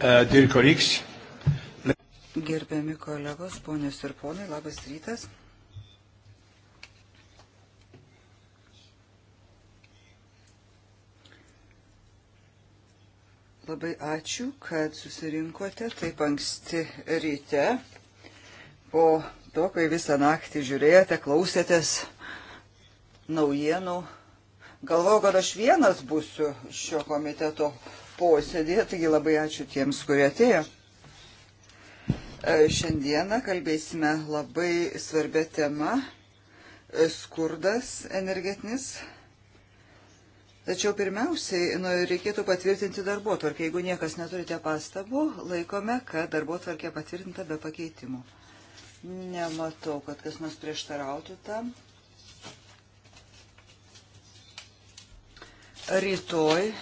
Uh, Gerbiami kolegos, ponios ir ponai, labas rytas. Labai ačiū, kad susirinkote taip anksti ryte. Po to, kai visą naktį žiūrėjote, klausėtės naujienų, galvojau, kad aš vienas būsiu šio komiteto posėdėje, taigi labai ačiū tiems, kurie atėjo. E, šiandieną kalbėsime labai svarbę temą e, - skurdas energetinis. Tačiau pirmiausiai nu, reikėtų patvirtinti darbo tvarkę. Jeigu niekas neturite pastabų, laikome, kad darbo tvarkė patvirtinta be pakeitimų. Nematau, kad kas nors prieštarautų tam. Rytoj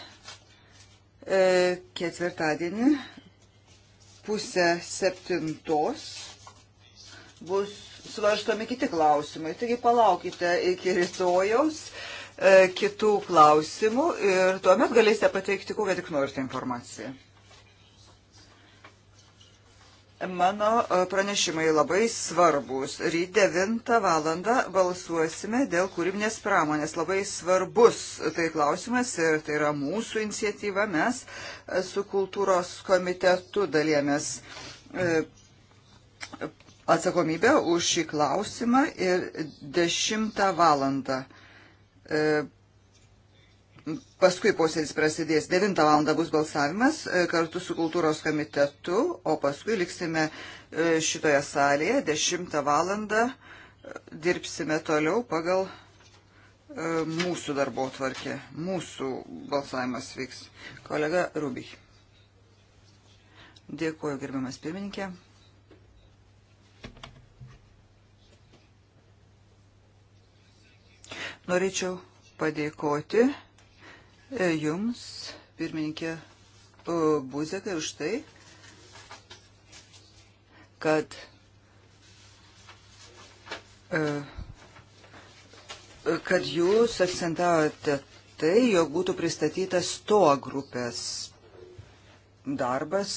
E, ketvirtadienį pusę septintos bus svarstomi kiti klausimai. Taigi palaukite iki rytojaus e, kitų klausimų ir tuomet galėsite pateikti kokią tik norite informaciją. Mano e, pranešimai labai svarbus. Ryt 9 valandą balsuosime dėl kūrybinės pramonės. Labai svarbus tai klausimas ir tai yra mūsų iniciatyva. Mes e, su kultūros komitetu dalėmės e, atsakomybę už šį klausimą ir 10 valandą Paskui posėdis prasidės 9 val. bus balsavimas e, kartu su kultūros komitetu, o paskui liksime e, šitoje salėje 10 val. E, dirbsime toliau pagal mūsų darbo tvarkė, mūsų balsavimas vyks. Kolega Rubik. Dėkuoju, gerbiamas pirmininkė. Norėčiau padėkoti E, jums, pirmininkė e, Buzekai, už tai, kad e, kad jūs akcentavote tai, jog būtų pristatytas to grupės darbas.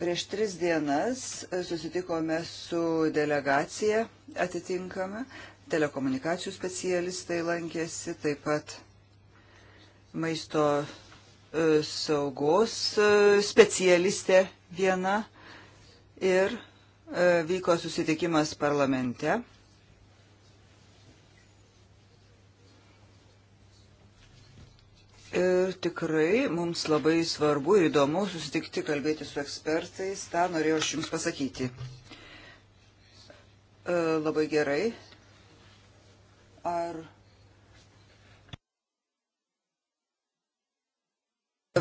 Prieš tris dienas susitikome su delegacija atitinkama telekomunikacijų specialistai lankėsi, taip pat maisto e, saugos e, specialistė viena ir e, vyko susitikimas parlamente. Ir tikrai mums labai svarbu ir įdomu susitikti, kalbėti su ekspertais. Ta norėjau aš Jums pasakyti. Labai gerai ar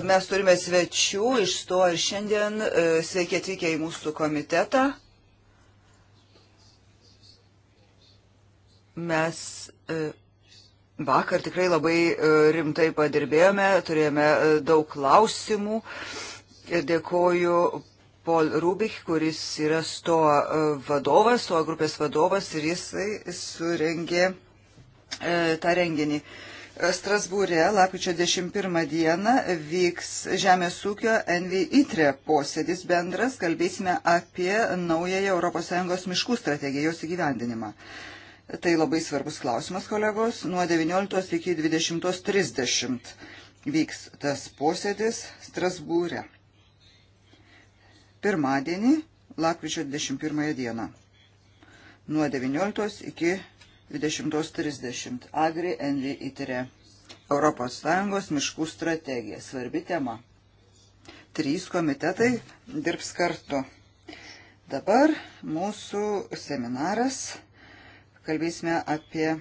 Mes turime svečių iš to ir šiandien. E, sveiki atvykę į mūsų komitetą. Mes e, vakar tikrai labai e, rimtai padirbėjome, turėjome daug klausimų. Dėkoju Paul Rubik, kuris yra STO vadovas, STO grupės vadovas ir jisai surengė E, tą renginį. Strasbūrė lapkričio 11 dieną vyks Žemės ūkio Envy ITRE posėdis bendras, kalbėsime apie naująją ES miškų strategiją, jos įgyvendinimą. Tai labai svarbus klausimas, kolegos, nuo 19 iki 20.30 vyks tas posėdis Strasbūrė. Pirmadienį, lapkričio 21 dieną, nuo 19 iki 20.30. 20.30. Agri Envi įtirė ES miškų strategija. Svarbi tema. Trys komitetai dirbs kartu. Dabar mūsų seminaras. Kalbėsime apie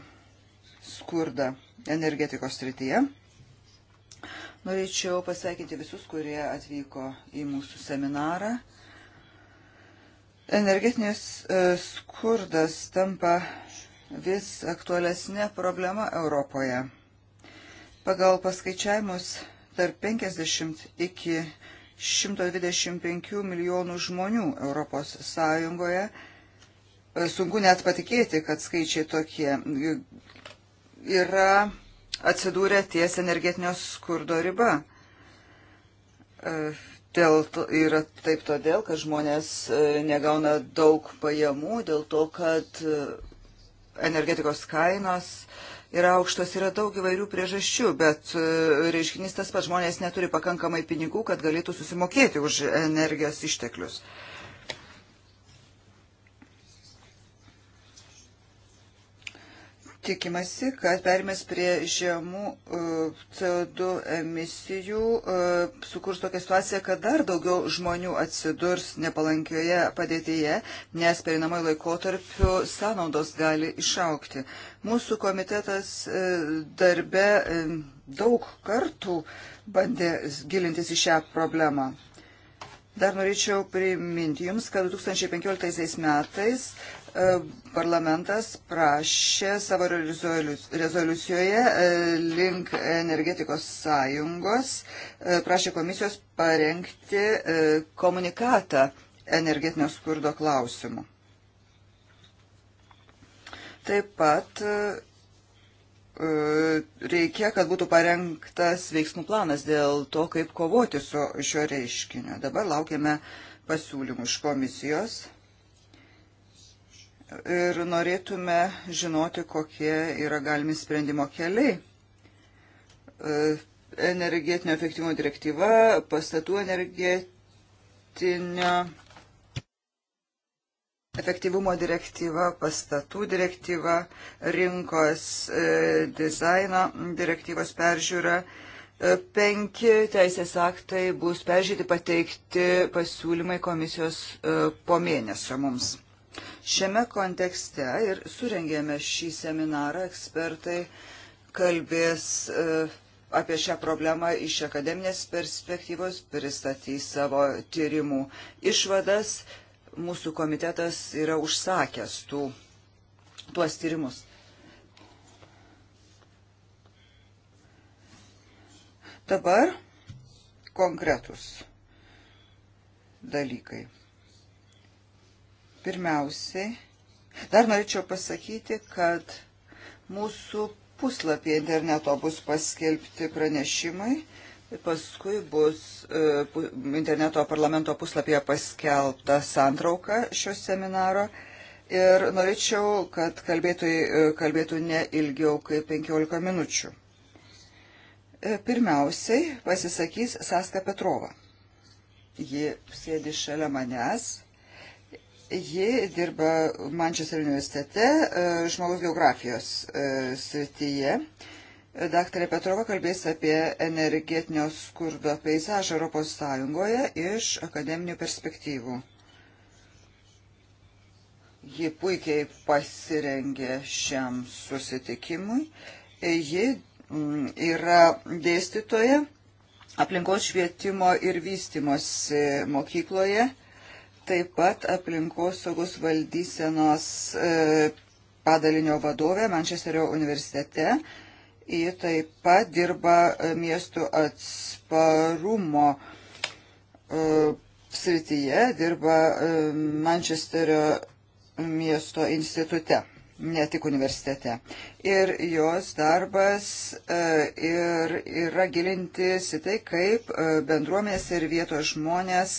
skurdą energetikos srityje. Norėčiau pasveikinti visus, kurie atvyko į mūsų seminarą. Energetinės e, skurdas tampa vis aktualesnė problema Europoje. Pagal paskaičiavimus tarp 50 iki 125 milijonų žmonių Europos Sąjungoje. E, sunku net patikėti, kad skaičiai tokie e, yra atsidūrę ties energetinio skurdo riba. E, dėl, yra taip todėl, kad žmonės negauna daug pajamų, dėl to, kad energetikos kainos yra aukštos, yra daug įvairių priežasčių, bet e, reiškinys tas pats žmonės neturi pakankamai pinigų, kad galėtų susimokėti už energijos išteklius. Uh, tikimasi, kad perimės prie žemų e, CO2 emisijų e, sukurs tokią situaciją, kad dar daugiau žmonių atsidurs nepalankioje padėtyje, nes perinamai laikotarpiu sąnaudos gali išaukti. Mūsų komitetas e, darbe daug kartų bandė gilintis į šią problemą. Dar norėčiau priminti Jums, kad 2015 metais e, parlamentas prašė savo rezoliucijoje e, link energetikos sąjungos, e, prašė komisijos parengti komunikatą energetinio skurdo klausimu. Taip pat E, reikia, kad būtų parengtas veiksmų planas dėl to, kaip kovoti su šio reiškiniu. Dabar laukiame pasiūlymų iš komisijos ir norėtume žinoti, kokie yra galimi sprendimo keliai. E, energetinio efektyvumo direktyva, pastatų energetinio efektyvumo direktyva, pastatų direktyva, rinkos e, dizaino direktyvos peržiūra. E, penki teisės aktai bus peržiūrėti pateikti pasiūlymai komisijos e, po mėnesio mums. Šiame kontekste ir surengėme šį seminarą, ekspertai kalbės e, apie šią problemą iš akademinės perspektyvos, pristatys savo tyrimų išvadas, mūsų komitetas yra užsakęs tų, tuos tyrimus. Dabar konkretus dalykai. Pirmiausiai, dar norėčiau pasakyti, kad mūsų puslapyje interneto bus paskelbti pranešimai Paskui bus e, interneto parlamento puslapyje paskelbta santrauka šio seminaro. Ir norėčiau, kad kalbėtojai e, kalbėtų ne ilgiau kaip 15 minučių. E, pirmiausiai pasisakys Saska Petrova. Ji sėdi šalia manęs. Ji dirba Manchester universitete žmogaus geografijos srityje. E, Daktarė Petrova kalbės apie energetinio skurdo peizažą Europos Sąjungoje iš akademinių perspektyvų. Ji puikiai pasirengė šiam susitikimui. Ji mm, yra dėstytoja aplinkos švietimo ir vystimosi mokykloje, taip pat aplinkos saugus valdysenos e, padalinio vadovė Mančesterio universitete ji taip pat dirba e, miestų atsparumo e, srityje, dirba e, Mančesterio miesto institute, ne tik universitete. Ir jos darbas ir, yra gilintis į tai, kaip bendruomenės ir vietos žmonės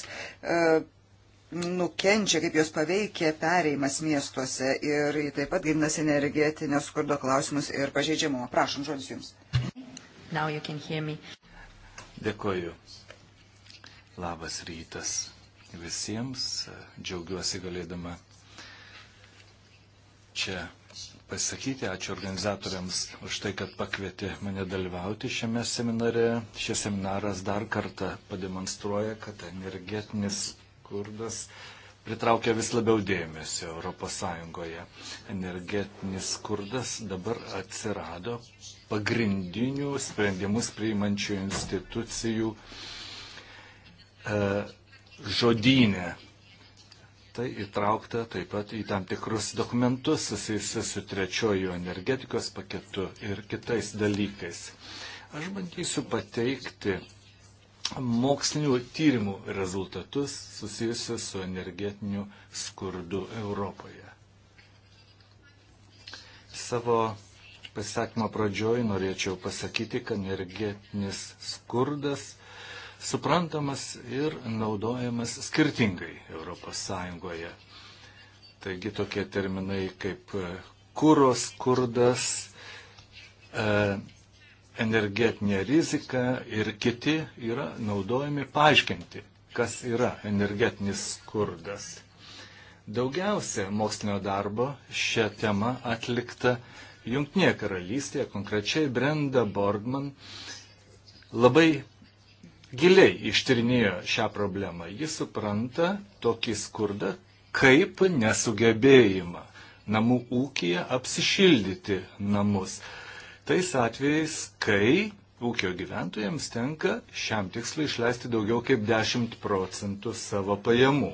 nukenčia, kaip jos paveikia pereimas miestuose ir taip pat gimnas energetinio skurdo klausimus ir pažeidžiamumą. Prašom, žodis Jums. Dėkoju. Labas rytas visiems. Džiaugiuosi galėdama čia pasakyti. Ačiū organizatoriams už tai, kad pakvietė mane dalyvauti šiame seminare. Šis seminaras dar kartą pademonstruoja, kad energetinis skurdas pritraukia vis labiau dėmesio ES. Energetinis skurdas dabar atsirado pagrindinių sprendimus priimančių institucijų e, žodynė. Tai įtraukta taip pat į tam tikrus dokumentus susijusius su trečiojo energetikos paketu ir kitais dalykais. Aš bandysiu pateikti mokslinių tyrimų rezultatus susijusius su energetiniu skurdu Europoje. Savo pasisakymo pradžioj norėčiau pasakyti, kad energetinis skurdas suprantamas ir naudojamas skirtingai ES. Taigi tokie terminai kaip kūros skurdas, e, energetinė rizika ir kiti yra naudojami paaiškinti, kas yra energetinis skurdas. Daugiausia mokslinio darbo šią temą atlikta Junktinėje karalystėje, konkrečiai Brenda Borgman labai giliai ištyrinėjo šią problemą. Jis supranta tokį skurdą kaip nesugebėjimą namų ūkija apsišildyti namus tais atvejais, kai ūkio gyventojams tenka šiam tikslui išleisti daugiau kaip 10 procentų savo pajamų.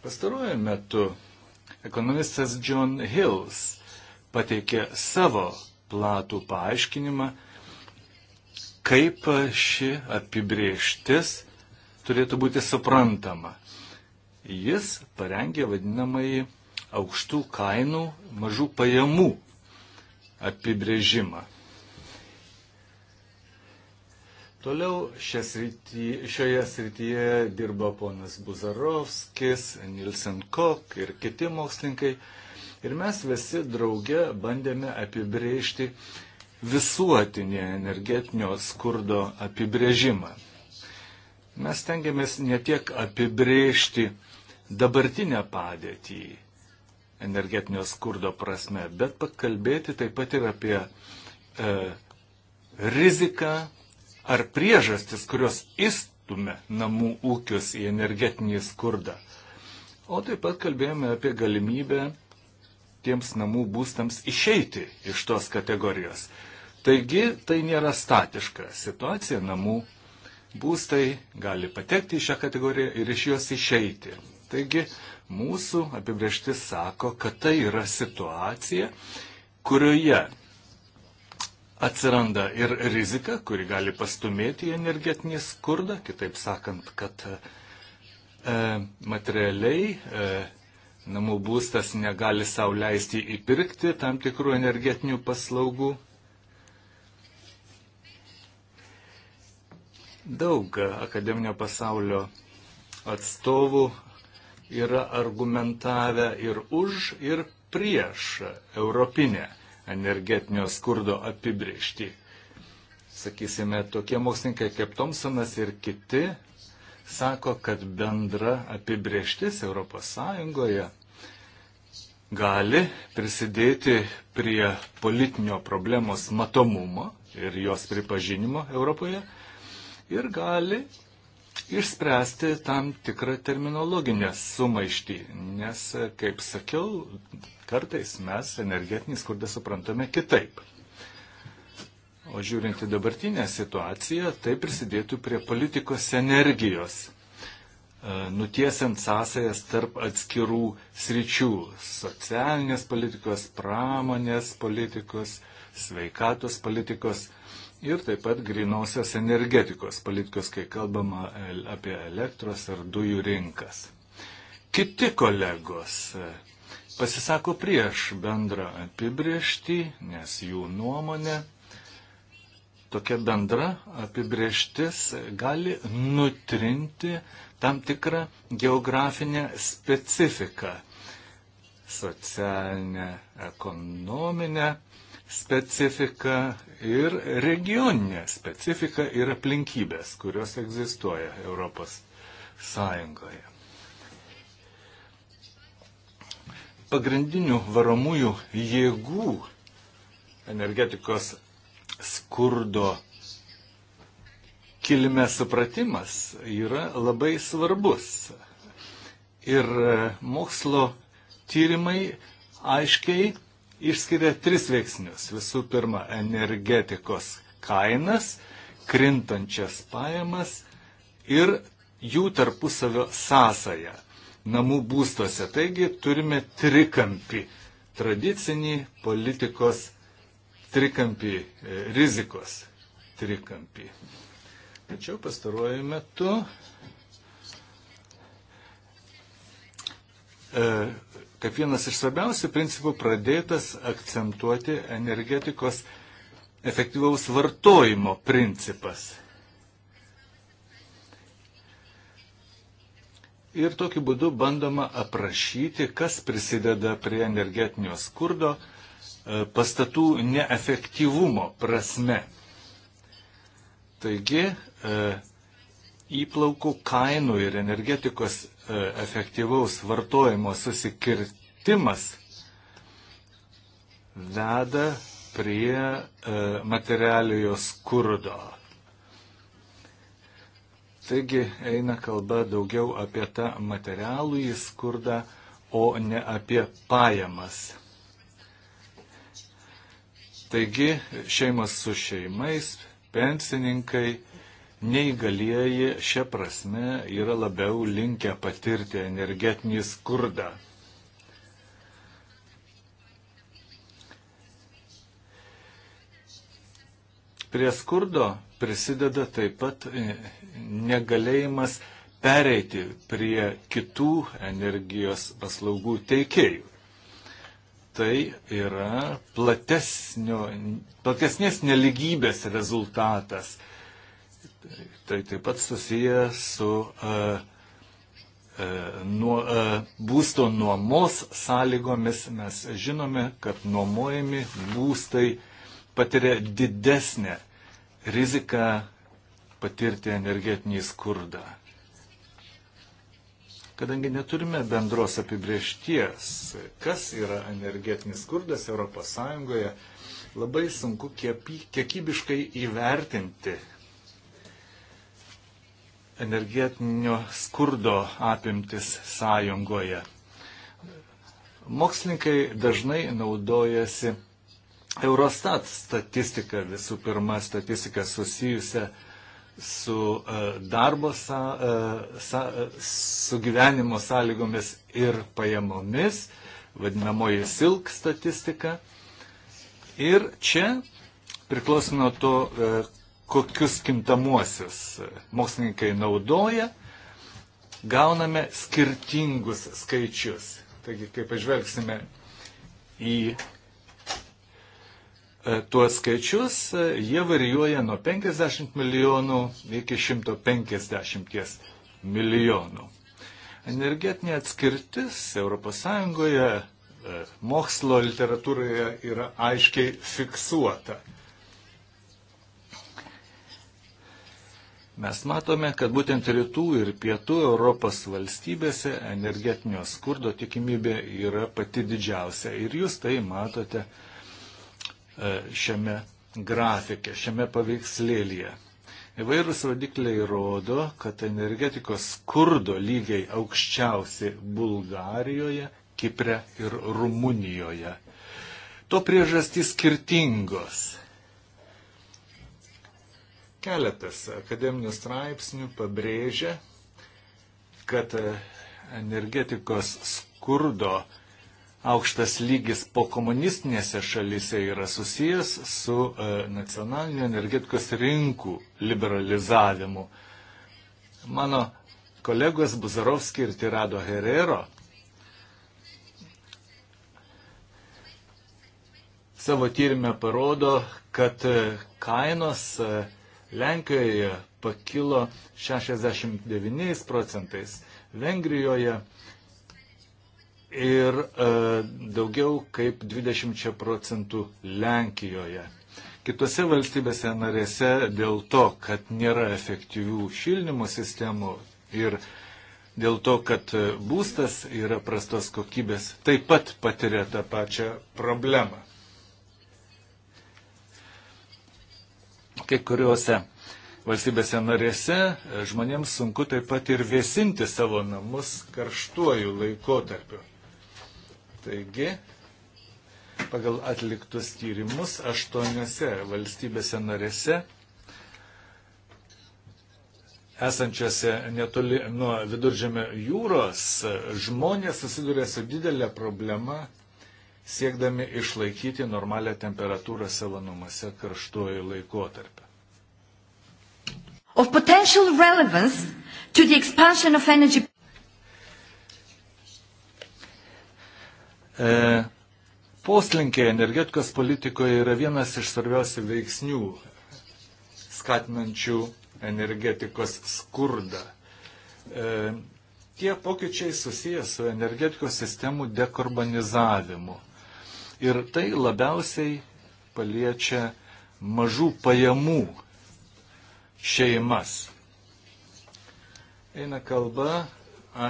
Pastaruoju metu ekonomistas John Hills pateikė savo platų paaiškinimą, kaip ši apibrieštis turėtų būti suprantama. Jis parengė vadinamąjį aukštų kainų mažų pajamų apibrėžimą. Toliau srity, šioje srityje dirba ponas Buzarovskis, Nilsen Kok ir kiti mokslininkai. Ir mes visi drauge bandėme apibrėžti visuotinį energetinio skurdo apibrėžimą. Mes tengiamės ne tiek apibrėžti dabartinę padėtį, energetinio skurdo prasme, bet pakalbėti taip pat ir apie e, riziką ar priežastis, kurios įstumia namų ūkius į energetinį skurdą. O taip pat kalbėjome apie galimybę tiems namų būstams išeiti iš tos kategorijos. Taigi tai nėra statiška situacija, namų būstai gali patekti į šią kategoriją ir iš jos išeiti. Taigi Mūsų apibrieštis sako, kad tai yra situacija, kurioje atsiranda ir rizika, kuri gali pastumėti į energetinį skurdą, kitaip sakant, kad e, materialiai e, namų būstas negali savo leisti įpirkti tam tikrų energetinių paslaugų. Daug akademinio pasaulio atstovų yra argumentavę ir už, ir prieš europinę energetinio skurdo apibriežtį. Sakysime, tokie mokslininkai kaip Thompsonas ir kiti sako, kad bendra apibrieštis ES gali prisidėti prie politinio problemos matomumo ir jos pripažinimo Europoje ir gali išspręsti tam tikrą terminologinę sumaištį, nes, kaip sakiau, kartais mes energetinį skurdą suprantame kitaip. O žiūrint į dabartinę situaciją, tai prisidėtų prie politikos energijos, e, nutiesiant sąsajas tarp atskirų sričių - socialinės politikos, pramonės politikos, sveikatos politikos ir taip pat grinosios energetikos politikos, kai kalbama apie elektros ar dujų rinkas. Kiti kolegos e, pasisako prieš bendrą apibriešti, nes jų nuomonė tokia bendra apibrieštis gali nutrinti tam tikrą geografinę specifiką - socialinę, ekonominę specifiką ir regioninę specifiką ir aplinkybės, kurios egzistuoja Europos Sąjungoje. Pagrindinių varomųjų jėgų energetikos skurdo kilme supratimas yra labai svarbus. Ir mokslo tyrimai aiškiai išskiria tris veiksnius. Visų pirma, energetikos kainas, krintančias pajamas ir jų tarpusavio sąsają namų būstuose. Taigi turime trikampį, tradicinį politikos trikampį, e, rizikos trikampį. Tačiau pastaruoju metu e, kaip vienas iš svarbiausių principų pradėtas akcentuoti energetikos efektyvaus vartojimo principas. Ir tokiu būdu bandoma aprašyti, kas prisideda prie energetinio skurdo e, pastatų neefektyvumo prasme. Taigi, e, įplaukų kainų ir energetikos e, efektyvaus vartojimo susikirtimas veda prie e, materialiojo skurdo. Taigi eina kalba daugiau apie tą materialų į skurdą, o ne apie pajamas. Taigi šeimas su šeimais, pensininkai, neįgalieji šia prasme yra labiau linkę patirti energetinį skurdą. Prie skurdo prisideda taip pat e, negalėjimas pereiti prie kitų energijos paslaugų teikėjų. Tai yra platesnės neligybės rezultatas Tai taip pat susiję su a, e, a, e, nuo, a, e, būsto nuomos sąlygomis. Mes žinome, kad nuomojami būstai patiria didesnę riziką patirti energetinį skurdą. Kadangi neturime bendros apibriešties, kas yra energetinis skurdas ES, labai sunku kiepi, kiekybiškai įvertinti energetinio skurdo apimtis sąjungoje. Mokslininkai dažnai naudojasi Eurostat statistika, visų pirma, statistika susijusią su e, darbo, sa, e, sa, e, su gyvenimo sąlygomis ir pajamomis, vadinamoji silk statistika. Ir čia priklauso nuo to, kokius kintamuosius mokslininkai naudoja, gauname skirtingus skaičius. Taigi, kai pažvelgsime į e, tuos skaičius, e, jie varijuoja nuo 50 milijonų iki 150 milijonų. Energetinė atskirtis ES e, mokslo literatūroje yra aiškiai fiksuota. Mes matome, kad būtent rytų ir pietų Europos valstybėse energetinio skurdo tikimybė yra pati didžiausia. Ir jūs tai matote e, šiame grafike, šiame paveikslėlyje. Įvairūs rodikliai rodo, kad energetikos skurdo lygiai aukščiausi Bulgarijoje, Kipre ir Rumunijoje. To priežastys skirtingos. Keletas akademinių straipsnių pabrėžia, kad e, energetikos skurdo aukštas lygis po komunistinėse šalise yra susijęs su e, nacionaliniu energetikos rinkų liberalizavimu. Mano kolegos Buzarovskį ir Tirado Herero savo tyrimę parodo, kad e, kainos Lenkijoje pakilo 69 procentais, Vengrijoje ir e, daugiau kaip 20 procentų Lenkijoje. Kitose valstybėse narėse dėl to, kad nėra efektyvių šildymo sistemų ir dėl to, kad būstas yra prastos kokybės, taip pat patiria tą pačią problemą. kai kuriuose valstybėse narėse e, žmonėms sunku taip pat ir vėsinti savo namus karštuoju laikotarpiu. Taigi, pagal atliktus tyrimus aštuoniuose valstybėse narėse esančiose netoli nuo viduržėmio jūros žmonės susiduria su didelė problema siekdami išlaikyti normalią temperatūrą savo namuose karštuoju laikotarpiu. Energy... E, poslinkiai energetikos politikoje yra vienas iš svarbiausių veiksnių skatinančių energetikos skurdą. E, tie pokyčiai susijęs su energetikos sistemų dekarbonizavimu. Ir tai labiausiai paliečia mažų pajamų šeimas. Eina kalba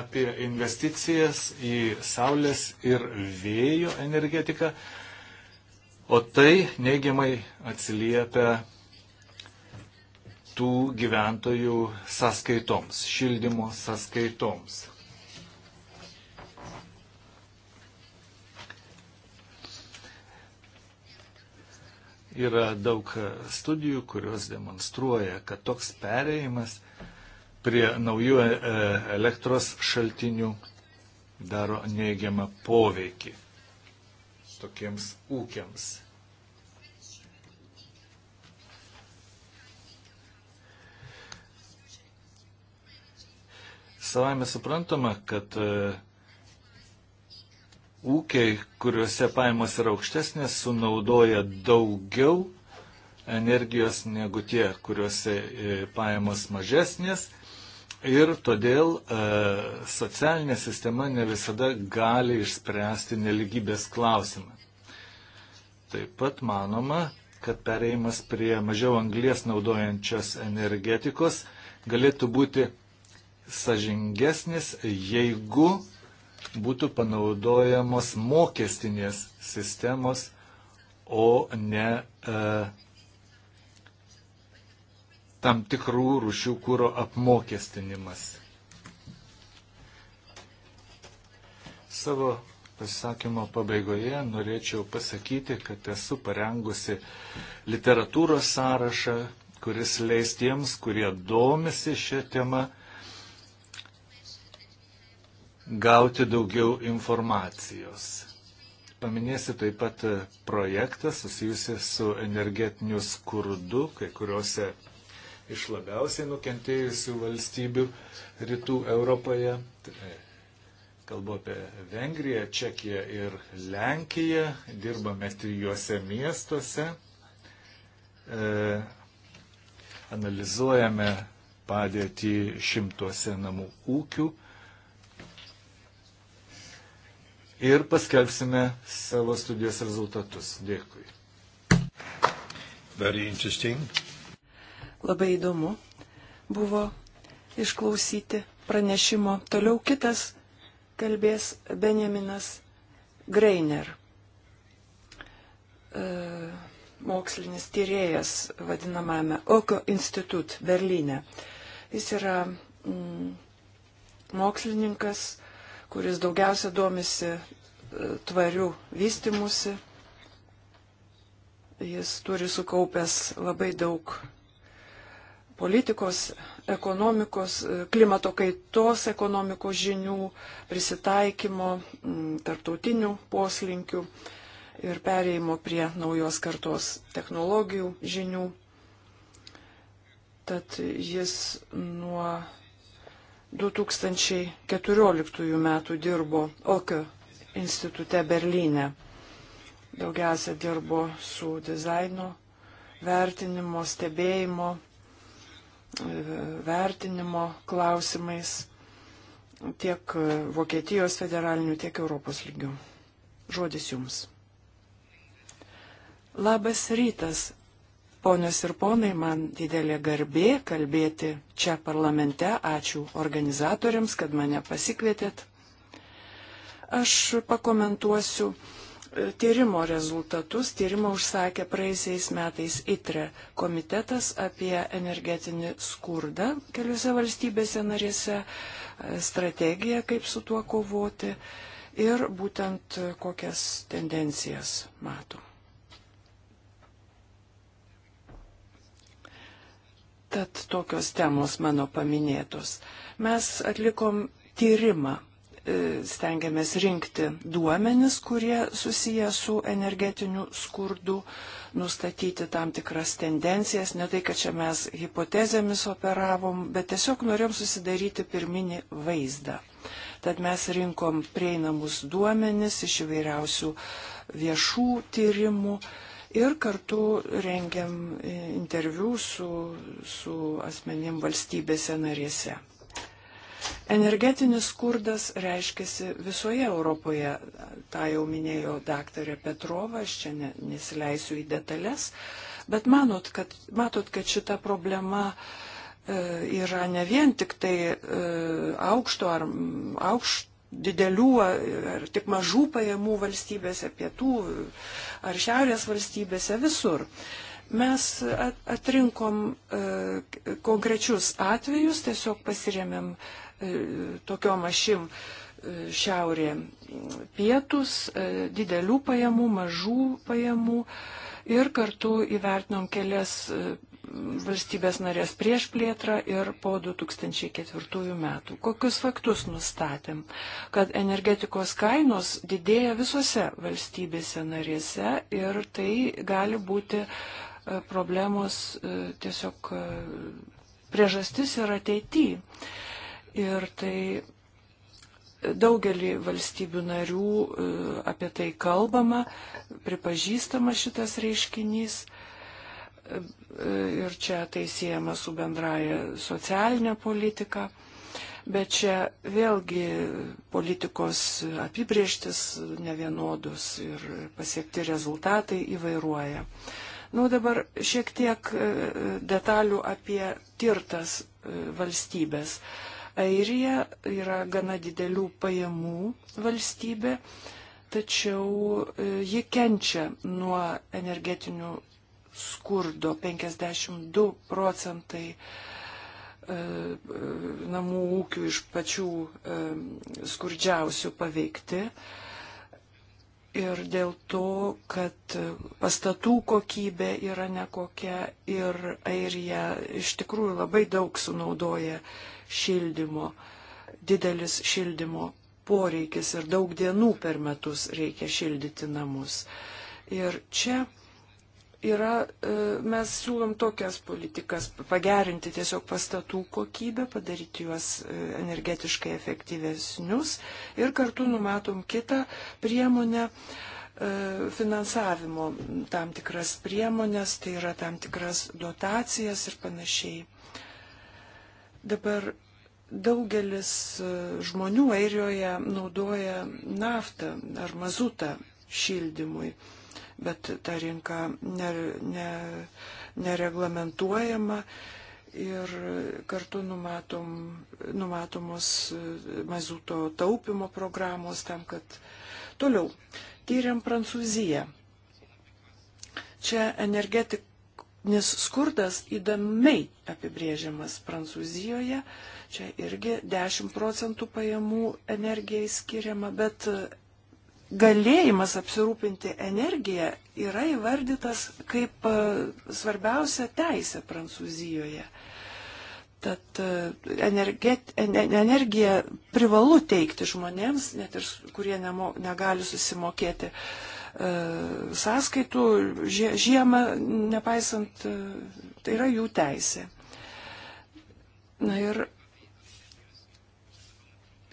apie investicijas į saulės ir vėjo energetiką, o tai neigiamai atsiliepia tų gyventojų sąskaitoms, šildymo sąskaitoms. Yra daug studijų, kurios demonstruoja, kad toks perėjimas prie naujų e, e, elektros šaltinių daro neigiamą poveikį tokiems ūkiams. Savame suprantama, kad uh, ūkiai, kuriuose pajamos yra aukštesnės, sunaudoja daugiau energijos negu tie, kuriuose e, pajamos mažesnės. Ir todėl e, socialinė sistema ne visada gali išspręsti neligybės klausimą. Taip pat manoma, kad pereimas prie mažiau anglies naudojančios energetikos galėtų būti sažingesnis, jeigu būtų panaudojamos mokestinės sistemos, o ne e, tam tikrų rušių kūro apmokestinimas. Savo pasisakymo pabaigoje norėčiau pasakyti, kad esu parengusi literatūros sąrašą, kuris leis tiems, kurie domisi šią temą, gauti daugiau informacijos. Paminėsiu taip pat projektą susijusi su energetiniu skurdu, kai kuriuose iš labiausiai nukentėjusių valstybių rytų Europoje. Tai kalbu apie Vengriją, Čekiją ir Lenkiją. Dirbame trijuose miestuose. E, analizuojame padėtį šimtuose namų ūkių ir paskelbsime savo studijos rezultatus. Dėkui. Labai įdomu buvo išklausyti pranešimo. Toliau kitas kalbės Benjaminas Greiner, e, mokslinis tyrėjas vadinamame Oko institut Berlyne. Jis yra mm, mokslininkas, kuris daugiausia domisi e, tvarių vystimusi. Jis turi sukaupęs labai daug politikos, ekonomikos, e, klimato kaitos ekonomikos žinių, prisitaikymo, tarptautinių poslinkių ir pereimo prie naujos kartos technologijų žinių. Tad jis nuo 2014 metų dirbo OKIO institute Berlyne. Daugiausia dirbo su dizaino, vertinimo, stebėjimo, vertinimo klausimais tiek Vokietijos federalinių, tiek Europos lygių. Žodis jums. Labas rytas, Ponios ir ponai, man didelė garbė kalbėti čia parlamente. Ačiū organizatoriams, kad mane pasikvietėt. Aš pakomentuosiu e, tyrimo rezultatus. Tyrimą užsakė praeisiais metais ITRE komitetas apie energetinį skurdą keliuose valstybėse narėse, e, strategiją, kaip su tuo kovoti ir būtent e, kokias tendencijas matom. Tad tokios temos mano paminėtos. Mes atlikom tyrimą, e, stengiamės rinkti duomenis, kurie susiję su energetiniu skurdu, nustatyti tam tikras tendencijas, ne tai, kad čia mes hipotezėmis operavom, bet tiesiog norėjom susidaryti pirminį vaizdą. Tad mes rinkom prieinamus duomenis iš įvairiausių viešų tyrimų, ir kartu rengiam e, interviu su, su asmenim valstybėse narėse. Energetinis skurdas reiškiasi visoje Europoje, tą jau minėjo daktarė Petrova, aš čia ne, nesileisiu į detalės, bet manot, kad, matot, kad šita problema e, yra ne vien tik tai e, aukšto ar aukšto didelių ar tik mažų pajamų valstybėse, pietų ar šiaurės valstybėse, visur. Mes atrinkom e, konkrečius atvejus, tiesiog pasiremėm e, tokiom ašim e, šiaurė pietus, didelių pajamų, mažų pajamų ir kartu įvertinom kelias valstybės narės prieš plėtrą ir po 2004 metų. Kokius faktus nustatėm? Kad energetikos kainos didėja visose valstybėse narėse ir tai gali būti e, problemos e, tiesiog e, priežastis ir ateityje. Ir tai daugelį valstybių narių apie tai kalbama, pripažįstama šitas reiškinys ir čia tai siejama su bendraja socialinė politika. Bet čia vėlgi politikos apibrieštis nevienodus ir pasiekti rezultatai įvairuoja. Na, nu, dabar šiek tiek e, detalių apie tirtas e, valstybės. Airija yra gana didelių pajamų valstybė, tačiau e, ji kenčia nuo energetinių skurdo, 52 procentai e, e, namų ūkių iš pačių e, skurdžiausių paveikti. Ir dėl to, kad pastatų kokybė yra nekokia ir airija iš tikrųjų labai daug sunaudoja šildymo, didelis šildymo poreikis ir daug dienų per metus reikia šildyti namus. Ir čia yra, e, mes siūlom tokias politikas - pagerinti tiesiog pastatų kokybę, padaryti juos e, energetiškai efektyvesnius ir kartu numatom kitą priemonę e, finansavimo tam tikras priemonės, tai yra tam tikras dotacijas ir panašiai. Dabar daugelis žmonių Airijoje naudoja naftą ar mazutą šildymui bet ta rinka nereglamentuojama. Ir kartu numatom, numatomos mazuto taupimo programos tam, kad toliau tyriam Prancūziją. Čia energetik, nes skurdas įdomiai apibrėžiamas Prancūzijoje, čia irgi 10 procentų pajamų energijai skiriama, bet galėjimas apsirūpinti energiją yra įvardytas kaip e, svarbiausia teisė Prancūzijoje. Tad e, energet, energiją privalu teikti žmonėms, net ir kurie nemo, negali susimokėti e, sąskaitų žie, žiemą, nepaisant, tai yra jų teisė. Na ir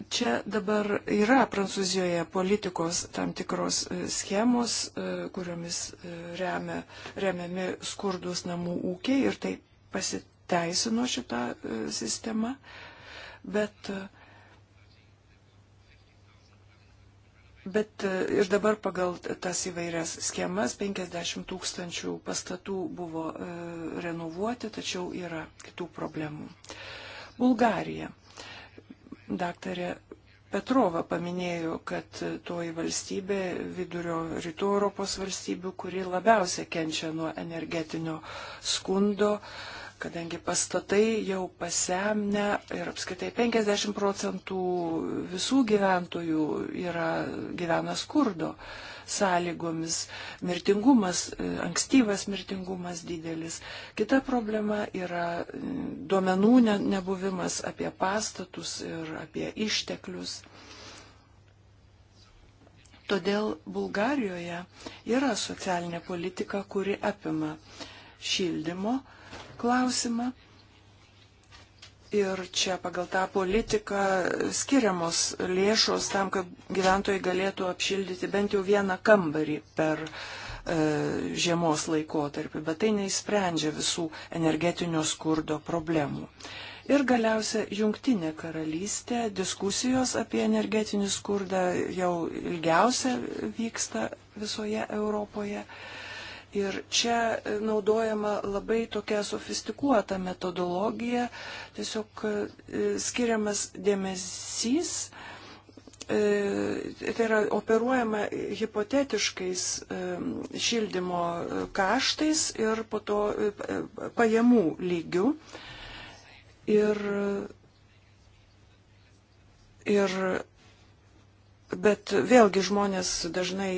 Čia dabar yra Prancūzijoje politikos tam tikros e, schemos, e, kuriomis e, remia, remiami skurdus namų ūkiai ir tai pasiteisino šitą sistemą. Bet, bet ir dabar pagal tas įvairias schemas 50 tūkstančių pastatų buvo renovuoti, tačiau yra kitų problemų. Bulgarija daktarė Petrova paminėjo, kad toji valstybė vidurio rytų Europos valstybių, kuri labiausia kenčia nuo energetinio skundo, uh, kadangi pastatai jau pasemne ir apskaitai 50 procentų visų gyventojų yra, gyvena skurdo sąlygomis, mirtingumas, e, ankstyvas mirtingumas didelis. Kita problema yra duomenų ne, nebuvimas apie pastatus ir apie išteklius. Todėl Bulgarijoje yra socialinė politika, kuri apima šildymo, uh, klausimą. Ir čia pagal tą politiką skiriamos lėšos tam, kad gyventojai galėtų apšildyti bent jau vieną kambarį per e, žiemos laikotarpį, bet tai neįsprendžia visų energetinio skurdo problemų. Ir galiausia jungtinė karalystė, diskusijos apie energetinį skurdą jau ilgiausia vyksta visoje Europoje. E, Ir čia e, naudojama labai tokia sofistikuota metodologija, tiesiog e, skiriamas dėmesys, e, tai yra operuojama hipotetiškais šildymo kaštais ir po to pajamų lygių. Ir, ir Bet vėlgi žmonės dažnai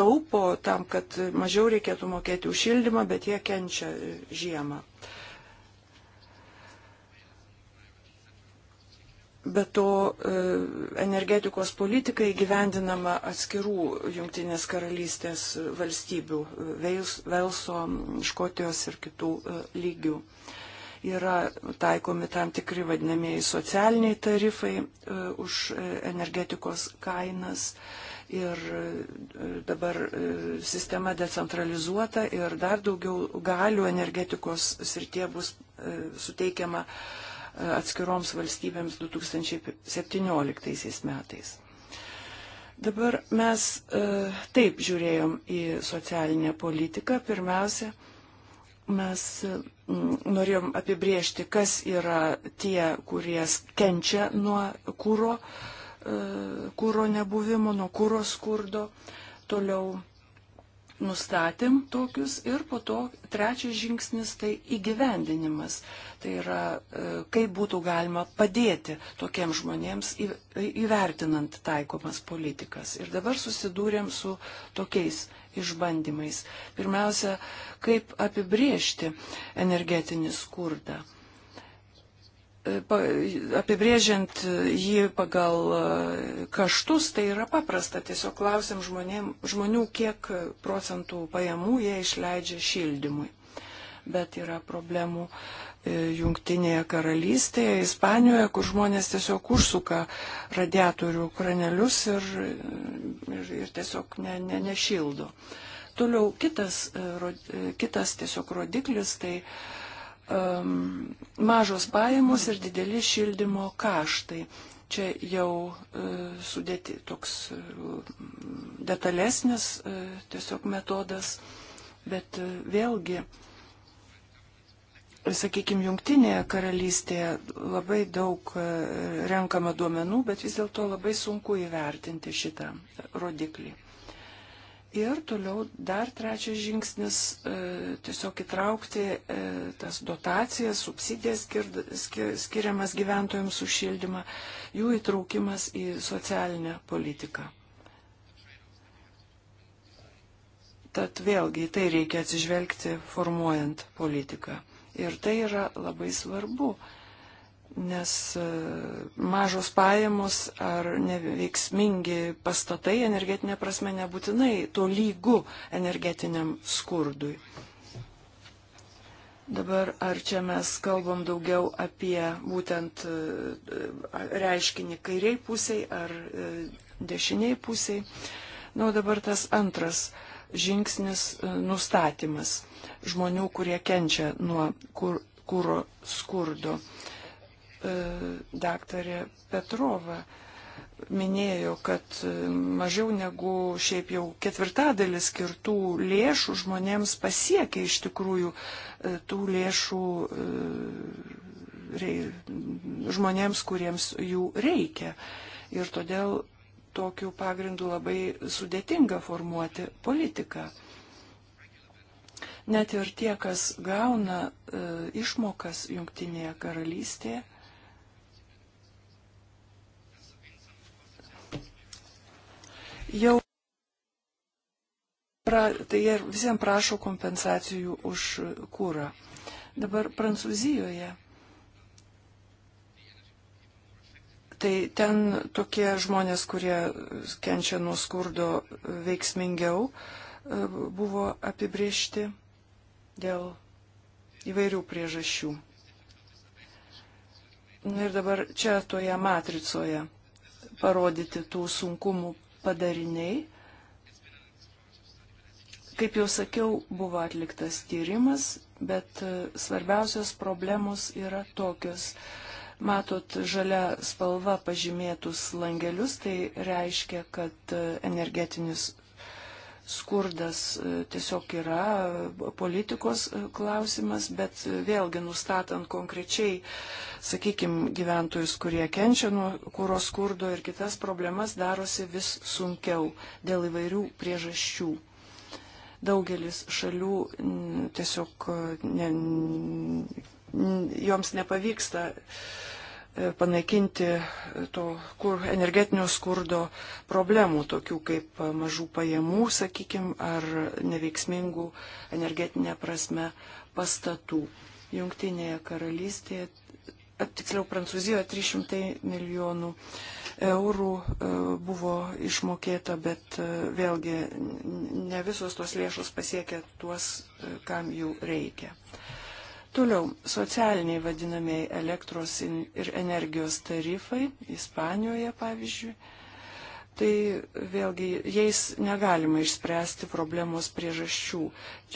taupo tam, kad mažiau reikėtų mokėti už šildymą, bet jie kenčia žiemą. Be to, e, energetikos politika įgyvendinama atskirų Junktinės karalystės valstybių, Velso, Škotijos ir kitų e, lygių yra taikomi tam tikri vadinamieji socialiniai tarifai e, už e, energetikos kainas. Ir e, dabar sistema decentralizuota ir dar daugiau galių energetikos srityje bus suteikiama atskiroms valstybėms 2017 metais. Dabar mes taip žiūrėjom į socialinę politiką. Pirmiausia, mes norėjom apibriežti, kas yra tie, kurie kenčia nuo kūro, e, kūro nebuvimo, nuo kūro skurdo. Toliau nustatėm tokius ir po to trečias žingsnis tai įgyvendinimas. Tai yra, e, kaip būtų galima padėti tokiems žmonėms įvertinant taikomas politikas. Ir dabar susidūrėm su tokiais išbandymais. Pirmiausia, kaip apibriežti energetinį skurdą. E, apibrėžiant jį pagal e, kaštus, tai yra paprasta. Tiesiog klausim žmonėm, žmonių, kiek procentų pajamų jie išleidžia šildymui. Bet yra problemų E, Jungtinėje karalystėje, Ispanijoje, kur žmonės tiesiog užsuka radiatorių kranelius ir, ir, ir tiesiog ne, ne, nešildo. Toliau kitas, e, e, kitas tiesiog rodiklis tai um, mažos pajamos ir dideli šildymo kaštai. Čia jau uh, sudėti toks uh, detalesnis uh, tiesiog metodas, bet uh, vėlgi uh, sakykime, jungtinėje karalystėje labai daug e, renkama duomenų, bet vis dėlto labai sunku įvertinti šitą rodiklį. Ir toliau dar trečias žingsnis e, - tiesiog įtraukti e, tas dotacijas, subsidijas skir, skir, skiriamas gyventojams už šildymą, jų įtraukimas į socialinę politiką. Tad vėlgi į tai reikia atsižvelgti formuojant politiką. Ir tai yra labai svarbu, nes e, mažos pajamos ar neveiksmingi pastatai energetinė prasme nebūtinai to lygu energetiniam skurdui. Dabar ar čia mes kalbam daugiau apie būtent e, e, reiškinį kairiai pusiai ar dešiniai pusiai. Na, nu, o dabar tas antras žingsnis - nustatymas žmonių, kurie kenčia nuo kur, kūro skurdo. E, daktarė Petrova minėjo, kad e, mažiau negu šiaip jau ketvirtadalis skirtų lėšų žmonėms pasiekia iš tikrųjų e, tų lėšų žmonėms, kuriems jų reikia. Ir todėl tokiu pagrindu labai sudėtinga formuoti politiką net ir tie, kas gauna e, išmokas Junktinėje karalystėje, jau pra, tai jie visiems prašo kompensacijų už kūrą. Dabar Prancūzijoje. Tai ten tokie žmonės, kurie kenčia nuo skurdo veiksmingiau, e, buvo apibriežti dėl įvairių priežasčių. Na ir dabar čia toje matricoje parodyti tų sunkumų padariniai. Kaip jau sakiau, buvo atliktas tyrimas, bet e, svarbiausios problemos yra tokios. Matot, žalia spalva pažymėtus langelius, tai reiškia, kad e, energetinis skurdas e, tiesiog yra politikos e, klausimas, bet e, vėlgi nustatant konkrečiai, sakykime, gyventojus, kurie kenčia nuo kūro skurdo ir kitas problemas, darosi vis sunkiau dėl įvairių priežasčių. Daugelis šalių tiesiog ne, joms nepavyksta panaikinti to kur, energetinio skurdo problemų, tokių kaip mažų pajamų, sakykime, ar neveiksmingų energetinė prasme pastatų. Jungtinėje karalystėje, tiksliau Prancūzijoje 300 milijonų eurų e, buvo išmokėta, bet e, vėlgi ne visos tos lėšos pasiekia tuos, e, kam jų reikia. Toliau, socialiniai vadinamieji elektros ir energijos tarifai, Ispanijoje pavyzdžiui, tai vėlgi jais negalima išspręsti problemos priežasčių.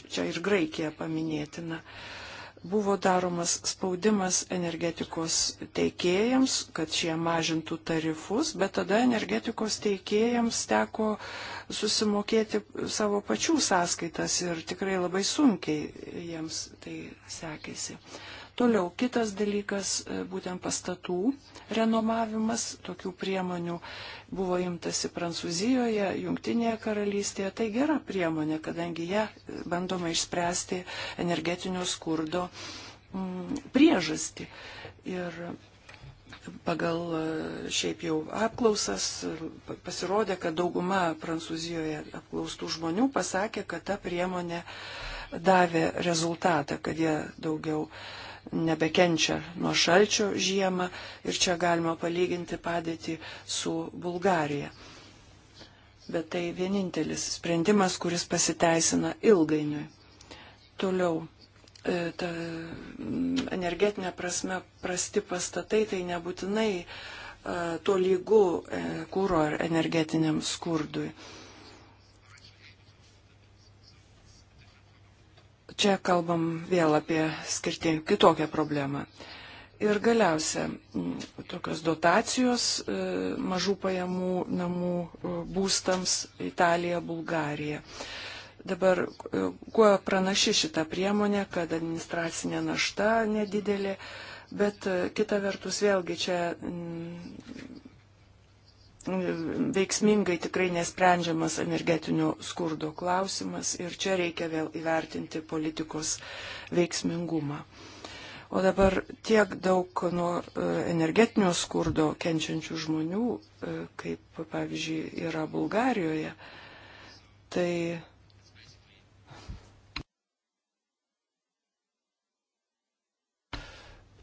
Čia ir Graikija paminėtina. Na, buvo daromas spaudimas energetikos teikėjams, kad šie mažintų tarifus, bet tada energetikos teikėjams teko susimokėti savo pačių sąskaitas ir tikrai labai sunkiai jiems tai sekėsi. Toliau kitas dalykas e, - būtent pastatų renovavimas. Tokių priemonių buvo imtasi Prancūzijoje, Junktinėje karalystėje. Tai gera priemonė, kadangi ją e, bandoma išspręsti energetinio skurdo mm, priežastį. Ir pagal e, šiaip jau apklausas pasirodė, kad dauguma Prancūzijoje apklaustų žmonių pasakė, kad ta priemonė davė rezultatą, kad jie daugiau uh, nebekenčia nuo šalčio žiemą ir čia galima palyginti padėtį su Bulgarija. Bet tai vienintelis sprendimas, kuris pasiteisina ilgainiui. Toliau, e, ta mm, energetinė prasme prasti pastatai tai nebūtinai e, to lygu e, kūro ar energetiniam skurdui. Čia kalbam vėl apie skirtingą kitokią problemą. Ir galiausia, mm, tokios dotacijos e, mažų pajamų namų e, būstams Italija, Bulgarija. Dabar e, kuo pranaši šita priemonė, kad administracinė našta nedidelė, bet kita vertus vėlgi čia mm, veiksmingai tikrai nesprendžiamas energetinio skurdo klausimas ir čia reikia vėl įvertinti politikos veiksmingumą. O dabar tiek daug nuo e, energetinio skurdo kenčiančių žmonių, e, kaip pavyzdžiui yra Bulgarijoje, tai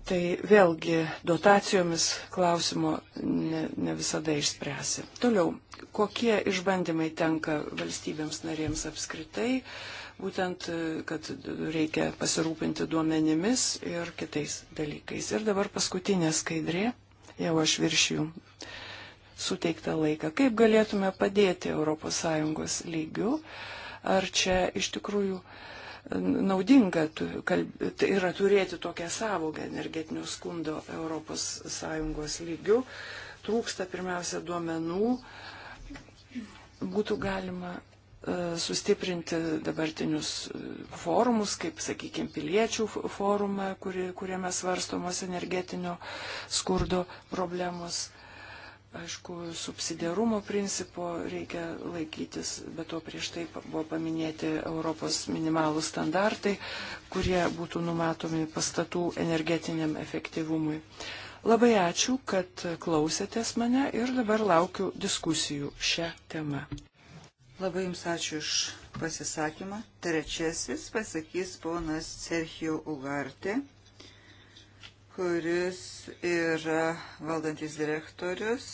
Tai vėlgi dotacijomis klausimo ne, ne visada išspręsi. Toliau, kokie išbandymai tenka valstybėms narėms apskritai, būtent, e, kad reikia pasirūpinti duomenimis ir kitais dalykais. Ir dabar paskutinė skaidrė, jau aš virš jų suteiktą laiką. Kaip galėtume padėti ES lygių? Ar čia iš tikrųjų uh, naudinga kalb... tai yra turėti tokią savogą energetinio skundo ES lygių. Trūksta pirmiausia duomenų. Būtų galima e, sustiprinti dabartinius e, forumus, kaip, sakykime, piliečių forumą, kuri, kuriame svarstomos energetinio skurdo problemos Aišku, subsidiarumo principo reikia laikytis, bet to prieš tai buvo paminėti Europos minimalų standartai, kurie būtų numatomi pastatų energetiniam efektyvumui. Labai ačiū, kad klausėtės mane ir dabar laukiu diskusijų šią temą. Labai Jums ačiū iš pasisakymą. Trečiasis pasakys ponas Serhijo Ugartė kuris yra valdantis direktorius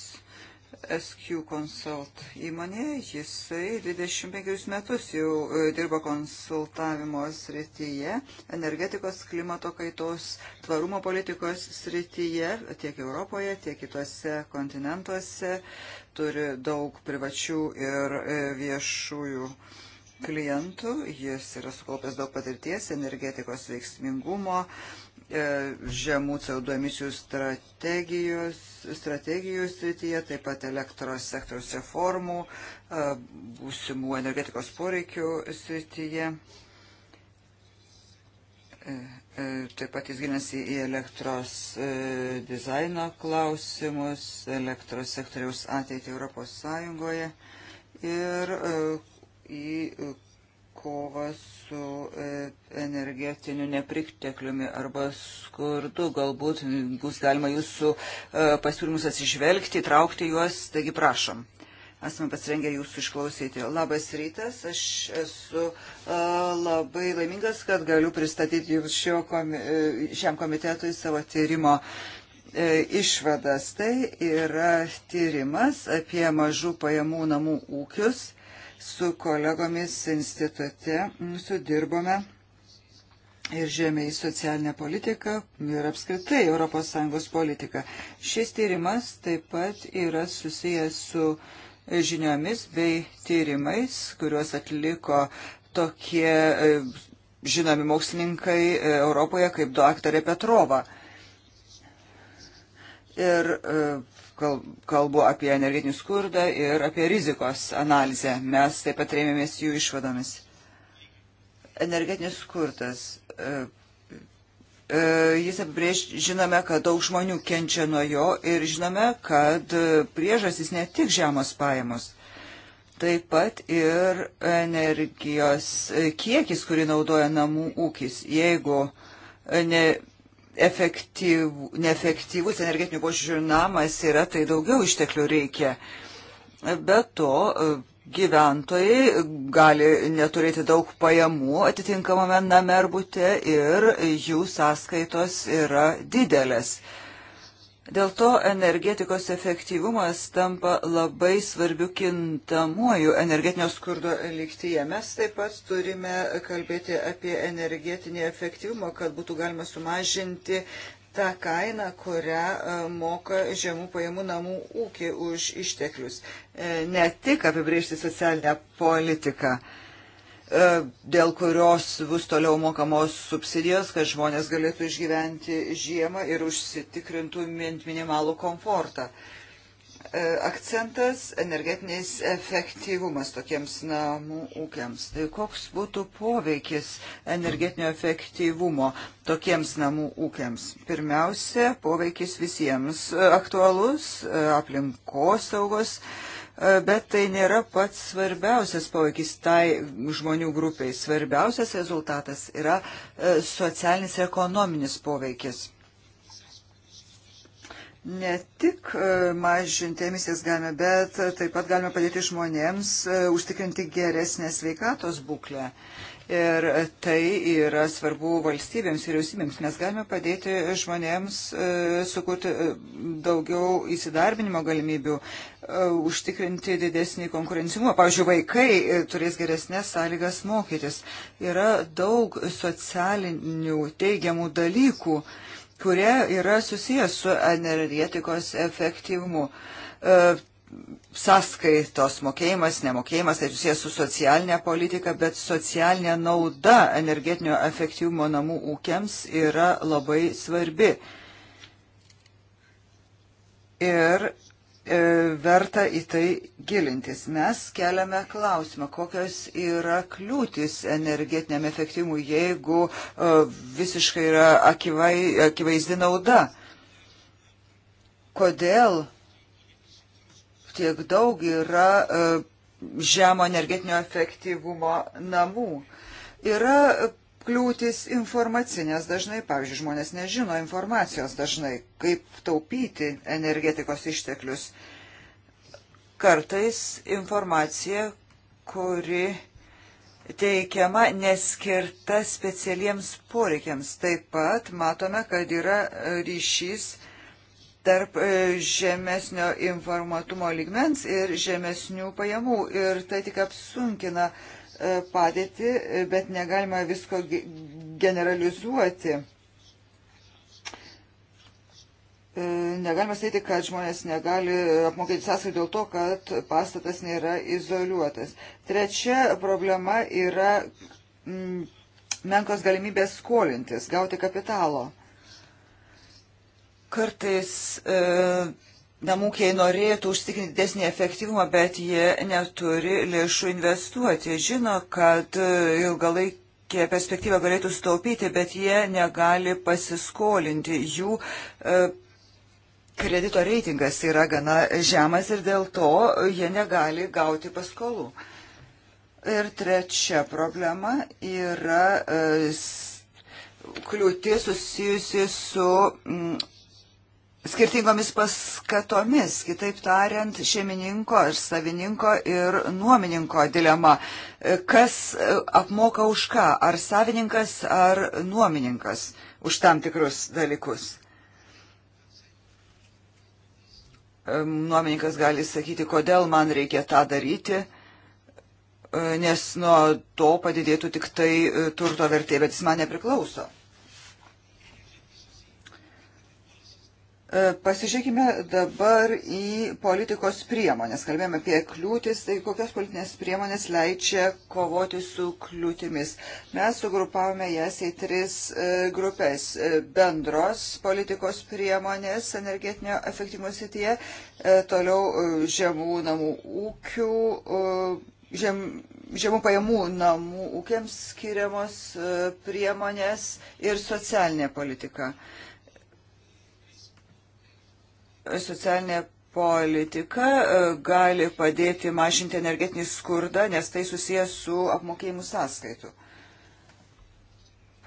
SQ Consult įmonėje. Jisai 25 metus jau e, dirba konsultavimo srityje, energetikos, klimato kaitos, tvarumo politikos srityje, tiek Europoje, tiek kitose kontinentuose. Turi daug privačių ir e, viešųjų klientų. Jis yra sukaupęs daug patirties energetikos veiksmingumo E, žemų CO2 emisijų strategijos, strategijos srityje, taip pat elektros sektoriaus reformų, e, būsimų energetikos poreikių srityje. E, taip pat jis gilinasi į elektros dizaino klausimus, elektros sektoriaus ateitį Europos Sąjungoje ir į kovą su energetiniu nepriktekliumi arba skurdu. Galbūt bus galima jūsų e, pasiūlymus atsižvelgti, traukti juos, taigi prašom. Esame pasirengę jūsų išklausyti. Labas rytas, aš esu uh, labai laimingas, kad galiu pristatyti jums šio komi e, šiam komitetui savo tyrimo išvadas. Tai yra tyrimas apie mažų pajamų namų ūkius. Su kolegomis institute sudirbome ir žiūrėjome į socialinę politiką ir apskritai ES politiką. Šis tyrimas taip pat yra susijęs su žiniomis bei tyrimais, kuriuos atliko tokie e, žinomi mokslininkai e, Europoje kaip daktarė Petrova. Ir e, kalbu apie energetinį skurdą ir apie rizikos analizę. Mes taip pat rėmėmės jų išvadomis. Energetinis skurdas E, e, jis apibrėž, žinome, kad daug žmonių kenčia nuo jo ir žinome, kad priežasys ne tik žemos pajamos, taip pat ir energijos kiekis, kurį naudoja namų ūkis. Jeigu ne, efektyv, neefektyvus energetinių požiūrių namas yra, tai daugiau išteklių reikia. Be to, gyventojai gali neturėti daug pajamų atitinkamame name ar būte ir jų sąskaitos yra didelės. Dėl to energetikos efektyvumas tampa labai svarbiu kintamuoju energetinio skurdo lygtyje. Mes taip pat turime kalbėti apie energetinį efektyvumą, kad būtų galima sumažinti tą kainą, kurią e, moka žemų pajamų namų ūkiai už išteklius. E, ne tik apibriežti socialinę politiką e, dėl kurios bus toliau mokamos subsidijos, kad žmonės galėtų išgyventi žiemą ir užsitikrintų minimalų komfortą. Uh, E, akcentas energetinis efektyvumas tokiems namų ūkiams. Tai koks būtų poveikis energetinio efektyvumo tokiems namų ūkiams? Pirmiausia, poveikis visiems e, aktualus, e, aplinkosaugos, bet tai nėra pats svarbiausias poveikis tai žmonių grupiai. Svarbiausias rezultatas yra socialinis ir ekonominis poveikis ne tik e, mažinti emisijas galime, bet taip pat galime padėti žmonėms e, užtikrinti geresnę sveikatos būklę. Ir tai yra svarbu valstybėms, vyriausybėms. Mes galime padėti žmonėms e, sukurti daugiau įsidarbinimo galimybių, užtikrinti didesnį konkurencingumą. Pavyzdžiui, vaikai turės geresnės sąlygas mokytis. Yra daug socialinių teigiamų dalykų. Uh, kurie yra susijęs su energetikos efektyvumu. E, Saskaitos mokėjimas, nemokėjimas, tai susijęs su socialinė politika, bet socialinė nauda energetinio efektyvumo namų ūkiams yra labai svarbi. Ir E, verta į tai gilintis. Mes keliame klausimą, kokios yra kliūtis energetiniam efektyvumui, jeigu e, visiškai yra akivai, akivaizdi nauda. Kodėl tiek daug yra e, žemo energetinio efektyvumo namų? Yra kliūtis informacinės dažnai, pavyzdžiui, žmonės nežino informacijos dažnai, kaip taupyti energetikos išteklius. Kartais informacija, kuri teikiama neskirta specialiems poreikiams. Taip pat matome, kad yra ryšys tarp e, žemesnio informatumo lygmens ir žemesnių pajamų. Ir tai tik apsunkina uh, E, padėtį, e, bet negalima visko generalizuoti. E, negalima sakyti, kad žmonės negali apmokėti sąskaitų dėl to, kad pastatas nėra izoliuotas. Trečia problema yra menkos galimybės skolintis, gauti kapitalo. Kartais e, namūkiai norėtų užtikrinti didesnį efektyvumą, bet jie neturi lėšų investuoti. Žino, kad e, ilgalaikė perspektyva galėtų sutaupyti, bet jie negali pasiskolinti. Jų e, kredito reitingas yra gana žemas ir dėl to jie negali gauti paskolų. Ir trečia problema yra e, kliūtis susijusi su skirtingomis paskatomis, kitaip tariant, šeimininko ir savininko ir nuomininko dilema. Kas apmoka už ką, ar savininkas, ar nuomininkas už tam tikrus dalykus? Nuomininkas gali sakyti, kodėl man reikia tą daryti nes nuo to padidėtų tik tai e, turto vertė, bet jis man nepriklauso. E, pasižiūrėkime dabar į politikos priemonės. Kalbėjome apie kliūtis, tai kokios politinės priemonės leidžia kovoti su kliūtimis. Mes sugrupavome jas į tris e, grupės. E, bendros politikos priemonės energetinio efektyvumo sityje, toliau žemų namų ūkių, žem, žemų pajamų namų ūkiams skiriamos priemonės ir socialinė politika. Socialinė politika e, gali padėti mažinti energetinį skurdą, nes tai susijęs su apmokėjimu sąskaitų.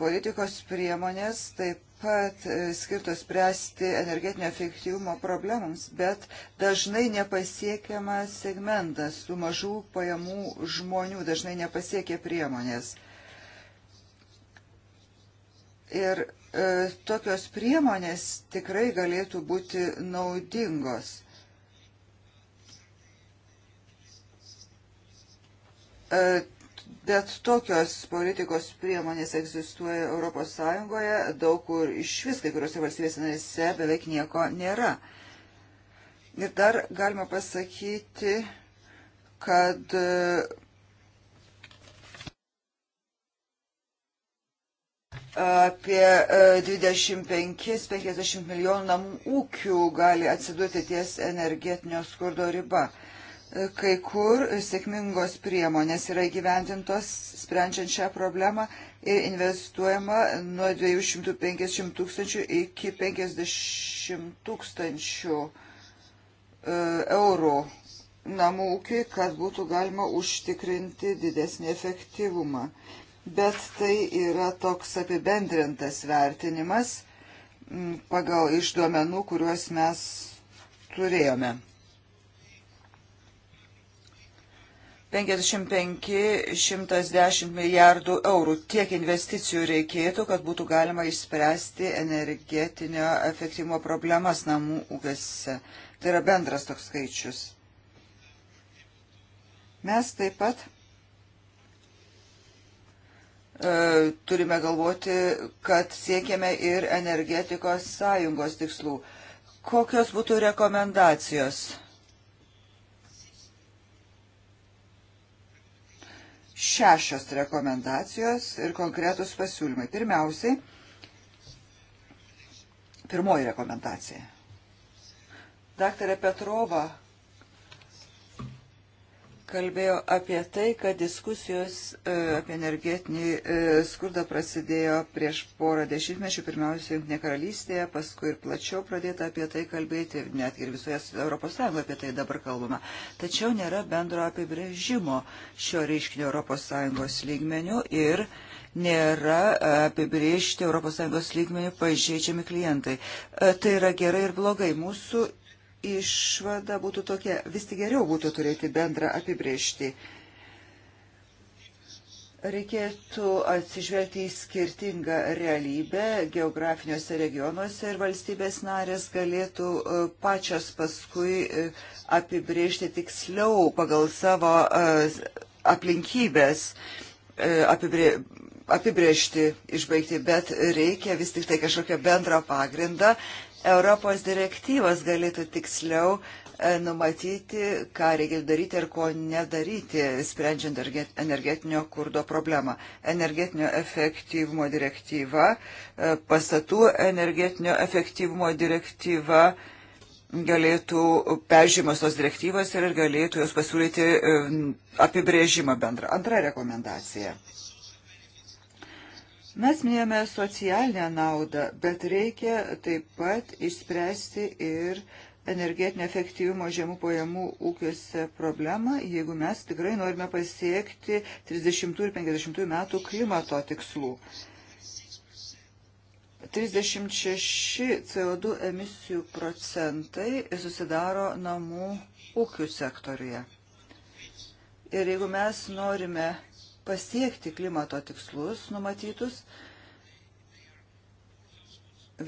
Politikos priemonės taip pat e, skirtos spręsti energetinio efektyvumo problemams, bet dažnai nepasiekiamas segmentas tų mažų pajamų žmonių, dažnai nepasiekia priemonės. Ir E, tokios priemonės tikrai galėtų būti naudingos. E, bet tokios politikos priemonės egzistuoja Europos Sąjungoje, daug kur iš vis, kai kuriuose valstybėse narėse beveik nieko nėra. Ir dar galima pasakyti, kad apie 25-50 e, milijonų namų ūkių gali atsidurti ties energetinio skurdo riba. E, kai kur sėkmingos priemonės yra įgyvendintos sprendžiant šią problemą ir investuojama nuo 250 tūkstančių iki 50 tūkstančių e, eurų namų ūkiai, kad būtų galima užtikrinti didesnį efektyvumą bet tai yra toks apibendrintas vertinimas mm, pagal iš duomenų, kuriuos mes turėjome. 55-110 milijardų eurų tiek investicijų reikėtų, kad būtų galima išspręsti energetinio efektyvumo problemas namų ūkiuose. Tai yra bendras toks skaičius. Mes taip pat E, turime galvoti, kad siekiame ir energetikos sąjungos tikslų. Kokios būtų rekomendacijos? Šešios rekomendacijos ir konkretus pasiūlymai. Pirmiausiai, pirmoji rekomendacija. Daktarė Petrova kalbėjo apie tai, kad diskusijos e, apie energetinį e, skurdą prasidėjo prieš porą dešimtmečių, pirmiausia, Junktinė karalystėje, paskui ir plačiau pradėta apie tai kalbėti, net ir visoje ES apie tai dabar kalbama. Tačiau nėra bendro apibrėžimo šio reiškinio ES lygmenių ir nėra apibriežti ES lygmenių pažeidžiami klientai. E, tai yra gerai ir blogai. Mūsų išvada būtų tokia, vis tik geriau būtų turėti bendrą apibriežtį. Reikėtų atsižvelgti į skirtingą realybę geografiniuose regionuose ir valstybės narės galėtų e, pačios paskui e, apibriežti tiksliau pagal savo e, aplinkybės apibrė, apibriežti, išbaigti, bet reikia vis tik tai kažkokio bendro pagrindą, Europos direktyvos galėtų tiksliau e, numatyti, ką reikia daryti ir ko nedaryti, sprendžiant energetinio kurdo problemą. Energetinio efektyvumo direktyva, e, pastatų energetinio efektyvumo direktyva galėtų peržiūrimas tos direktyvos ir galėtų jos pasiūlyti e, apibrėžimą bendrą. Antra rekomendacija. Mes minėjome socialinę naudą, bet reikia taip pat išspręsti ir energetinio efektyvumo žemų pajamų ūkiuose problemą, jeigu mes tikrai norime pasiekti 30 ir 50 metų klimato tikslų. 36 CO2 emisijų procentai susidaro namų ūkių sektoriuje. Ir jeigu mes norime pasiekti klimato tikslus numatytus.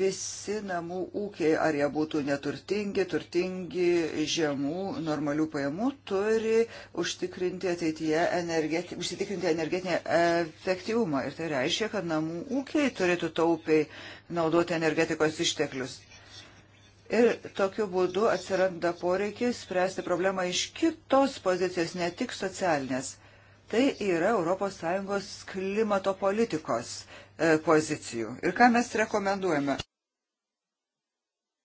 Visi namų ūkiai, ar jie būtų neturtingi, turtingi, žemų, normalių pajamų, turi užtikrinti ateityje energeti, užsitikrinti energetinį efektyvumą. Ir tai reiškia, kad namų ūkiai turėtų taupiai naudoti energetikos išteklius. Ir tokiu būdu atsiranda poreikis spręsti problemą iš kitos pozicijos, ne tik socialinės. Tai yra ES klimato politikos e, pozicijų. Ir ką mes rekomenduojame?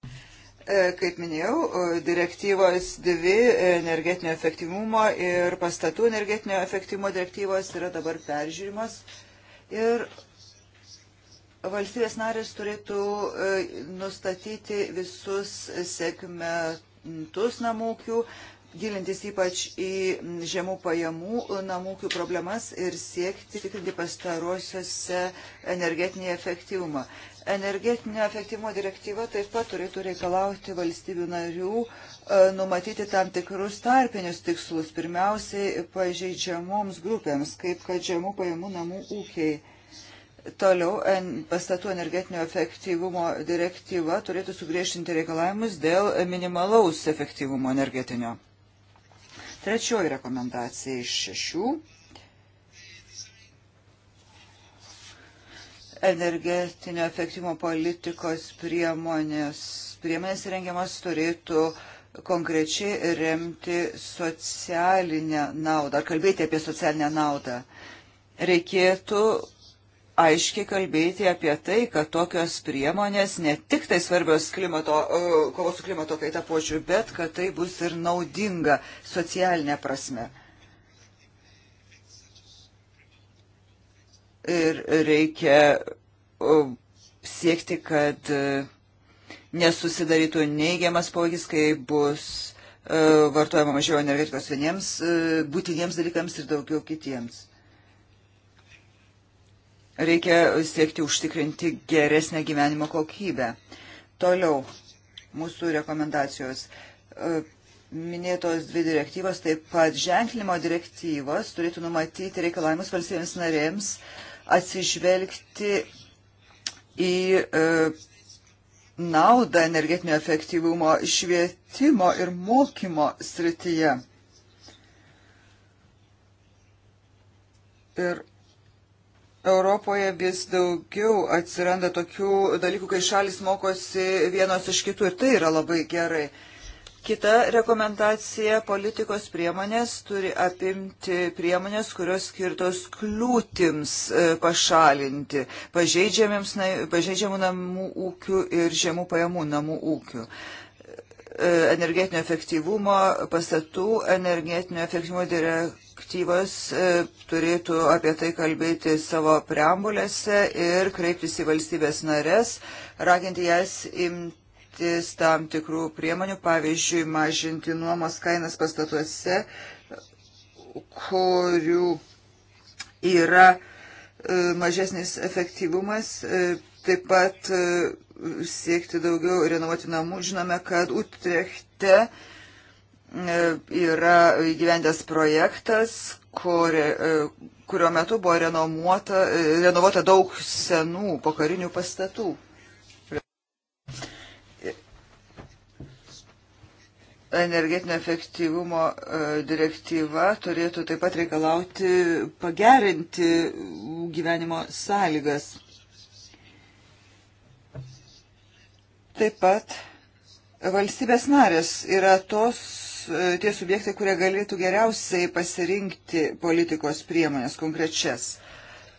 E, kaip minėjau, e, direktyvos dvi energetinio efektyvumo ir pastatų energetinio efektyvumo direktyvos yra dabar peržiūrimas. Ir valstybės narės turėtų nustatyti visus segmentus namūkių, gilintis ypač į žemų pajamų namūkių problemas ir siekti tikrinti pastarosiuose energetinį efektyvumą. Energetinio efektyvumo direktyva taip pat turėtų reikalauti valstybių narių e, numatyti tam tikrus tarpinius tikslus, pirmiausiai pažeidžiamoms grupėms, kaip kad žemų pajamų namų ūkiai. Toliau pastatų energetinio efektyvumo direktyva turėtų sugriežtinti reikalavimus dėl minimalaus efektyvumo energetinio. Trečioji rekomendacija iš šešių. Energetinio efektyvumo politikos priemonės, priemonės rengiamas turėtų konkrečiai remti socialinę naudą, ar kalbėti apie socialinę naudą. Reikėtų aiškiai kalbėti apie tai, kad tokios priemonės ne tik tai svarbios klimato, e, kovos su klimato kaita požiūriu, bet kad tai bus ir naudinga socialinė prasme. Ir reikia e, siekti, kad e, nesusidarytų neigiamas poveikis, kai bus vartojama mažiau energetikos vieniems būtiniems dalykams ir daugiau kitiems Reikia siekti užtikrinti geresnę gyvenimo kokybę. Toliau mūsų rekomendacijos. E, minėtos dvi direktyvos, taip pat ženklimo direktyvos turėtų numatyti reikalavimus valstybėms narėms atsižvelgti į e, naudą energetinio efektyvumo švietimo ir mokymo srityje. Ir Europoje vis daugiau atsiranda tokių dalykų, kai šalis mokosi vienos iš kitų ir tai yra labai gerai. Kita rekomendacija - politikos priemonės turi apimti priemonės, kurios skirtos kliūtims e, pašalinti pažeidžiamų namų ūkių ir žemų pajamų namų ūkių e, energetinio efektyvumo, pastatų energetinio efektyvumo dire, direktyvas e, turėtų apie tai kalbėti savo preambulėse ir kreiptis į valstybės nares, raginti jas imtis tam tikrų priemonių, pavyzdžiui, mažinti nuomos kainas pastatuose, kurių yra e, mažesnis efektyvumas, e, taip pat siekti daugiau renovuoti namų. Žinome, kad Utrechte yra įgyvendęs projektas, kur, e, kurio metu buvo renovuota, e, renovuota daug senų pokarinių pastatų. energetinio efektyvumo e, direktyva turėtų taip pat reikalauti pagerinti gyvenimo sąlygas. Taip pat valstybės narės yra tos, E, tie subjektai, kurie galėtų geriausiai pasirinkti politikos priemonės konkrečias.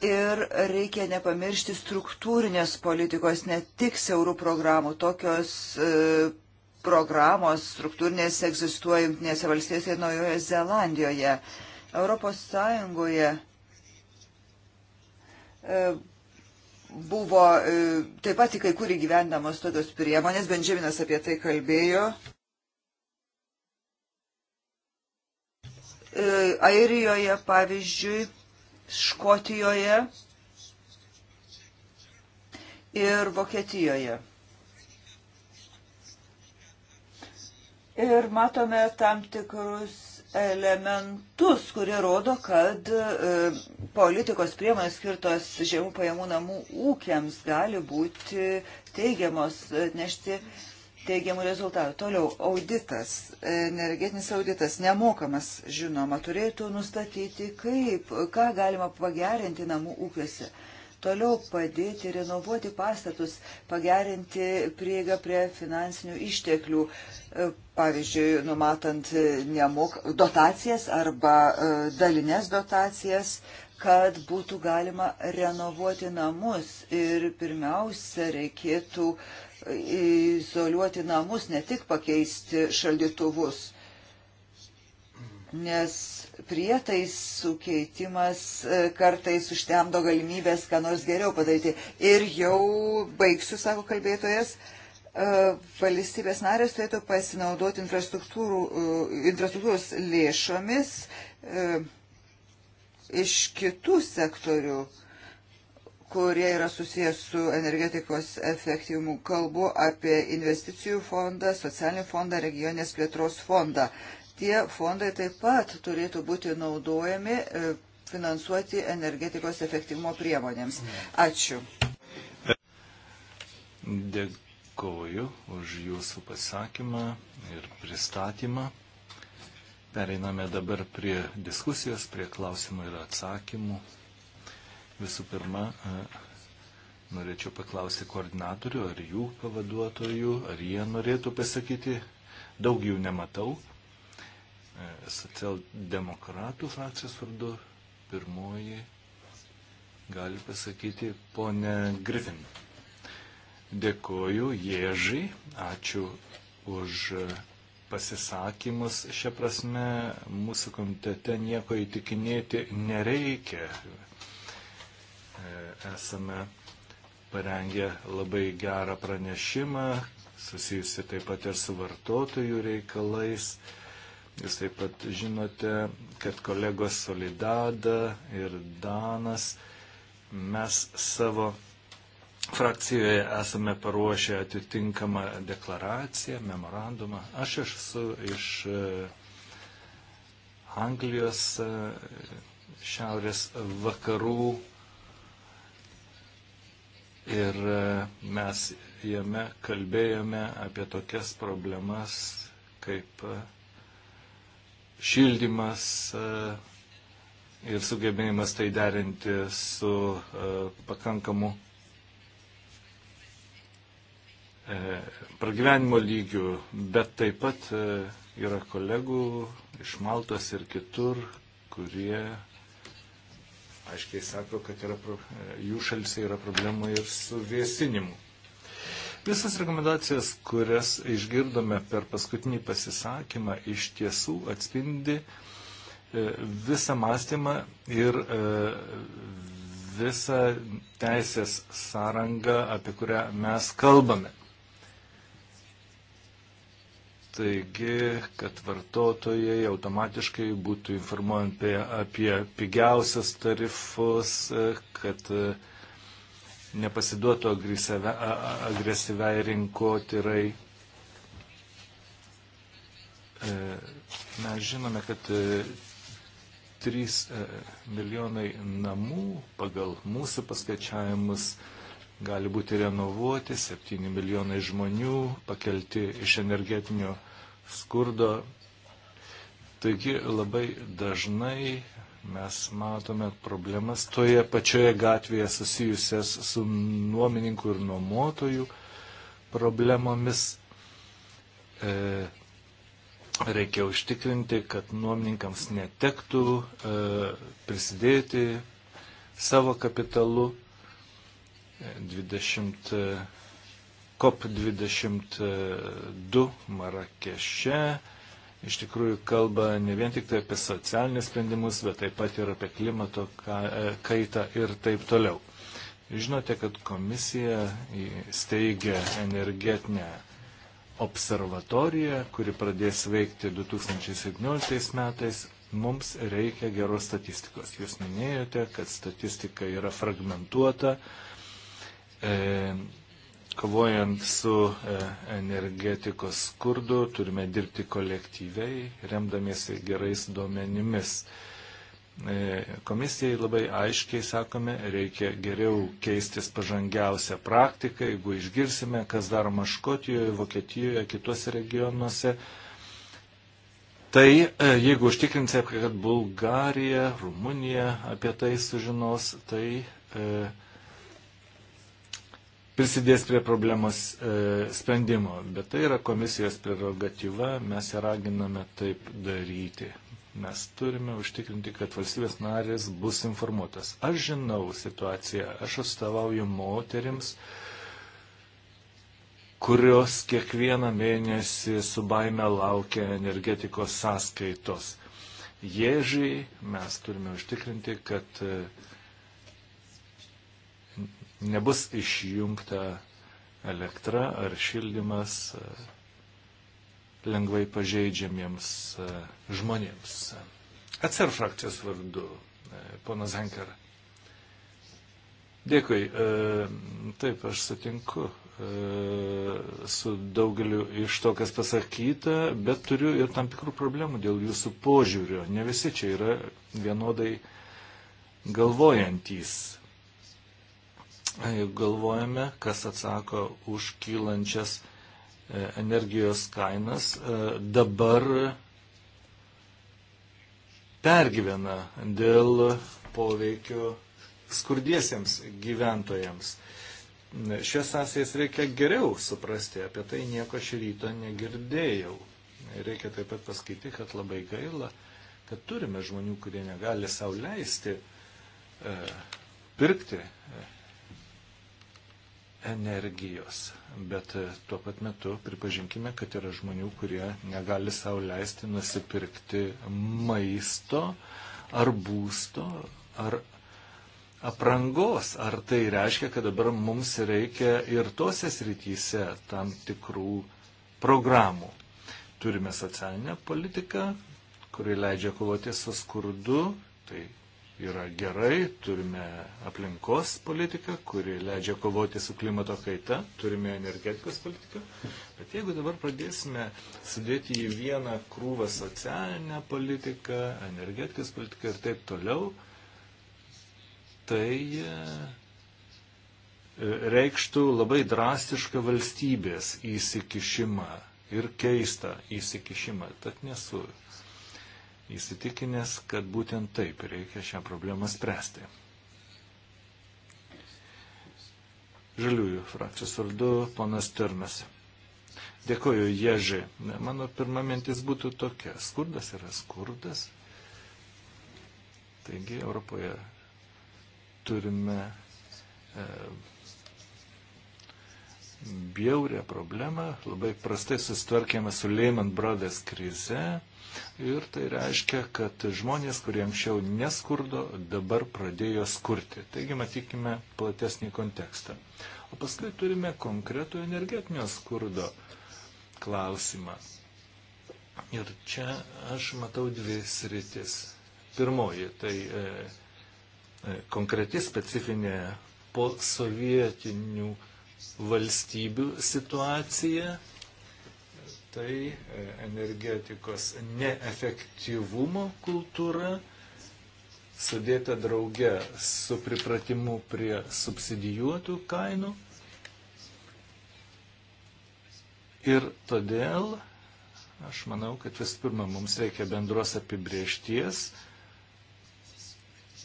Ir reikia nepamiršti struktūrinės politikos, ne tik siaurų programų. Tokios e, programos struktūrinės egzistuoja Junktinėse valstijose ir Naujoje Zelandijoje. Europos Sąjungoje e, buvo e, taip pat į kai kur įgyvendamos tokios priemonės, Benžeminas apie tai kalbėjo. E, Airijoje, pavyzdžiui, Škotijoje ir Vokietijoje. Ir matome tam tikrus elementus, kurie rodo, kad e, politikos priemonės skirtos žemų pajamų namų ūkiams gali būti teigiamos, nešti teigiamų rezultatų. Toliau, auditas, e, energetinis auditas, nemokamas, žinoma, turėtų nustatyti, kaip, ką galima pagerinti namų ūkiuose. Toliau padėti renovuoti pastatus, pagerinti prieigą prie finansinių išteklių, e, pavyzdžiui, numatant e, nemok dotacijas arba dalines dotacijas, kad būtų galima renovuoti namus ir pirmiausia reikėtų uh, izoliuoti namus, ne tik pakeisti šaldytuvus. Nes prietais sukeitimas e, kartais užtemdo galimybės, ką nors geriau padaryti. Ir jau baigsiu, sako kalbėtojas, e, valstybės narės turėtų pasinaudoti e, infrastruktūros lėšomis iš kitų sektorių kurie yra susijęs su energetikos efektyvumu. Kalbu apie investicijų fondą, socialinį fondą, regionės plėtros fondą. Tie fondai taip pat turėtų būti naudojami e, finansuoti energetikos efektyvumo priemonėms. Ačiū. Dėkoju už jūsų pasakymą ir pristatymą. Pereiname dabar prie diskusijos, prie klausimų ir atsakymų. Visų pirma, e, norėčiau paklausti koordinatorių ar jų pavaduotojų, ar jie norėtų pasakyti. Daug jų nematau. E, socialdemokratų frakcijos vardu pirmoji gali pasakyti ponė Griffin. Dėkoju Ježai, ačiū už pasisakymus. Šia prasme mūsų komitete nieko įtikinėti nereikia esame parengę labai gerą pranešimą, susijusi taip pat ir su vartotojų reikalais. Jūs taip pat žinote, kad kolegos Solidada ir Danas mes savo frakcijoje esame paruošę atitinkamą deklaraciją, memorandumą. Aš esu iš e, Anglijos e, šiaurės vakarų Ir e, mes jame kalbėjome apie tokias problemas kaip e, šildymas e, ir sugebėjimas tai derinti su pakankamu pragyvenimo lygiu, bet taip pat yra kolegų iš Maltos ir kitur, kurie aiškiai sako, kad yra, jų šalise yra problema ir su vėsinimu. Visas rekomendacijas, kurias išgirdome per paskutinį pasisakymą, iš tiesų atspindi e, visą mąstymą ir e, visą teisės sąrangą, apie kurią mes kalbame. Taigi, kad vartotojai automatiškai būtų informuojami apie pigiausias tarifus, kad nepasiduotų agresyviai rinkotirai. E, mes žinome, kad 3 e, e, milijonai namų pagal mūsų paskaičiavimus gali būti renovuoti, 7 milijonai žmonių pakelti iš energetinio skurdo. Taigi labai dažnai mes matome problemas toje pačioje gatvėje susijusias su nuomininkų ir nuomotojų problemomis. E, reikia užtikrinti, kad nuomininkams netektų e, prisidėti savo kapitalu 20, COP22 Marakeše iš tikrųjų kalba ne vien tik tai apie socialinius sprendimus, bet taip pat ir apie klimato kaitą ir taip toliau. Žinote, kad komisija steigia energetinę observatoriją, kuri pradės veikti 2017 metais. Mums reikia geros statistikos. Jūs minėjote, kad statistika yra fragmentuota, E, kovojant su e, energetikos skurdu turime dirbti kolektyviai, remdamiesi gerais duomenimis. E, komisijai labai aiškiai sakome, reikia geriau keistis pažangiausią praktiką, jeigu išgirsime, kas daroma Škotijoje, Vokietijoje, kituose regionuose. Tai jeigu užtikrinsime, kad Bulgarija, Rumunija apie tai sužinos, tai e, prisidės prie problemos e, sprendimo. Bet tai yra komisijos prerogatyva, mes ją raginame taip daryti. Mes turime užtikrinti, kad valstybės narės bus informuotas. Aš žinau situaciją, aš atstovauju moterims, kurios kiekvieną mėnesį su baime laukia energetikos sąskaitos. Jėžiai mes turime užtikrinti, kad e, nebus išjungta elektra ar šildymas e, lengvai pažeidžiamiems e, žmonėms. Atsir frakcijos vardu, e, ponas Henker. Dėkui. Taip, aš sutinku su daugeliu iš to, kas pasakyta, bet turiu ir tam tikrų problemų dėl jūsų požiūrio. Ne visi čia yra vienodai galvojantys galvojame, kas atsako už kylančias e, energijos kainas, e, dabar pergyvena dėl poveikio skurdiesiems gyventojams. Šias sąsajas reikia geriau suprasti, apie tai nieko šį rytą negirdėjau. Reikia taip pat pasakyti, kad labai gaila, kad turime žmonių, kurie negali sau leisti e, pirkti e, energijos. Bet e, tuo pat metu pripažinkime, kad yra žmonių, kurie negali sau leisti nusipirkti maisto ar būsto ar aprangos. Ar tai reiškia, kad dabar mums reikia ir tose srityse tam tikrų programų. Turime socialinę politiką, kuri leidžia kovoti su skurdu, tai yra gerai, turime aplinkos politiką, kuri leidžia kovoti su klimato kaita, turime energetikos politiką, bet jeigu dabar pradėsime sudėti į vieną krūvą socialinę politiką, energetikos politiką ir taip toliau, tai e, reikštų labai drastišką valstybės įsikišimą ir keistą įsikišimą. Tad nesu įsitikinęs, kad būtent taip reikia šią problemą spręsti. Žaliųjų frakcijos vardu ponas Termes. Dėkoju, Ježi. Mano pirma mintis būtų tokia. Skurdas yra skurdas. Taigi Europoje turime e, bjaurę problemą. Labai prastai sustvarkėme su Lehman Brothers krize. Ir tai reiškia, kad žmonės, kurie anksčiau neskurdo, dabar pradėjo skurti. Taigi matykime platesnį kontekstą. O paskui turime konkretų energetinio skurdo klausimą. Ir čia aš matau dvi sritis. Pirmoji, tai e, e konkreti specifinė po sovietinių valstybių situacija tai e, energetikos neefektyvumo kultūra sudėta drauge su pripratimu prie subsidijuotų kainų. Ir todėl aš manau, kad vis pirma mums reikia bendros apibriešties,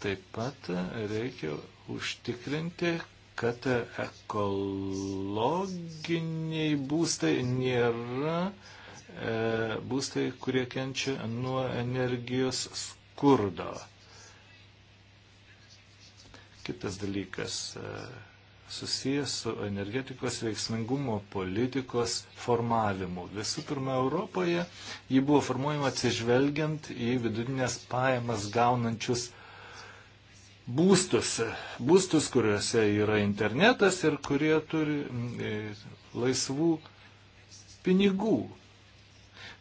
taip pat reikia užtikrinti, kad ekologiniai būstai nėra e, būstai, kurie kenčia nuo energijos skurdo. Kitas dalykas e, susijęs su energetikos veiksmingumo politikos formavimu. Visų pirma, Europoje ji buvo formuojama atsižvelgiant į vidutinės pajamas gaunančius būstus, būstus, kuriuose yra internetas ir kurie turi mm, e, laisvų pinigų.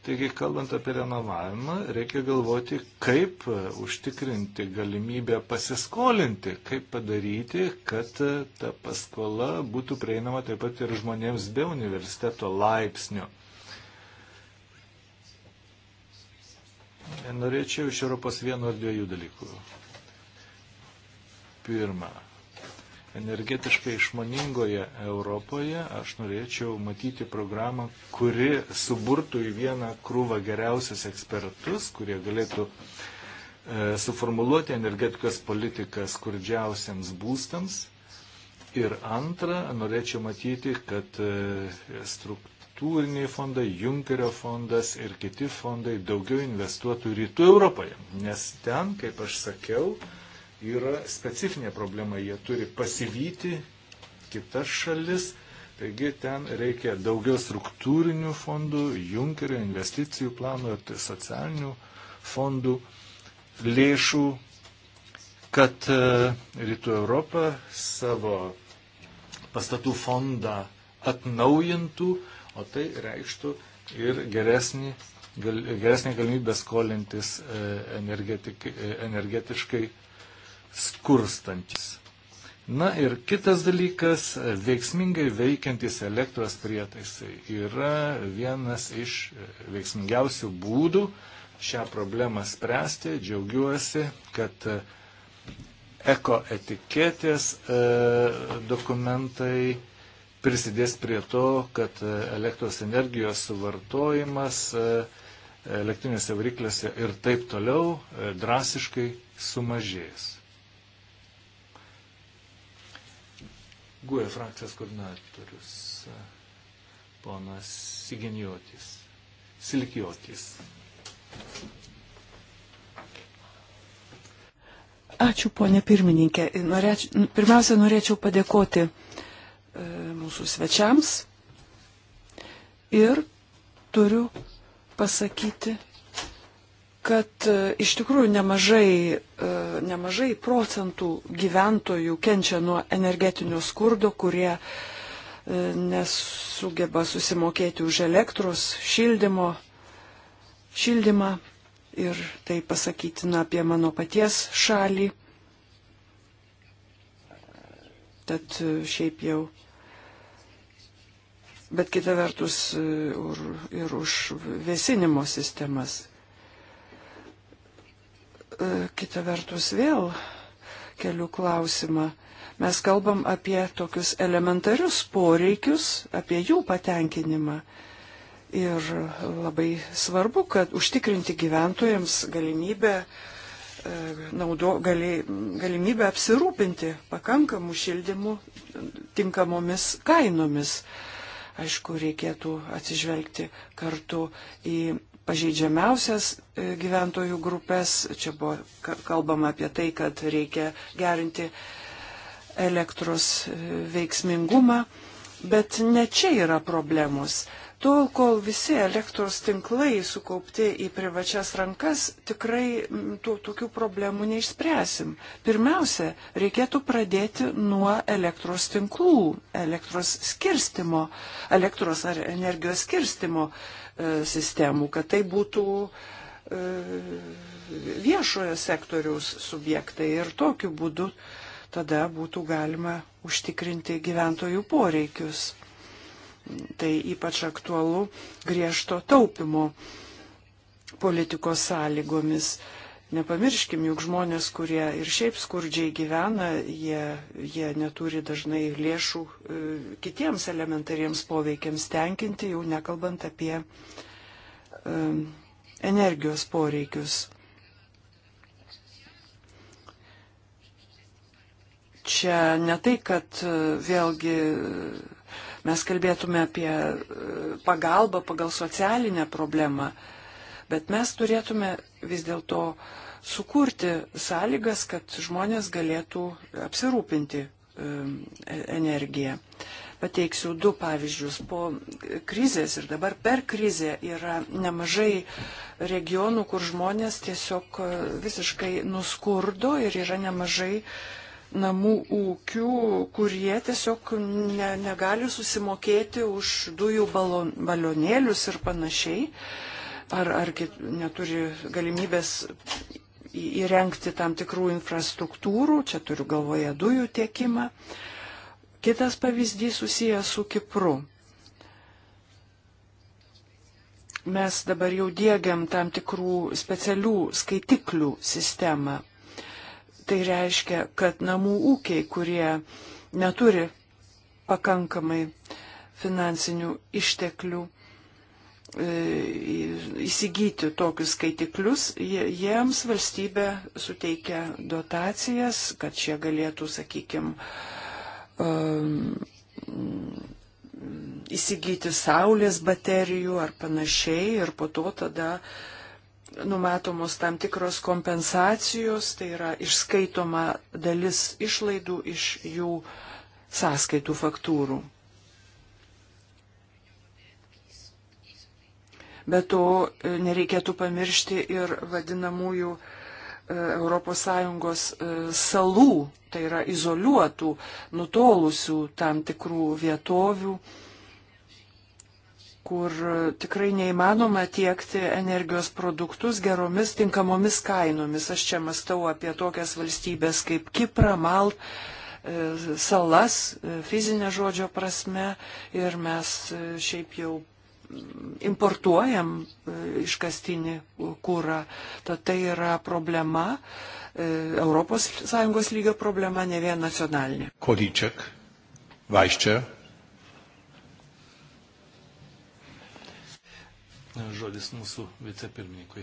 Taigi, kalbant apie renovavimą, reikia galvoti, kaip e, užtikrinti galimybę pasiskolinti, kaip padaryti, kad e, ta paskola būtų prieinama taip pat ir žmonėms be universiteto laipsnio. Norėčiau iš Europos vieno ar dviejų dalykų pirma, energetiškai išmaningoje Europoje aš norėčiau matyti programą, kuri suburtų į vieną krūvą geriausius ekspertus, kurie galėtų e, suformuluoti energetikos politiką skurdžiausiams būstams. Ir antra, norėčiau matyti, kad e, struktūriniai fondai, Junkerio fondas ir kiti fondai daugiau investuotų rytų Europoje, nes ten, kaip aš sakiau, e, yra specifinė problema, jie turi pasivyti kitas šalis, taigi ten reikia daugiau struktūrinių fondų, junkerio investicijų plano ir tai socialinių fondų lėšų, kad e, Rytų Europa savo pastatų fondą atnaujintų, o tai reikštų ir geresnį, gal, geresnį galimybę skolintis e, e, energetiškai skurstantis. Na ir kitas dalykas, veiksmingai veikiantis elektros prietaisai yra vienas iš veiksmingiausių būdų šią problemą spręsti. Džiaugiuosi, kad eko etiketės e, dokumentai prisidės prie to, kad elektros energijos suvartojimas e, elektrinėse varikliuose ir taip toliau e, drastiškai sumažės. GUE frakcijos koordinatorius, ponas Sigeniotis, Silkiotis. Ačiū, ponė pirmininkė. Norėč... Pirmiausia, norėčiau padėkoti e, mūsų svečiams ir turiu pasakyti, kad e, iš tikrųjų nemažai, e, nemažai procentų gyventojų kenčia nuo energetinio skurdo, kurie e, nesugeba susimokėti už elektros šildymo, šildymą ir tai pasakytina apie mano paties šalį. Tad šiaip jau bet kita vertus ir, ir už vėsinimo sistemas. E, kita vertus vėl keliu klausimą. Mes kalbam apie tokius elementarius poreikius, apie jų patenkinimą. Ir labai svarbu, kad užtikrinti gyventojams galimybę, e, naudo, gali, galimybę apsirūpinti pakankamų šildymų tinkamomis kainomis. Aišku, reikėtų atsižvelgti kartu į pažeidžiamiausias e, gyventojų grupės. Čia buvo kalbama apie tai, kad reikia gerinti elektros e, veiksmingumą, bet ne čia yra problemos. Tol, kol visi elektros tinklai sukaupti į privačias rankas, tikrai tų, tokių problemų neišspręsim. Pirmiausia, reikėtų pradėti nuo elektros tinklų, elektros skirstimo, elektros ar energijos skirstimo E, sistemų, kad tai būtų e, viešojo sektoriaus subjektai ir tokiu būdu tada būtų galima užtikrinti gyventojų poreikius. Tai ypač aktualu griežto taupimo politikos sąlygomis. Nepamirškim, juk žmonės, kurie ir šiaip skurdžiai gyvena, jie, jie neturi dažnai lėšų e, kitiems elementariems poveikiams tenkinti, jau nekalbant apie um, energijos poreikius. čia ne tai, kad e, vėlgi mes kalbėtume apie pagalbą pagal socialinę problemą, Bet mes turėtume vis dėlto sukurti sąlygas, kad žmonės galėtų apsirūpinti e, energiją. Pateiksiu du pavyzdžius. Po krizės ir dabar per krizę yra nemažai regionų, kur žmonės tiesiog e, visiškai nuskurdo ir yra nemažai namų ūkių, kurie tiesiog ne, negali susimokėti už dujų balon, balonėlius ir panašiai. Uh, ar, ar kit, neturi galimybės įrengti tam tikrų infrastruktūrų, čia turiu galvoje dujų tiekimą. Kitas pavyzdys susijęs su Kipru. Mes dabar jau dėgiam tam tikrų specialių skaitiklių sistemą. Tai reiškia, kad namų ūkiai, kurie neturi pakankamai finansinių išteklių, E, įsigyti tokius skaitiklius, jiems valstybė suteikia dotacijas, kad šie galėtų, sakykime, um, įsigyti saulės baterijų ar panašiai ir po to tada numatomos tam tikros kompensacijos, tai yra išskaitoma dalis išlaidų iš jų sąskaitų faktūrų. Bet to e, nereikėtų pamiršti ir vadinamųjų ES e, salų, tai yra izoliuotų, nutolusių tam tikrų vietovių kur e, tikrai neįmanoma tiekti energijos produktus geromis tinkamomis kainomis. Aš čia mastau apie tokias valstybės kaip Kipra, Mal, salas, fizinė žodžio prasme, ir mes šiaip jau importuojam e, iškastinį kūrą. Tad tai yra problema, ES lygio problema, ne vien nacionalinė. Kodyčiak, Vaiščia. Žodis mūsų vicepirmininkui.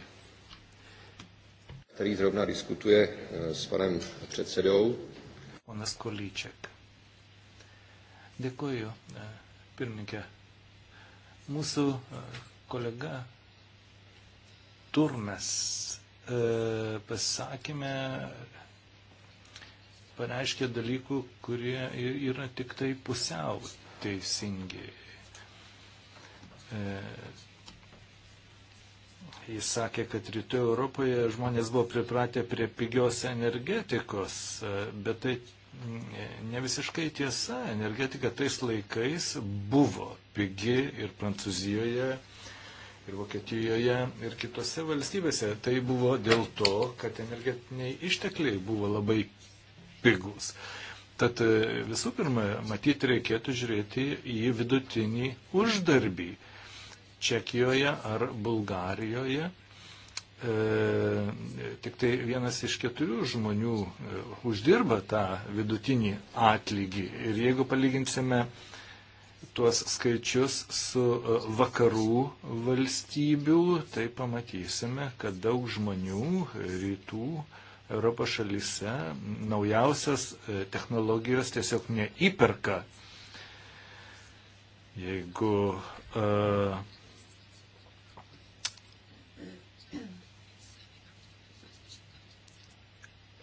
Který zrovna diskutuje e, s panem předsedou. Ponas Kolíček. Dėkuoju, e, pirmininkė. Mūsų e, kolega Turmes e, pasakymė pareiškė dalykų, kurie yra tik tai pusiau teisingi. E, jis sakė, kad rytų Europoje žmonės buvo pripratę prie pigios energetikos, bet tai ne visiškai tiesa. Energetika tais laikais buvo pigi ir Prancūzijoje, ir Vokietijoje, ir kitose valstybėse. Tai buvo dėl to, kad energetiniai ištekliai buvo labai pigus. Tad e, visų pirma, matyti reikėtų žiūrėti į vidutinį uždarbį Čekijoje ar Bulgarijoje E, tik tai vienas iš keturių žmonių e, uždirba tą vidutinį atlygį. Ir jeigu palyginsime tuos skaičius su e, vakarų valstybių, tai pamatysime, kad daug žmonių rytų Europos šalyse naujausias technologijos tiesiog neįperka. Jeigu uh,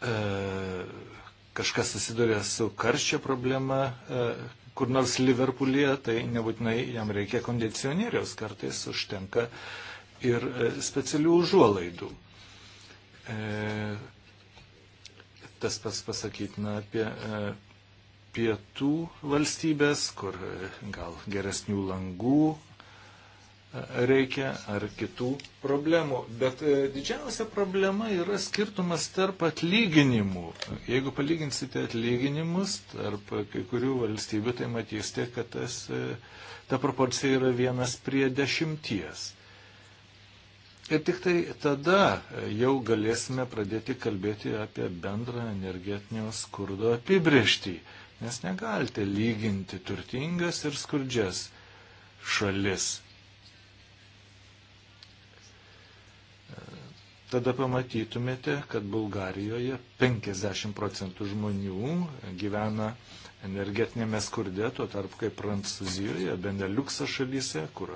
E, kažkas susiduria su karščio problema, e, kur nors Liverpoolyje, tai nebūtinai jam reikia kondicionieriaus, kartais užtenka ir e, specialių užuolaidų. Tas pas pasakytina apie pietų valstybės, kur gal geresnių langų reikia ar kitų problemų. Bet e, didžiausia problema yra skirtumas tarp atlyginimų. Jeigu palyginsite atlyginimus tarp kai kurių valstybių, tai matysite, kad tas, e, ta proporcija yra vienas prie dešimties. Ir tik tai tada e, jau galėsime pradėti kalbėti apie bendrą energetinio skurdo apibriežtį, nes negalite lyginti turtingas ir skurdžias šalis tada pamatytumėte, kad Bulgarijoje 50 procentų žmonių gyvena energetinėme skurde, tuo tarp kaip Prancūzijoje, Beneliukso šalyse, kur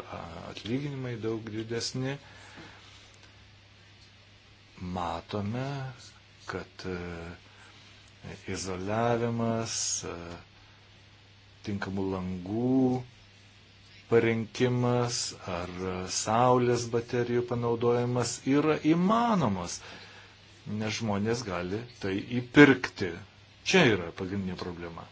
atlyginimai daug didesni, matome, kad e, izoliavimas, e, tinkamų langų, parinkimas ar saulės baterijų panaudojimas yra įmanomas, nes žmonės gali tai įpirkti. Čia yra pagrindinė problema.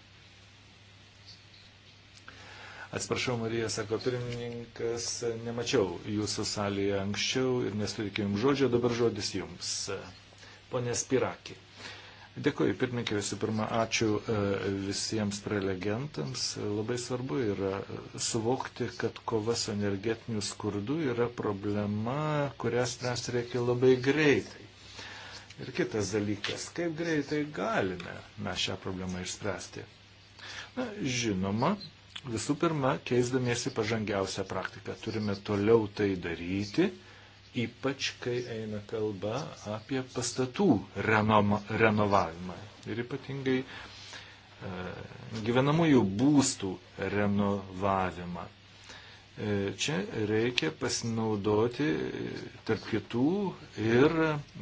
Atsiprašau, Marija, sako pirmininkas, nemačiau jūsų salėje anksčiau ir nesutikėjom žodžio, dabar žodis jums. Pone Spirakė. Dėkuoju, pirmininkė, visų pirma, ačiū e, visiems prelegentams. Labai svarbu yra e, suvokti, kad kova su energetiniu skurdu yra problema, kurią spręsti reikia labai greitai. Ir kitas dalykas, kaip greitai galime mes šią problemą išspręsti. Na, žinoma, visų pirma, keisdamiesi pažangiausią praktiką turime toliau tai daryti ypač kai eina kalba apie pastatų renoma, renovavimą ir ypatingai e, gyvenamųjų būstų renovavimą. E, čia reikia pasinaudoti e, tarp kitų ir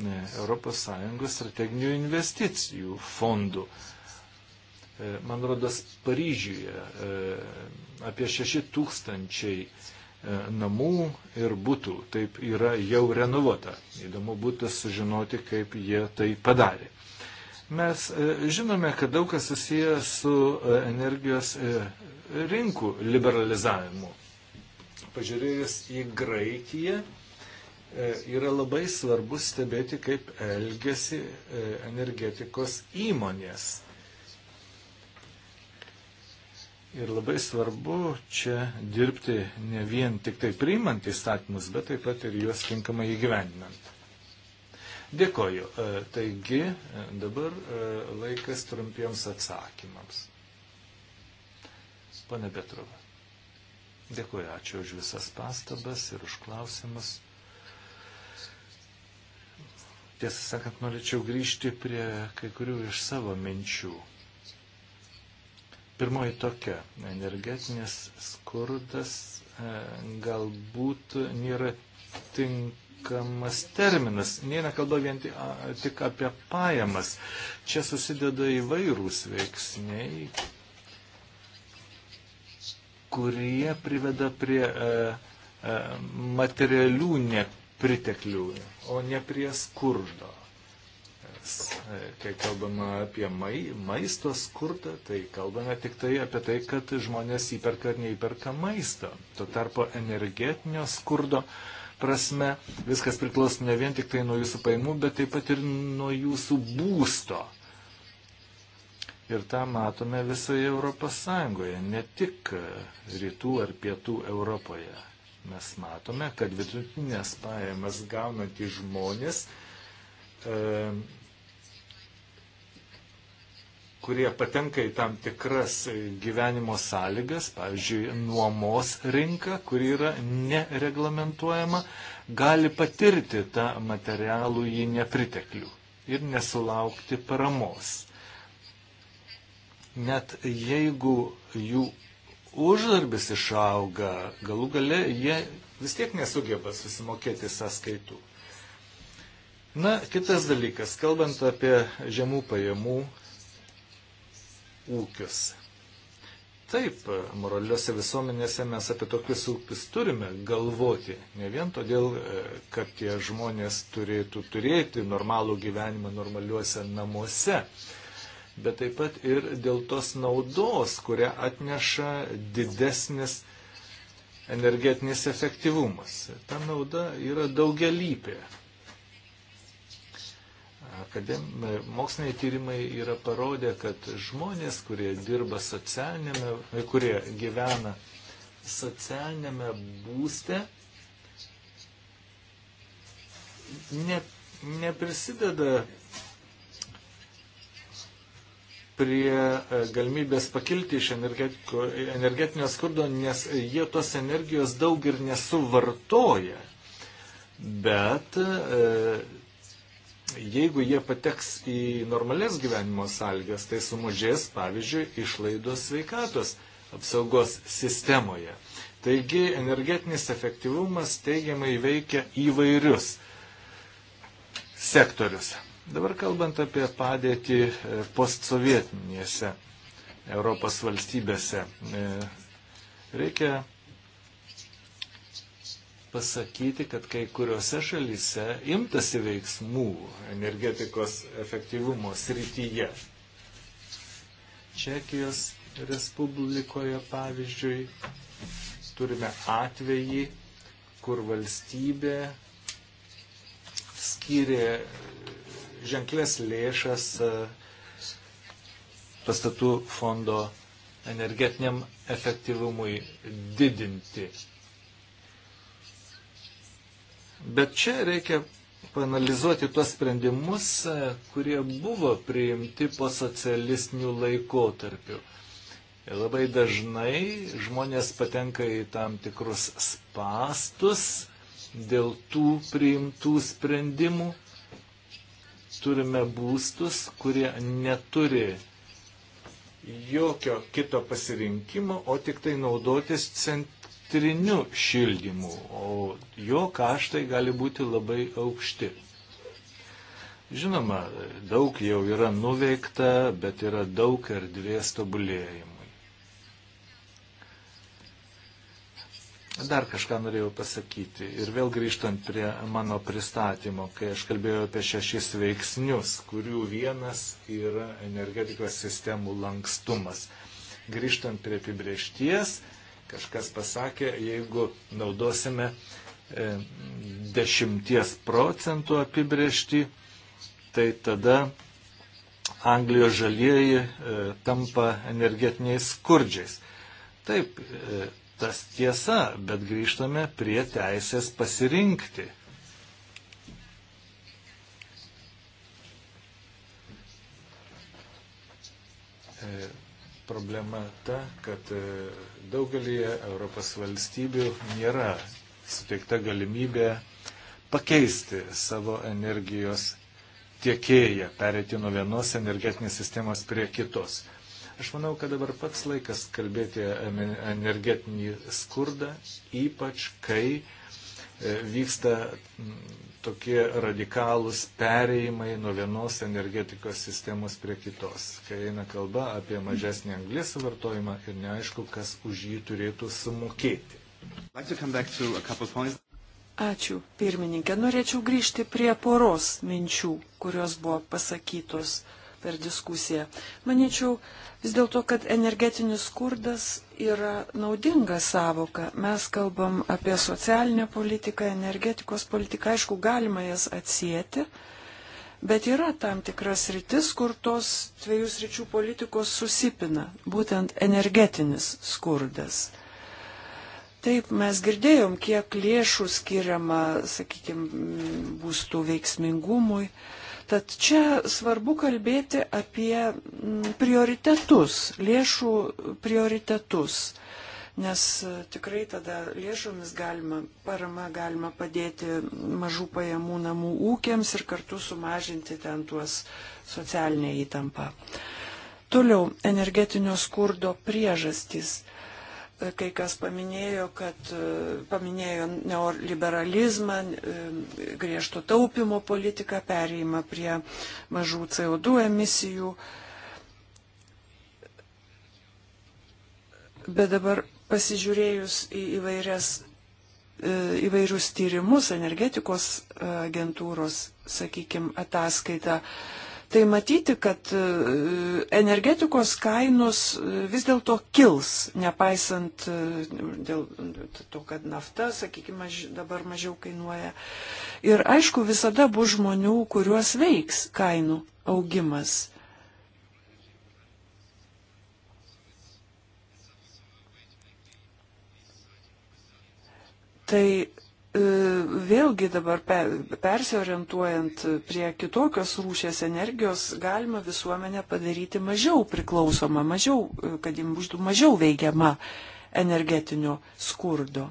ES strateginių investicijų fondų. E, man rodas, Paryžiuje e, apie 6 tūkstančiai E, namų ir būtų. Taip yra jau renovuota. Įdomu būtų sužinoti, kaip jie tai padarė. Mes e, žinome, kad daug kas susiję su e, energijos rinkų liberalizavimu. Pažiūrėjus į Graikiją, yra labai svarbu stebėti, kaip elgesi energetikos įmonės Ir labai svarbu čia dirbti ne vien tik tai priimant įstatymus, bet taip pat ir juos tinkamai įgyvendinant. Dėkoju. E, taigi e, dabar e, laikas trumpiems atsakymams. Pane Petrova. Dėkuoju, ačiū už visas pastabas ir už klausimus. Tiesą sakant, norėčiau grįžti prie kai kurių iš savo minčių. Pirmoji tokia. Energetinės skurdas e, galbūt nėra tinkamas terminas. Nėra kalba vien tik apie pajamas. Čia susideda įvairūs veiksniai, kurie priveda prie e, e, materialių nepriteklių, o ne prie skurdo. E, kai kalbama apie mai, maisto skurdą, tai kalbame tik tai apie tai, kad žmonės įperka ar neįperka maisto. Tuo tarpu energetinio skurdo prasme viskas priklauso ne vien tik tai nuo jūsų paimų, bet taip pat ir nuo jūsų būsto. Ir tą matome visoje Europos Sąjungoje, ne tik e, rytų ar pietų Europoje. Mes matome, kad vidutinės pajamas gaunantys žmonės e, kurie patenka į tam tikras gyvenimo sąlygas, pavyzdžiui, nuomos rinka, kuri yra nereglamentuojama, gali patirti tą materialų į nepriteklių ir nesulaukti paramos. Net jeigu jų uždarbis išauga, galų gale jie vis tiek nesugeba susimokėti sąskaitų. Na, kitas dalykas, kalbant apie žemų pajamų ūkius. Taip, moraliuose visuomenėse mes apie tokius ūkius turime galvoti. Ne vien todėl, e, kad tie žmonės turėtų turėti normalų gyvenimą normaliuose namuose, bet taip pat ir dėl tos naudos, kurią atneša didesnis energetinis efektyvumas. Ta nauda yra daugialypė. Akadem... Moksliniai tyrimai yra parodę, kad žmonės, kurie dirba socialinėme, kurie gyvena socialinėme būste, ne, neprisideda prie e, galimybės pakilti iš energetinio skurdo, nes jie tos energijos daug ir nesuvartoja. Bet e, jeigu jie pateks į normales gyvenimo sąlygas, tai sumažės, pavyzdžiui, išlaidos sveikatos apsaugos sistemoje. Taigi energetinis efektyvumas teigiamai veikia įvairius sektorius. Dabar kalbant apie padėtį e, postsovietinėse Europos valstybėse, e, reikia pasakyti, kad kai kuriuose šalyse imtasi veiksmų energetikos efektyvumo srityje. Čekijos Respublikoje, pavyzdžiui, turime atvejį, kur valstybė skyrė ženklės lėšas e, pastatų fondo energetiniam efektyvumui didinti. Bet čia reikia panalizuoti tuos sprendimus, e, kurie buvo priimti po socialistinių laikotarpių. Labai dažnai žmonės patenka į tam tikrus spastus dėl tų priimtų sprendimų. Turime būstus, kurie neturi jokio kito pasirinkimo, o tik tai naudotis centrinėmis elektriniu šildymu, o jo kaštai gali būti labai aukšti. Žinoma, daug jau yra nuveikta, bet yra daug erdvės tobulėjimui. Dar kažką norėjau pasakyti. Ir vėl grįžtant prie mano pristatymo, kai aš kalbėjau apie šešis veiksnius, kurių vienas yra energetikos sistemų lankstumas. Grįžtant prie apibriešties, kažkas pasakė, jeigu naudosime e, dešimties procentų apibrėžti, tai tada Anglijos žalieji e, tampa energetiniais skurdžiais. Taip, e, tas tiesa, bet grįžtame prie teisės pasirinkti problema ta, kad e, daugelį Europos valstybių nėra suteikta galimybė pakeisti savo energijos tiekėją, perėti nuo vienos energetinės sistemos prie kitos. Aš manau, kad dabar pats laikas kalbėti energetinį skurdą, ypač kai e, vyksta tokie radikalūs pereimai nuo vienos energetikos sistemos prie kitos, kai eina kalba apie mažesnį anglės suvartojimą ir neaišku, kas už jį turėtų sumokėti. Ačiū, pirmininkė. Norėčiau grįžti prie poros minčių, kurios buvo pasakytos. Uh, per diskusiją. Manyčiau vis dėlto, kad energetinis skurdas yra naudinga savoka. Mes kalbam apie socialinę politiką, energetikos politiką, aišku, galima jas atsijėti, bet yra tam tikras rytis, kur tos dviejų sričių politikos susipina, būtent energetinis skurdas. Taip, mes girdėjom, kiek lėšų skiriama, sakykime, būstų veiksmingumui. Uh, Tad čia svarbu kalbėti apie mm, prioritetus, lėšų prioritetus, nes e, tikrai tada lėšomis galima, parama galima padėti mažų pajamų namų ūkiams ir kartu sumažinti ten tuos socialinę įtampą. Toliau energetinio skurdo priežastys kai kas paminėjo, kad e, paminėjo neoliberalizmą, e, griežto taupimo politiką, perėjimą prie mažų CO2 emisijų. Bet dabar pasižiūrėjus į įvairias, e, įvairius tyrimus, energetikos agentūros, sakykime, ataskaitą, tai matyti, kad e, energetikos kainos e, vis dėlto kils, nepaisant e, dėl to, kad nafta, sakykime, dabar mažiau kainuoja. Ir aišku, visada bus žmonių, kuriuos veiks kainų augimas. Tai E, vėlgi dabar persiorientuojant prie kitokios rūšės energijos, galima visuomenę padaryti mažiau priklausomą, mažiau, e, kad jim būtų mažiau veikiama energetinio skurdo.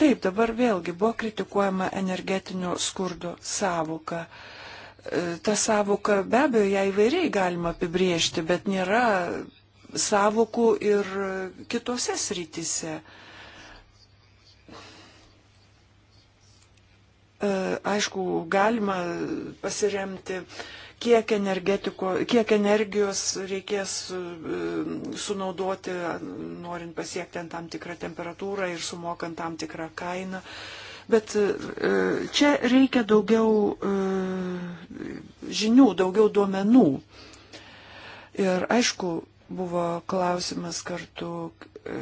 Taip, dabar vėlgi buvo kritikuojama energetinio skurdo savoka. E, ta savoka be abejo ją įvairiai galima apibriežti, bet nėra savokų ir kitose srityse. E, aišku, galima pasiremti, kiek, kiek energijos reikės e, sunaudoti, norint pasiekti tam tikrą temperatūrą ir sumokant tam tikrą kainą. Bet e, čia reikia daugiau žinių, daugiau duomenų. Ir aišku, buvo klausimas kartu, E,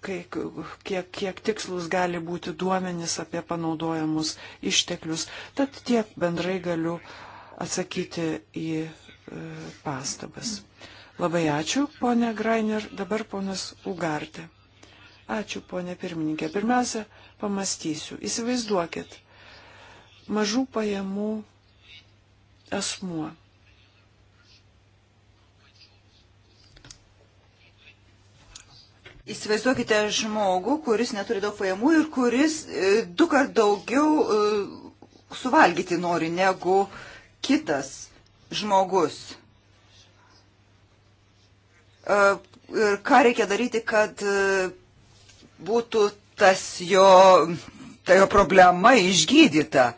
kai, kiek, kiek tikslus gali būti duomenys apie panaudojamus išteklius. Tad tiek bendrai galiu atsakyti į e, pastabas. Labai ačiū, ponė Grainer, dabar ponas Ugartė. Ačiū, ponė pirmininkė. Pirmiausia, pamastysiu. Įsivaizduokit, mažų pajamų asmuo Įsivaizduokite žmogų, kuris neturi daug pajamų ir kuris e, du kart daugiau e, suvalgyti nori negu kitas žmogus. E, ir ką reikia daryti, kad būtų tas jo, ta jo problema išgydyta.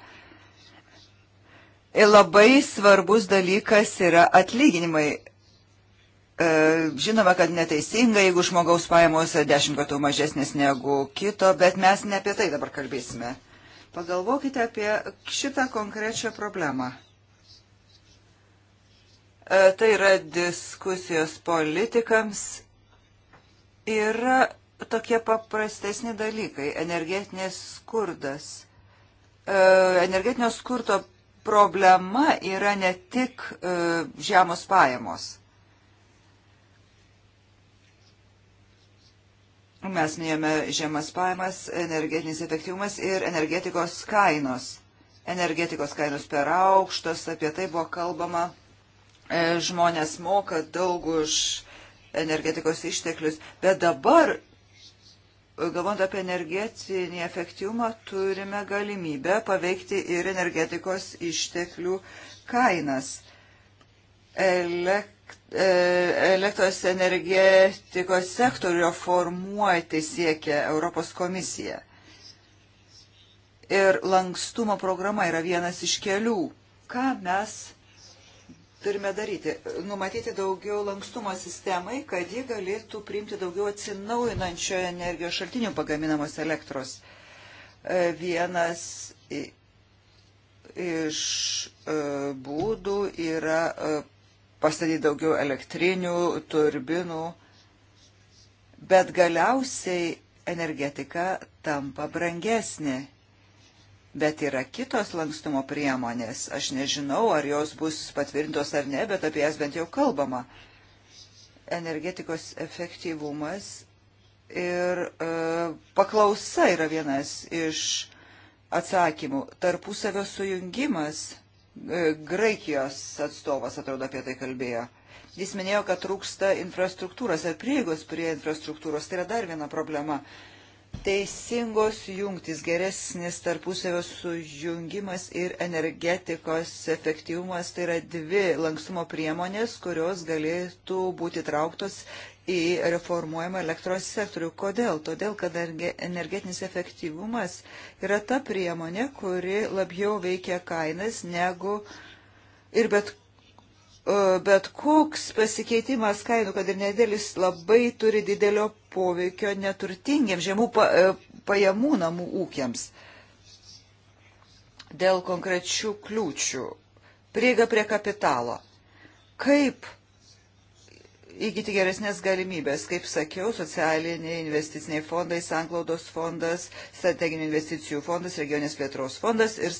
Ir labai svarbus dalykas yra atlyginimai. E, žinoma, kad neteisinga, jeigu žmogaus pajamos dešimt kartų mažesnės negu kito, bet mes ne apie tai dabar kalbėsime. Pagalvokite apie šitą konkrečią problemą. E, tai yra diskusijos politikams. Yra tokie paprastesni dalykai - energetinės skurdas. E, energetinio skurto problema yra ne tik žemos pajamos Mes minėjome žemas pajamas, energetinis efektyvumas ir energetikos kainos. Energetikos kainos per aukštos, apie tai buvo kalbama. E, žmonės moka daug už energetikos išteklius, bet dabar, galvant apie energetinį efektyvumą, turime galimybę paveikti ir energetikos išteklių kainas. Elek elektros energetikos sektorių reformuoti siekia Europos komisija. Ir lankstumo programa yra vienas iš kelių. Ką mes turime daryti? Numatyti daugiau lankstumo sistemai, kad ji galėtų priimti daugiau atsinaujinančio energijos šaltinių pagaminamos elektros. E, vienas iš e, būdų yra e, pastatyti daugiau elektrinių, turbinų, bet galiausiai energetika tampa brangesnė. Bet yra kitos lankstumo priemonės. Aš nežinau, ar jos bus patvirtintos ar ne, bet apie jas bent jau kalbama. Energetikos efektyvumas ir e, paklausa yra vienas iš atsakymų. Tarpusavio sujungimas E, Graikijos atstovas, atrodo, apie tai kalbėjo. Jis minėjo, kad trūksta infrastruktūros ar prieigos prie infrastruktūros. Tai yra dar viena problema. Teisingos jungtis, geresnis tarpusavio sujungimas ir energetikos efektyvumas tai yra dvi lankstumo priemonės, kurios galėtų būti trauktos į reformuojamą elektros sektorių. Kodėl? Todėl, kad energetinis efektyvumas yra ta priemonė, kuri labiau veikia kainas negu ir bet, e, bet koks pasikeitimas kainų, kad ir nedėlis labai turi didelio poveikio neturtingiems žemų pa, e, pajamų namų ūkiams dėl konkrečių kliūčių. Prieiga prie kapitalo. Kaip įgyti geresnės galimybės. Kaip sakiau, socialiniai investiciniai fondai, sanklaudos fondas, strateginių investicijų fondas, regionės plėtros fondas ir,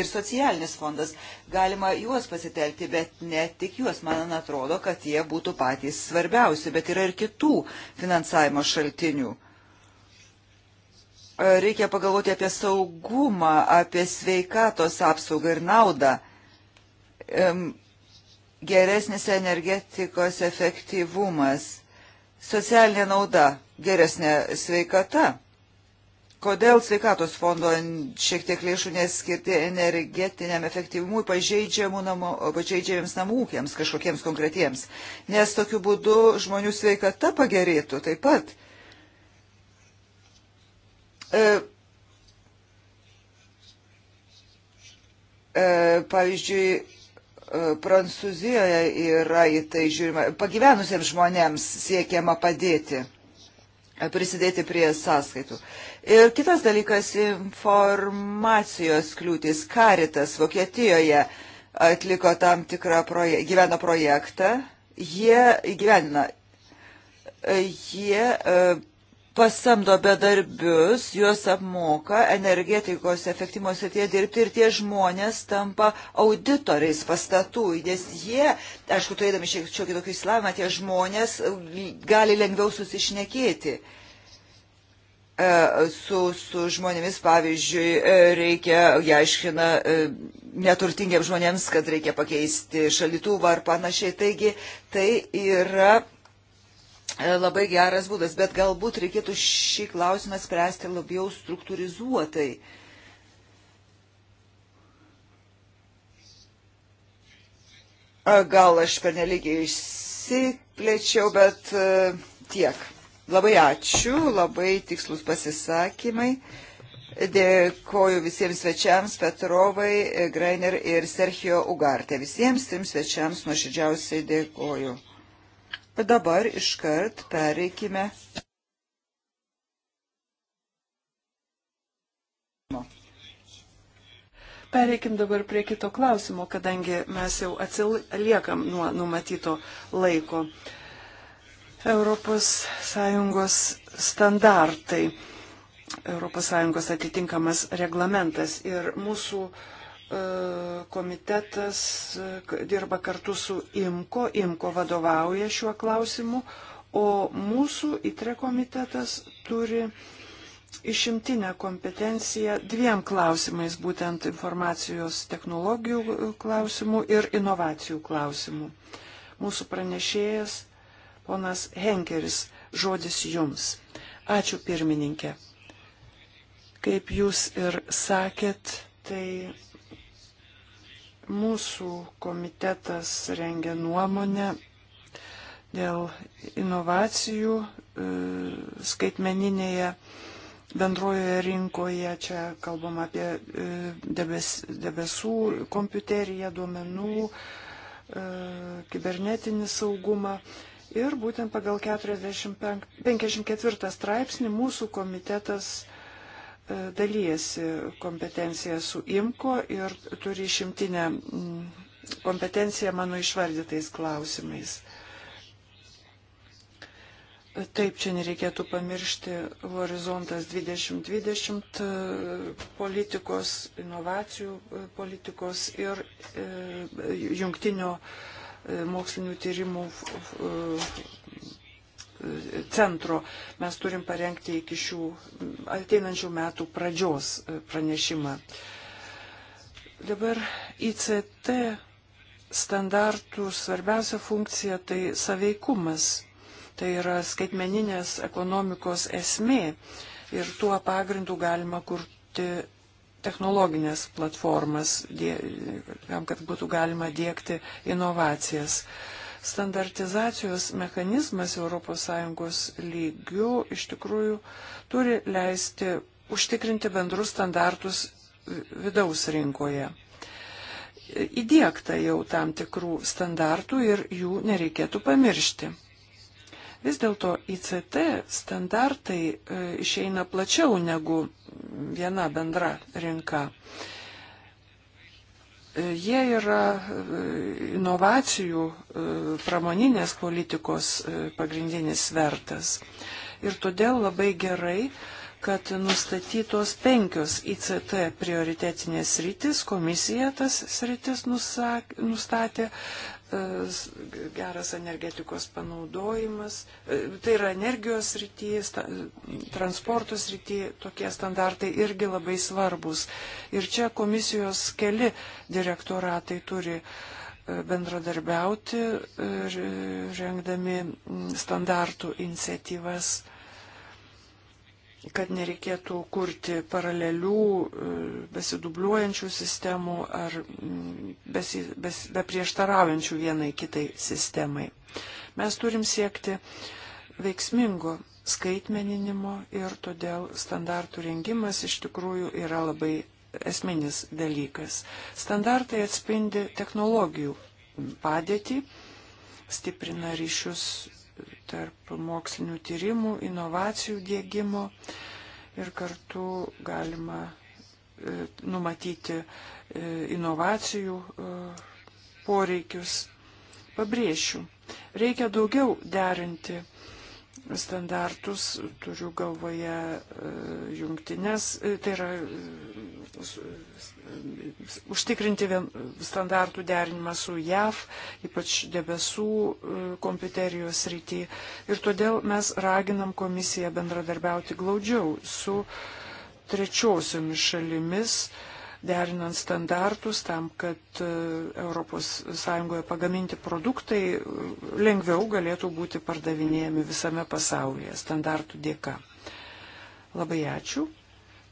ir socialinis fondas. Galima juos pasitelkti, bet ne tik juos. Man atrodo, kad jie būtų patys svarbiausi, bet yra ir kitų finansavimo šaltinių. Reikia pagalvoti apie saugumą, apie sveikatos apsaugą ir naudą. Um, geresnis energetikos efektyvumas, socialinė nauda, geresnė sveikata. Kodėl sveikatos fondo šiek tiek lėšų neskirti energetiniam efektyvumui namo, pažeidžiamiems namų ūkiams kažkokiems konkretiems? Nes tokiu būdu žmonių sveikata pagerėtų taip pat. E, e, pavyzdžiui, E, Prancūzijoje yra į tai žiūrima, pagyvenusiems žmonėms siekiama padėti, e, prisidėti prie sąskaitų. Ir kitas dalykas - informacijos kliūtis. Karitas Vokietijoje atliko tam tikrą proje, gyveno projektą. Jie gyvenina. Jie e, pasamdo bedarbius, juos apmoka energetikos efektyvimo srityje dirbti ir tie žmonės tampa auditoriais pastatų, nes jie, aišku, turėdami šiek tiek tokį įsilavimą, tie žmonės gali lengviau susišnekėti e, su, su žmonėmis, pavyzdžiui, e, reikia, jie aiškina e, neturtingiems žmonėms, kad reikia pakeisti šalituvą ar panašiai. Taigi tai yra E, labai geras būdas, bet galbūt reikėtų šį klausimą spręsti labiau struktūrizuotai. E, gal aš pernelygiai išsiplėčiau, bet e, tiek. Labai ačiū, labai tikslus pasisakymai. Dėkoju visiems svečiams, Petrovai, Greiner ir Serhijo Ugartė. Visiems trims svečiams nuoširdžiausiai dėkoju. Dabar iškart pereikime. Pereikim dabar prie kito klausimo, kadangi mes jau atsiliekam nuo numatyto laiko. Europos Sąjungos standartai, Europos Sąjungos atitinkamas reglamentas ir mūsų uh, E, komitetas e, dirba kartu su IMKO, IMKO vadovauja šiuo klausimu, o mūsų ITRE komitetas turi išimtinę kompetenciją dviem klausimais, būtent informacijos technologijų e, klausimų ir inovacijų klausimų. Mūsų pranešėjas, ponas Henkeris, žodis jums. Ačiū pirmininkė. Kaip jūs ir sakėt, tai Mūsų komitetas rengia nuomonę dėl inovacijų e, skaitmeninėje bendrojoje rinkoje. Čia kalbam apie e, debes, debesų kompiuteriją, duomenų, e, kibernetinį saugumą. Ir būtent pagal 45, 54 straipsnį mūsų komitetas dalyjasi kompetenciją su IMKO ir turi išimtinę mm, kompetenciją mano išvardytais klausimais. Taip, čia nereikėtų pamiršti horizontas 2020 e, politikos, inovacijų e, politikos ir e, jungtinio mokslinių tyrimų centro. Mes turim parengti iki šių ateinančių metų pradžios e, pranešimą. Dabar ICT standartų svarbiausia funkcija tai saveikumas. Tai yra skaitmeninės ekonomikos esmė ir tuo pagrindu galima kurti technologinės platformas, tam, kad būtų galima dėkti inovacijas. Uh, standartizacijos mechanizmas ES lygių iš tikrųjų turi leisti užtikrinti bendrus standartus vidaus rinkoje. Įdėkta jau tam tikrų standartų ir jų nereikėtų pamiršti. Vis dėlto ICT standartai e, išeina plačiau negu viena bendra rinka. Jie yra e, inovacijų e, pramoninės politikos e, pagrindinis svertas. Ir todėl labai gerai, kad nustatytos penkios ICT prioritetinės rytis, komisija tas rytis nustatė, E, geras energetikos panaudojimas, e, tai yra energijos rytyje, transporto rytyje tokie standartai irgi labai svarbus. Ir čia komisijos keli direktoratai turi e, bendradarbiauti, rengdami standartų iniciatyvas kad nereikėtų kurti paralelių, e, besidubliuojančių sistemų ar besi, bes, beprieštaraujančių vienai kitai sistemai. Mes turim siekti veiksmingo skaitmeninimo ir todėl standartų rengimas iš tikrųjų yra labai esminis dalykas. Standartai atspindi technologijų padėtį, stiprina ryšius tarp mokslinių tyrimų, inovacijų dėgymo ir kartu galima e, numatyti e, inovacijų e, poreikius. Pabrėšiu, reikia daugiau derinti standartus, turiu galvoje jungtinės, tai yra užtikrinti standartų derinimą su JAV, ypač debesų e, kompiuterijos rytį. Ir todėl mes raginam komisiją bendradarbiauti glaudžiau su trečiosiomis šalimis, derinant standartus tam, kad ES pagaminti produktai e, lengviau galėtų būti pardavinėjami visame pasaulyje standartų dėka. Labai ačiū.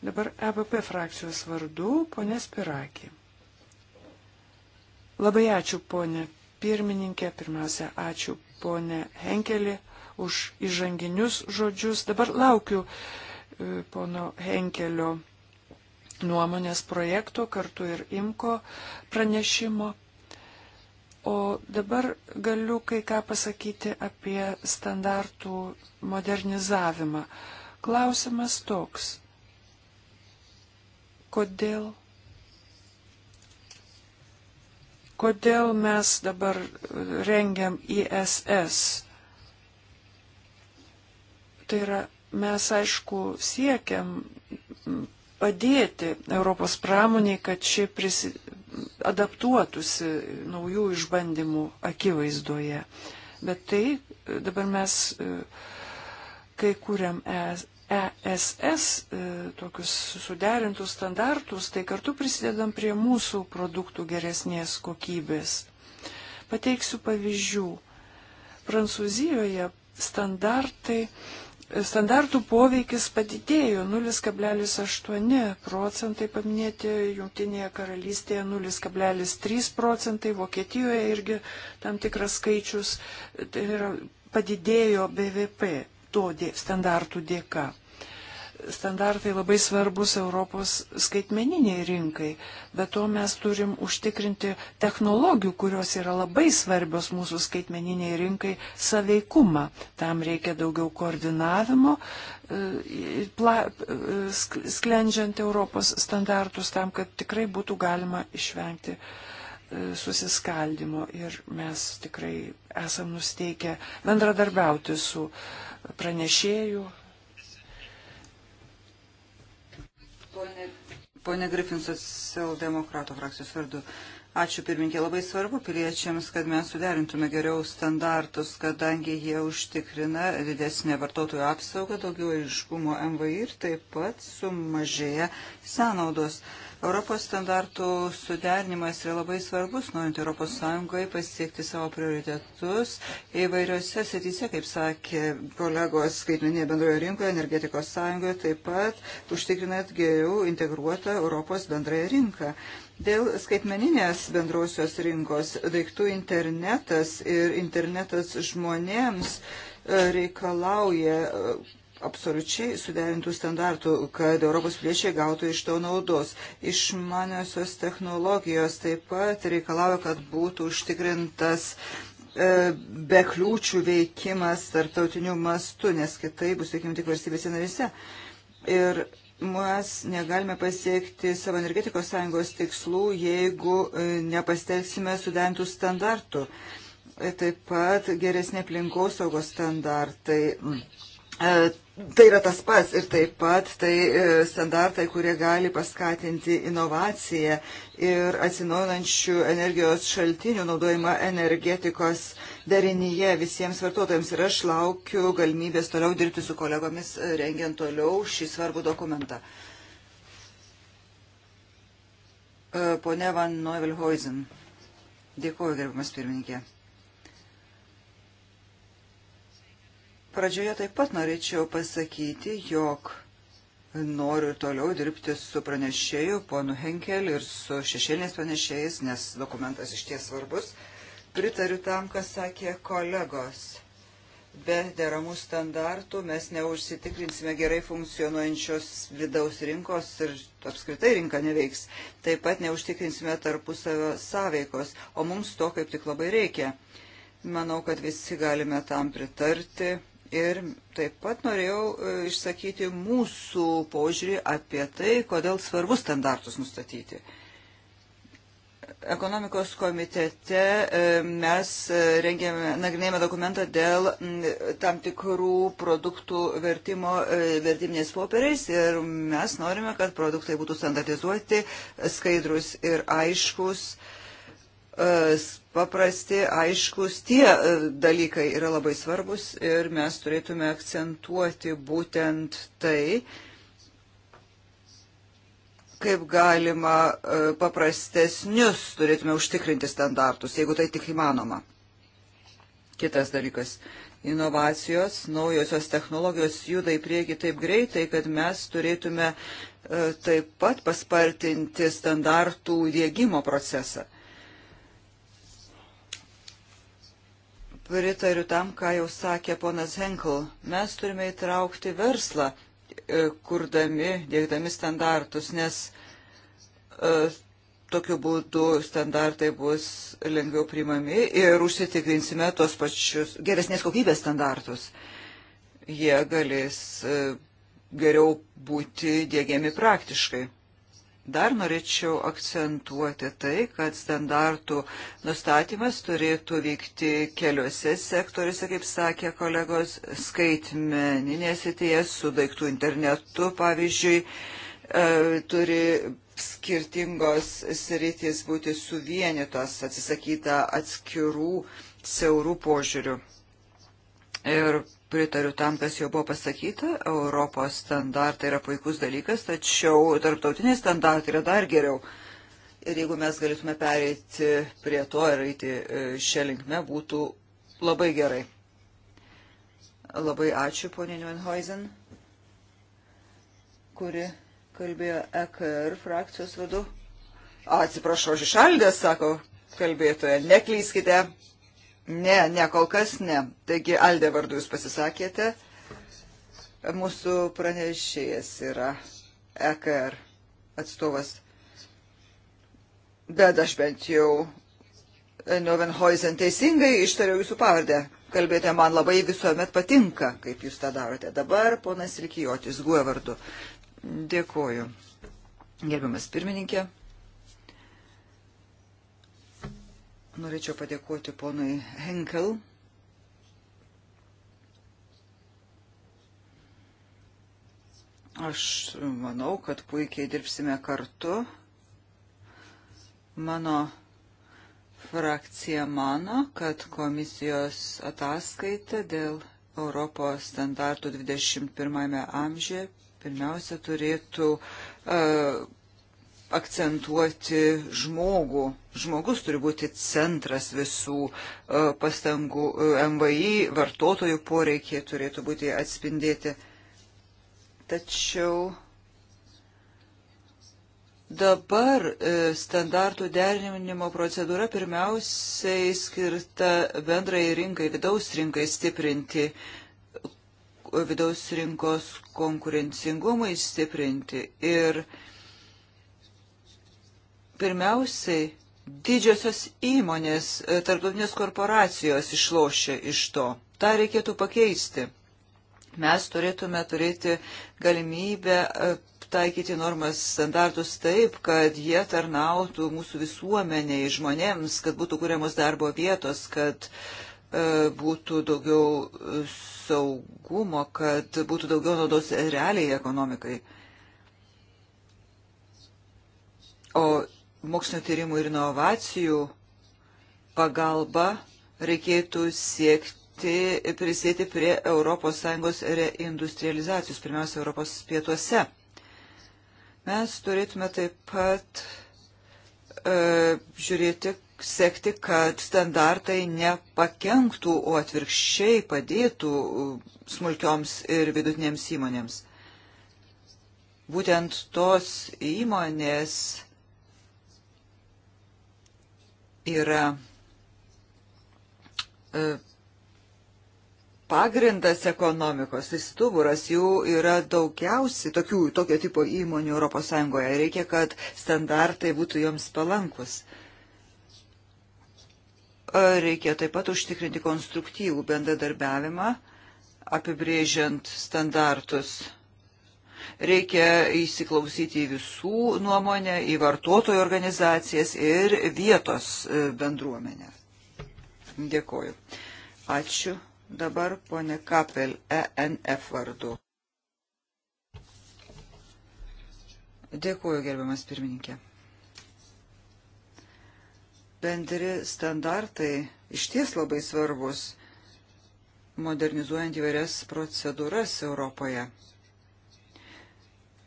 Dabar EVP frakcijos vardu ponė Spirakė. Labai ačiū ponė pirmininkė, pirmiausia, ačiū ponė Henkelį už įžanginius žodžius. Dabar laukiu e, pono Henkelio nuomonės projekto kartu ir imko pranešimo. O dabar galiu kai ką pasakyti apie standartų modernizavimą. Klausimas toks kodėl, kodėl mes dabar rengiam ISS. Tai yra, mes aišku siekiam padėti Europos pramoniai, kad ši prisi, adaptuotųsi naujų išbandymų akivaizdoje. Bet tai dabar mes, e, kai kuriam e ESS e, tokius suderintus standartus, tai kartu prisidedam prie mūsų produktų geresnės kokybės. Pateiksiu pavyzdžių. Prancūzijoje standartai, standartų poveikis padidėjo 0,8 procentai, paminėti Junktinėje karalystėje 0,3 procentai, Vokietijoje irgi tam tikras skaičius, tai yra padidėjo BVP to dė, standartų dėka. Standartai labai svarbus Europos skaitmeniniai rinkai, bet to mes turim užtikrinti technologijų, kurios yra labai svarbios mūsų skaitmeniniai rinkai, saveikumą. Tam reikia daugiau koordinavimo, e, pla, e, sklendžiant Europos standartus, tam, kad tikrai būtų galima išvengti e, susiskaldimo ir mes tikrai esam nusteikę bendradarbiauti su uh, pranešėjų. Pone, Pone Grifin, socialdemokratų frakcijos vardu. Ačiū pirminkė, labai svarbu piliečiams, kad mes suderintume geriau standartus, kadangi jie užtikrina didesnę vartotojų apsaugą, daugiau aiškumo MVI ir taip pat sumažėja sąnaudos. Uh, Europos standartų suderinimas yra labai svarbus, norint ES pasiekti savo prioritetus įvairiose srityse, kaip sakė kolegos skaitmeninėje bendroje rinkoje, energetikos sąjungoje, taip pat užtikrinat geriau integruotą Europos bendrąją rinką. Dėl skaitmeninės bendrosios rinkos daiktų internetas ir internetas žmonėms e, reikalauja e, absoliučiai suderintų standartų, kad Europos piliečiai gautų iš to naudos. Išmaniosios technologijos taip pat reikalauja, kad būtų užtikrintas e, be kliūčių veikimas tarptautiniu mastu, nes kitai bus veikiami tik valstybėse narise. Ir mes negalime pasiekti savo energetikos sąjungos tikslų, jeigu e, nepastelgsime sudentų standartų. E, taip pat geresnė aplinkosaugos standartai E, tai yra tas pats ir taip pat tai e, standartai, kurie gali paskatinti inovaciją ir atsinaujinančių energijos šaltinių naudojimą energetikos derinyje visiems vartotojams. Ir aš laukiu galimybės toliau dirbti su kolegomis, e, rengiant toliau šį svarbų dokumentą. Pone Van Neuvelhuizen. Dėkuoju, gerbimas pirmininkė. Pradžioje taip pat norėčiau pasakyti, jog noriu ir toliau dirbti su pranešėju, ponu Henkel ir su šešėliniais pranešėjais, nes dokumentas iš ties svarbus. Pritariu tam, kas sakė kolegos. Be deramų standartų mes neužsitikrinsime gerai funkcionuojančios vidaus rinkos ir apskritai rinka neveiks. Taip pat neužtikrinsime tarpusavio sąveikos, o mums to kaip tik labai reikia. Manau, kad visi galime tam pritarti Ir taip pat norėjau e, išsakyti mūsų požiūrį apie tai, kodėl svarbu standartus nustatyti. Ekonomikos komitete e, mes e, rengėme, nagrinėjame dokumentą dėl tam tikrų produktų vertimo vertiminiais popieriais ir mes norime, kad produktai būtų standartizuoti, skaidrus ir aiškus E, paprasti, aiškus, tie e, dalykai yra labai svarbus ir mes turėtume akcentuoti būtent tai, kaip galima e, paprastesnius turėtume užtikrinti standartus, jeigu tai tik įmanoma. Kitas dalykas inovacijos, naujosios technologijos juda į priekį taip greitai, kad mes turėtume taip pat paspartinti standartų dėgymo procesą. pritariu tam, ką jau sakė ponas Henkel. Mes turime įtraukti verslą, e, kurdami, dėkdami standartus, nes e, tokiu būdu standartai bus lengviau primami ir užsitikrinsime tos pačius geresnės kokybės standartus. Jie galės e, geriau būti dėgiami praktiškai. Dar norėčiau akcentuoti tai, kad standartų nustatymas turėtų vykti keliuose sektoriuose, kaip sakė kolegos, skaitmeninėje srityje su daiktų internetu, pavyzdžiui, e, turi skirtingos sritys būti suvienytos, atsisakyta atskirų siaurų požiūrių. Ir pritariu tam, kas jau buvo pasakyta. Europos standartai yra puikus dalykas, tačiau tarptautiniai standartai yra dar geriau. Ir jeigu mes galėtume pereiti prie to ir eiti e, šią linkmę, būtų labai gerai. Labai ačiū, ponė Neuenhuizen, kuri kalbėjo EKR frakcijos vadu. Atsiprašau, aš išaldęs, sako kalbėtoja, neklyskite, Ne, ne, kol kas ne. Taigi, Aldė vardu jūs pasisakėte. Mūsų pranešėjas yra EKR atstovas. Bet aš bent jau Novenhoizen teisingai ištariau jūsų pavardę. Kalbėjote, man labai visuomet patinka, kaip jūs tą darote. Dabar ponas Ilkijotis, guo vardu. Dėkuoju. Gerbiamas pirmininkė. Norėčiau padėkoti ponui Henkel. Aš manau, kad puikiai dirbsime kartu. Mano frakcija mano, kad komisijos ataskaita dėl Europos standartų 21 amžiuje pirmiausia turėtų uh, akcentuoti žmogų. Žmogus turi būti centras visų e, pastangų. E, MVI vartotojų poreikiai turėtų būti atspindėti. Tačiau dabar e, standartų derinimo procedūra pirmiausiai skirta bendrai rinkai, vidaus rinkai stiprinti vidaus rinkos konkurencingumui stiprinti ir uh, Pirmiausiai, didžiosios įmonės, e, tarptautinės korporacijos išlošia iš to. Ta reikėtų pakeisti. Mes turėtume turėti galimybę e, taikyti normas standartus taip, kad jie tarnautų mūsų visuomeniai, žmonėms, kad būtų kuriamos darbo vietos, kad e, būtų daugiau saugumo, kad būtų daugiau naudos realiai ekonomikai. O mokslinio tyrimų ir inovacijų pagalba reikėtų siekti prisėti prie ES reindustrializacijos, pirmiausia, Europos pietuose. Mes turėtume taip pat e, žiūrėti, sekti, kad standartai nepakenktų, o atvirkščiai padėtų smulkioms ir vidutinėms įmonėms. Būtent tos įmonės yra e, pagrindas ekonomikos, tai stuburas, jų yra daugiausiai tokių, tokio tipo įmonių ES. Reikia, kad standartai būtų joms palankus. E, reikia taip pat užtikrinti konstruktyvų bendradarbiavimą, apibrėžiant standartus Reikia įsiklausyti į visų nuomonę, į vartotojų organizacijas ir vietos e, bendruomenę. Dėkoju. Ačiū. Dabar ponė Kapel, ENF vardu. Dėkuoju, gerbiamas pirmininkė. Bendri standartai iš ties labai svarbus, modernizuojant įvairias procedūras Europoje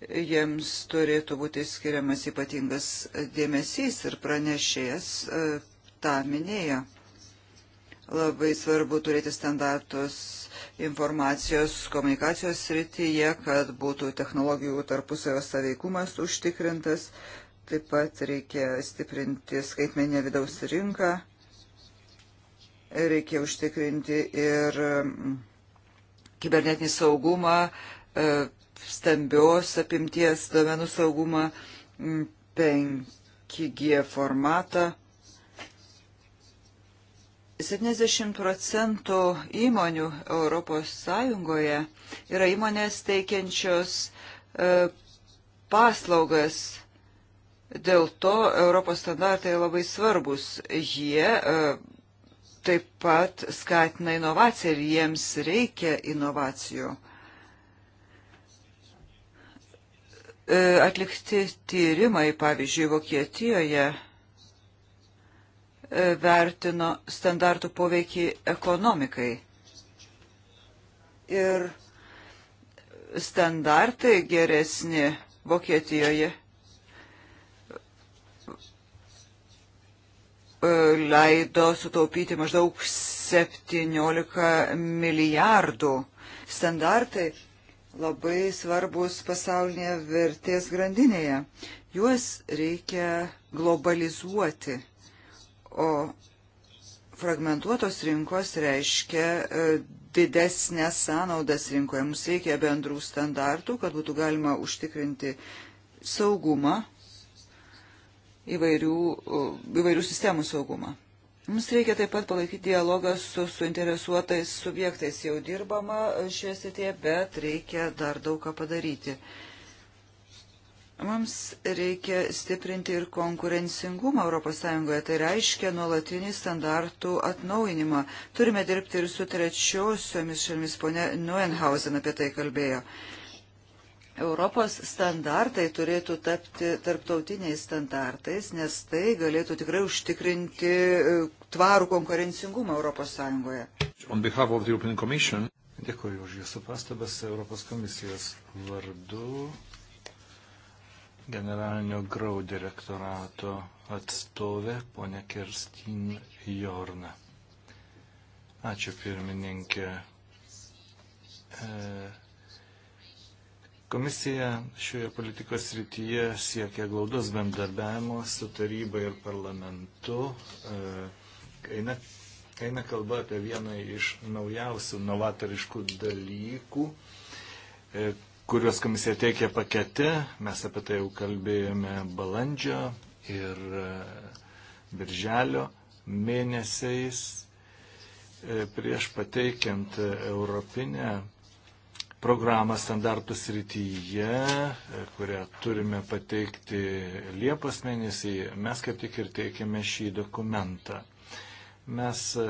jiems turėtų būti skiriamas ypatingas dėmesys ir pranešėjas e, tą minėjo. Labai svarbu turėti standartus informacijos komunikacijos srityje, kad būtų technologijų tarpusavio saveikumas užtikrintas. Taip pat reikia stiprinti skaitmenę vidaus rinką. Reikia užtikrinti ir mm, kibernetinį saugumą, e, stambios apimties duomenų saugumą, 5G mm, formatą. 70 procentų įmonių Europos Sąjungoje yra įmonės teikiančios e, paslaugas. Dėl to Europos standartai labai svarbus. Jie e, taip pat skatina inovaciją ir jiems reikia inovacijų. E, atlikti tyrimai, pavyzdžiui, Vokietijoje e, vertino standartų poveikį ekonomikai. Ir standartai geresni Vokietijoje e, leido sutaupyti maždaug 17 milijardų. Standartai labai svarbus pasaulinėje vertės grandinėje. Juos reikia globalizuoti, o fragmentuotos rinkos reiškia e, didesnės sąnaudas rinkoje. Mums reikia bendrų standartų, kad būtų galima užtikrinti saugumą, įvairių, e, įvairių sistemų saugumą. Mums reikia taip pat palaikyti dialogą su suinteresuotais subjektais. Jau dirbama šioje srityje, bet reikia dar daug ką padaryti. Mums reikia stiprinti ir konkurencingumą ES, tai reiškia nuolatinį standartų atnaujinimą. Turime dirbti ir su trečiosiomis šalimis, ponė Neuenhausen apie tai kalbėjo. Uh, Europos standartai turėtų tapti tarptautiniais standartais, nes tai galėtų tikrai užtikrinti e, tvarų konkurencingumą Europos Sąjungoje. Dėkuoju už Jūsų pastabas Europos komisijos vardu generalinio grau direktorato atstovė ponė Kerstin Jorna. Ačiū pirmininkė. E, Komisija šioje politikos srityje siekia glaudos bendarbiavimo su taryba ir parlamentu. Eina, eina kalba apie vieną iš naujausių novatoriškų dalykų, e, kuriuos komisija teikia pakete. Mes apie tai jau kalbėjome balandžio ir e, birželio mėnesiais e, prieš pateikiant Europinę programą standartų srityje, e, kurią turime pateikti Liepos mėnesį, mes kaip tik ir teikėme šį dokumentą. Mes e,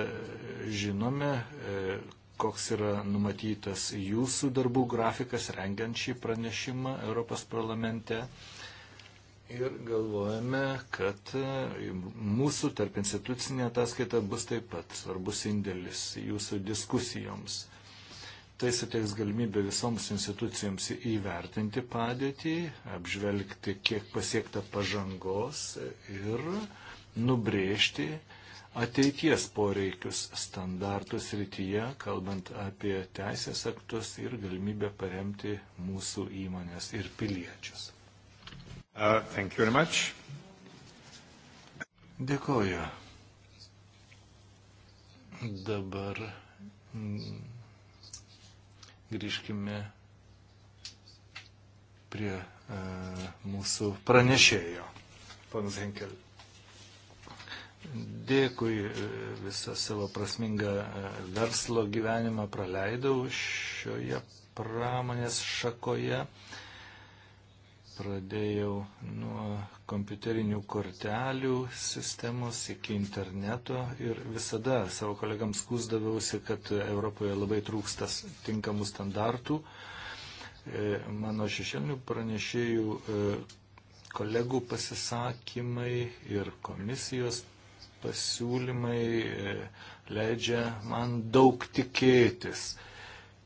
žinome, e, koks yra numatytas jūsų darbų grafikas rengiant šį pranešimą Europos parlamente. Ir galvojame, kad mūsų tarp institucinė ataskaita bus taip pat svarbus indėlis jūsų diskusijoms. Tai suteiks galimybę visoms institucijoms įvertinti padėtį, apžvelgti, kiek pasiekta pažangos ir nubrėžti ateities poreikius standartus rytyje, kalbant apie teisės aktus ir galimybę paremti mūsų įmonės ir piliečius. Uh, thank you very much. Dėkoju. Dabar grįžkime prie e, mūsų pranešėjo, ponas Henkel. Dėkui e, visą savo prasmingą e, verslo gyvenimą praleidau šioje pramonės šakoje. E, Pradėjau nuo kompiuterinių kortelių sistemos iki interneto ir visada savo kolegams skūsdavausi, kad Europoje labai trūksta tinkamų standartų. E, mano šešėlinių pranešėjų e, kolegų pasisakymai ir komisijos pasiūlymai e, leidžia man daug tikėtis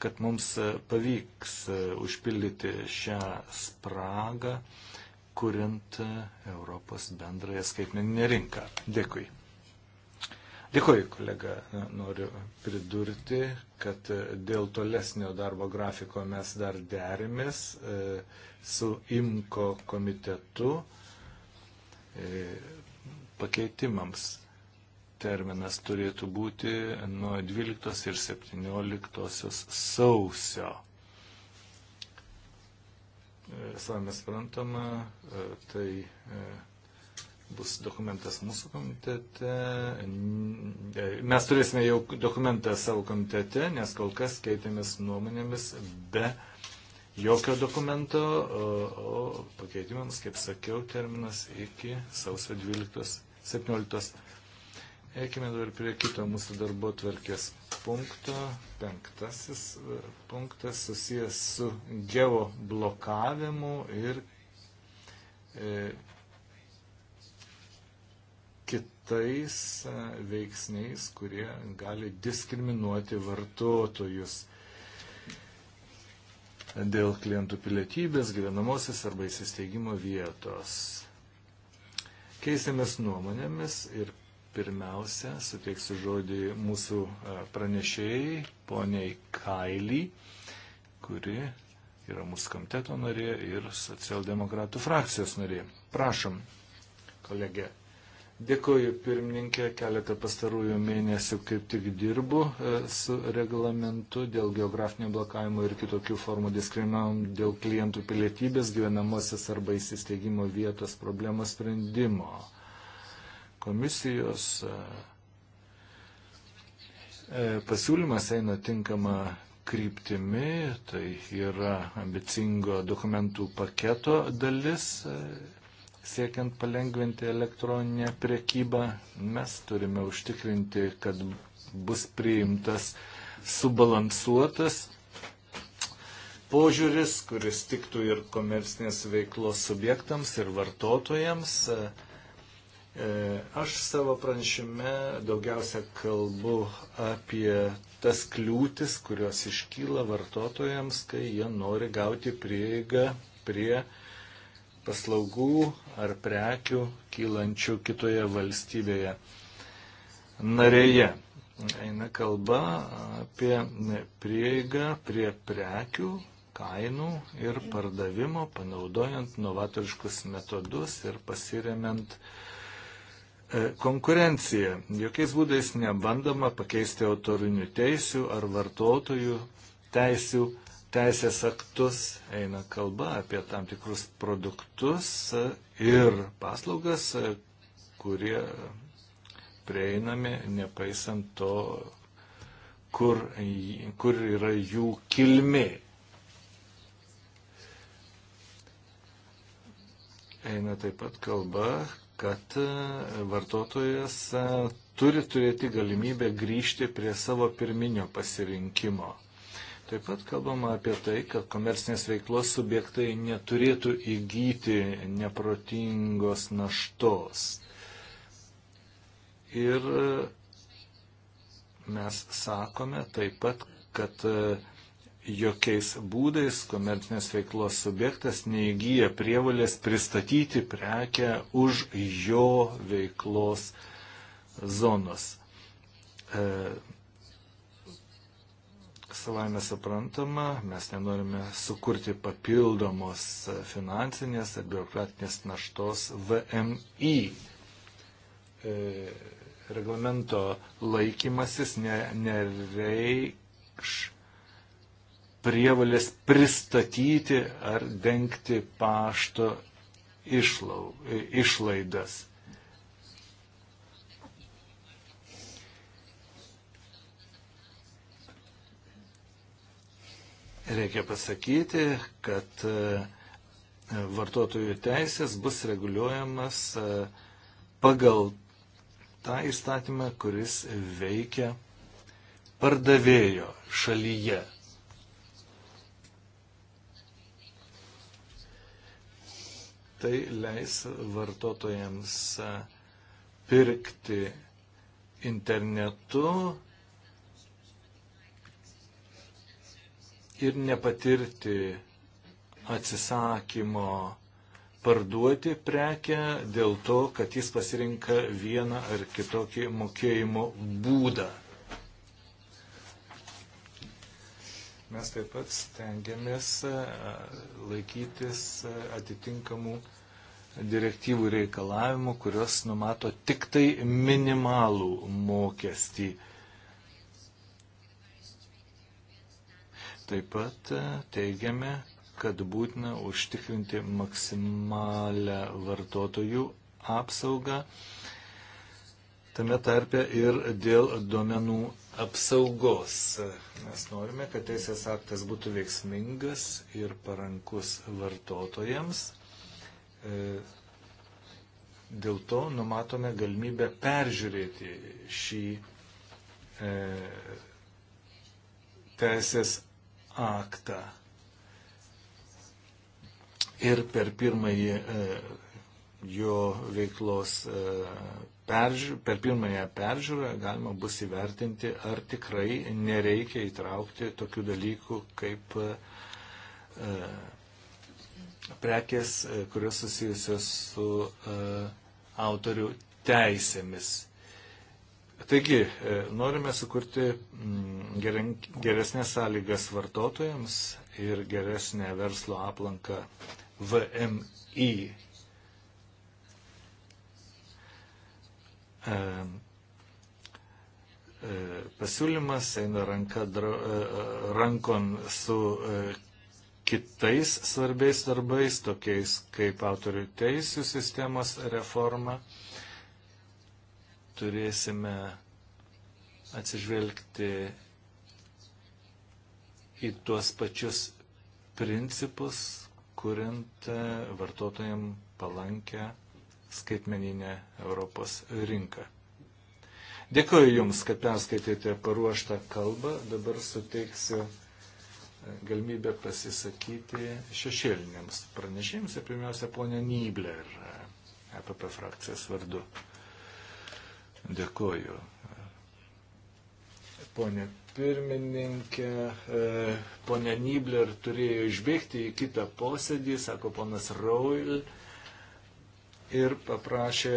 kad mums e, pavyks e, užpildyti šią spragą, kuriant e, Europos bendrąją skaitmeninę rinką. Dėkui. Dėkui, kolega. Noriu pridurti, kad dėl tolesnio darbo grafiko mes dar derimės su IMKO komitetu pakeitimams terminas turėtų būti nuo 12 ir 17 sausio. E, savame suprantama, e, tai e, bus dokumentas mūsų komitete. Mes turėsime jau dokumentą savo komitete, nes kol kas keitėmės nuomonėmis be jokio dokumento, o pakeitimams, kaip sakiau, terminas iki sausio 12-17 Eikime dabar prie kito mūsų darbo tvarkės punkto. Penktasis e, punktas susijęs su geoblokavimu ir e, kitais e, veiksniais, kurie gali diskriminuoti vartotojus dėl klientų pilietybės, gyvenamosios arba įsisteigimo vietos. Keisėmės nuomonėmis ir Pirmiausia, suteiksiu žodį mūsų e, pranešėjai, poniai Kaily, kuri yra mūsų komiteto narė ir socialdemokratų frakcijos narė. Prašom, kolegė. Dėkoju pirmininkė, keletą pastarųjų mėnesių kaip tik dirbu e, su reglamentu dėl geografinio blokavimo ir kitokių formų diskriminavimo dėl klientų pilietybės, gyvenamosios arba įsisteigimo vietos problemos sprendimo komisijos e, e, pasiūlymas eina tinkama kryptimi, tai yra ambicingo dokumentų paketo dalis, e, siekiant palengventi elektroninę priekybą. Mes turime užtikrinti, kad bus priimtas subalansuotas požiūris, kuris tiktų ir komercinės veiklos subjektams, ir vartotojams. E, E, aš savo pranešime daugiausia kalbu apie tas kliūtis, kurios iškyla vartotojams, kai jie nori gauti prieigą prie paslaugų ar prekių kylančių kitoje valstybėje narėje. Eina kalba apie prieigą prie prekių, kainų ir pardavimo, panaudojant novatoriškus metodus ir pasiremiant uh, E, konkurencija. Jokiais būdais nebandoma pakeisti autorinių teisių ar vartotojų teisių teisės aktus. Eina kalba apie tam tikrus produktus ir paslaugas, e, kurie prieinami nepaisant to, kur, kur yra jų kilmė. Eina taip pat kalba, kad e, vartotojas e, turi turėti galimybę grįžti prie savo pirminio pasirinkimo. Taip pat kalbama apie tai, kad komercinės veiklos subjektai neturėtų įgyti neprotingos naštos. Ir e, mes sakome taip pat, kad uh, jokiais būdais komercinės veiklos subjektas neįgyja prievalės pristatyti prekę už jo veiklos zonos. E, Savaime suprantama, mes nenorime sukurti papildomos finansinės ar biurokratinės naštos VMI. E, reglamento laikymasis nereikš ne prievalės pristatyti ar dengti pašto išlau, išlaidas. Reikia pasakyti, kad e, vartotojų teisės bus reguliuojamas e, pagal tą įstatymą, kuris veikia pardavėjo šalyje. Tai leis vartotojams e, pirkti internetu ir nepatirti atsisakymo parduoti prekę dėl to, kad jis pasirinka vieną ar kitokį mokėjimo būdą. mes taip pat stengiamės e, laikytis e, atitinkamų direktyvų reikalavimų, kurios numato tik tai minimalų mokestį. Taip pat e, teigiame, kad būtina užtikrinti maksimalę vartotojų apsaugą tame tarpe ir dėl duomenų apsaugos. Mes norime, kad teisės aktas būtų veiksmingas ir parankus vartotojams. E, dėl to numatome galimybę peržiūrėti šį e, teisės aktą. Ir per pirmąjį e, jo veiklos e, peržiūr, per pirmąją peržiūrą galima bus įvertinti, ar tikrai nereikia įtraukti tokių dalykų kaip e, prekės, e, kurios susijusios su e, autorių teisėmis. Taigi, norime sukurti mm, geresnės sąlygas vartotojams ir geresnę verslo aplanką VMI E, e, pasiūlymas eina ranka, e, rankon su kitais svarbiais darbais, tokiais kaip autorių teisų sistemos reforma. Turėsime atsižvelgti į tuos pačius principus, kuriant vartotojams palankę skaitmeninę Europos rinką. Dėkuoju Jums, kad perskaitėte paruoštą kalbą. Dabar suteiksiu e, galimybę pasisakyti šešėliniams pranešėjams ir pirmiausia ponė Nybler, EPP e frakcijos vardu. Dėkuoju. Pone pirmininkė, e, ponė Nybler turėjo išbėgti į kitą posėdį, sako ponas Roil ir paprašė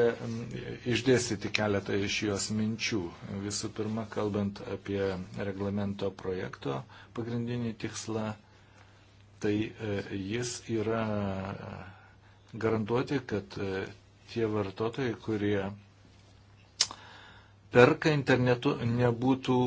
išdėstyti keletą iš jos minčių. Visų pirma, kalbant apie reglamento projekto pagrindinį tikslą, tai e, jis yra garantuoti, kad e, tie vartotojai, kurie perka internetu, nebūtų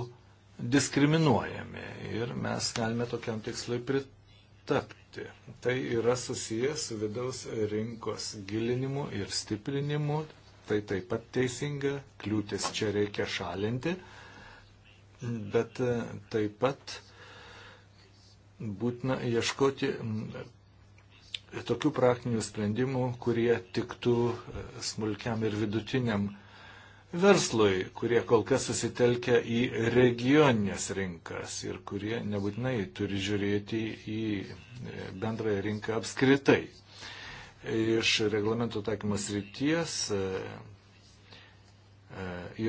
diskriminuojami. Ir mes galime tokiam tikslui pritarti dirbti. Tai yra susijęs su vidaus rinkos gilinimu ir stiprinimu. Tai taip pat teisinga, kliūtis čia reikia šalinti, bet e, taip pat būtina ieškoti tokių praktinių sprendimų, kurie tiktų e, smulkiam ir vidutiniam verslui, kurie kol kas susitelkia į regioninės rinkas ir kurie nebūtinai turi žiūrėti į e, bendrąją rinką apskritai. Iš reglamento taikymos ryties e, e,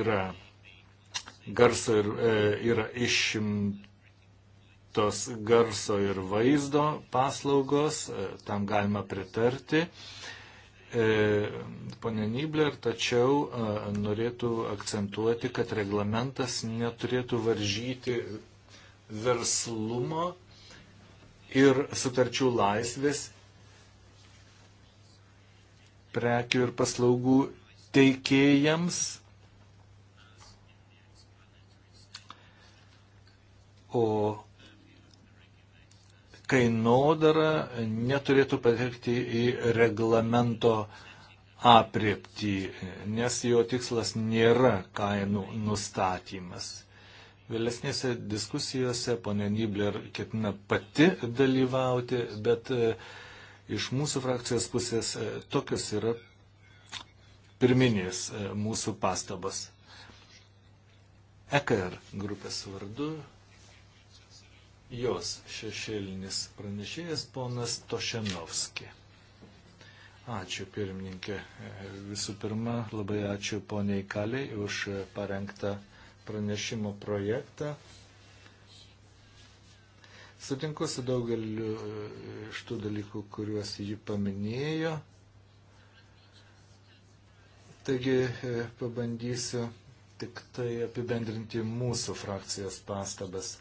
yra garso ir yra išimtos garso ir vaizdo paslaugos, tam galima pritarti. E, ponė Nibler, tačiau e, norėtų akcentuoti, kad reglamentas neturėtų varžyti verslumo ir sutarčių laisvės prekių ir paslaugų teikėjams. O kainodara neturėtų patekti į reglamento apriepti, nes jo tikslas nėra kainų nustatymas. Vėlesnėse diskusijose ponė Nibler ketina pati dalyvauti, bet e, iš mūsų frakcijos pusės e, tokios yra pirminės e, mūsų pastabas. EKR grupės vardu jos šešėlinis pranešėjas ponas Tošenovski. Ačiū pirmininkė. Visų pirma, labai ačiū poniai Kaliai už parengtą pranešimo projektą. Sutinku su daugeliu e, iš tų dalykų, kuriuos ji paminėjo. Taigi e, pabandysiu tik tai apibendrinti mūsų frakcijos pastabas.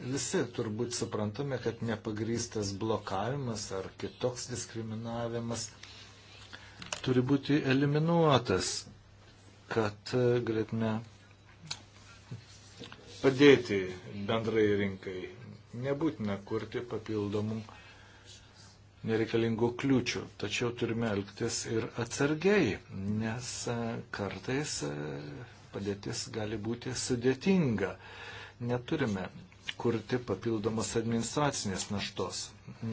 Visi turbūt suprantame, kad nepagrystas blokavimas ar kitoks diskriminavimas turi būti eliminuotas, kad e, galėtume padėti bendrai rinkai. Nebūtina kurti papildomų nereikalingų kliūčių, tačiau turime elgtis ir atsargiai, nes e, kartais e, padėtis gali būti sudėtinga. Neturime kurti papildomos administracinės naštos.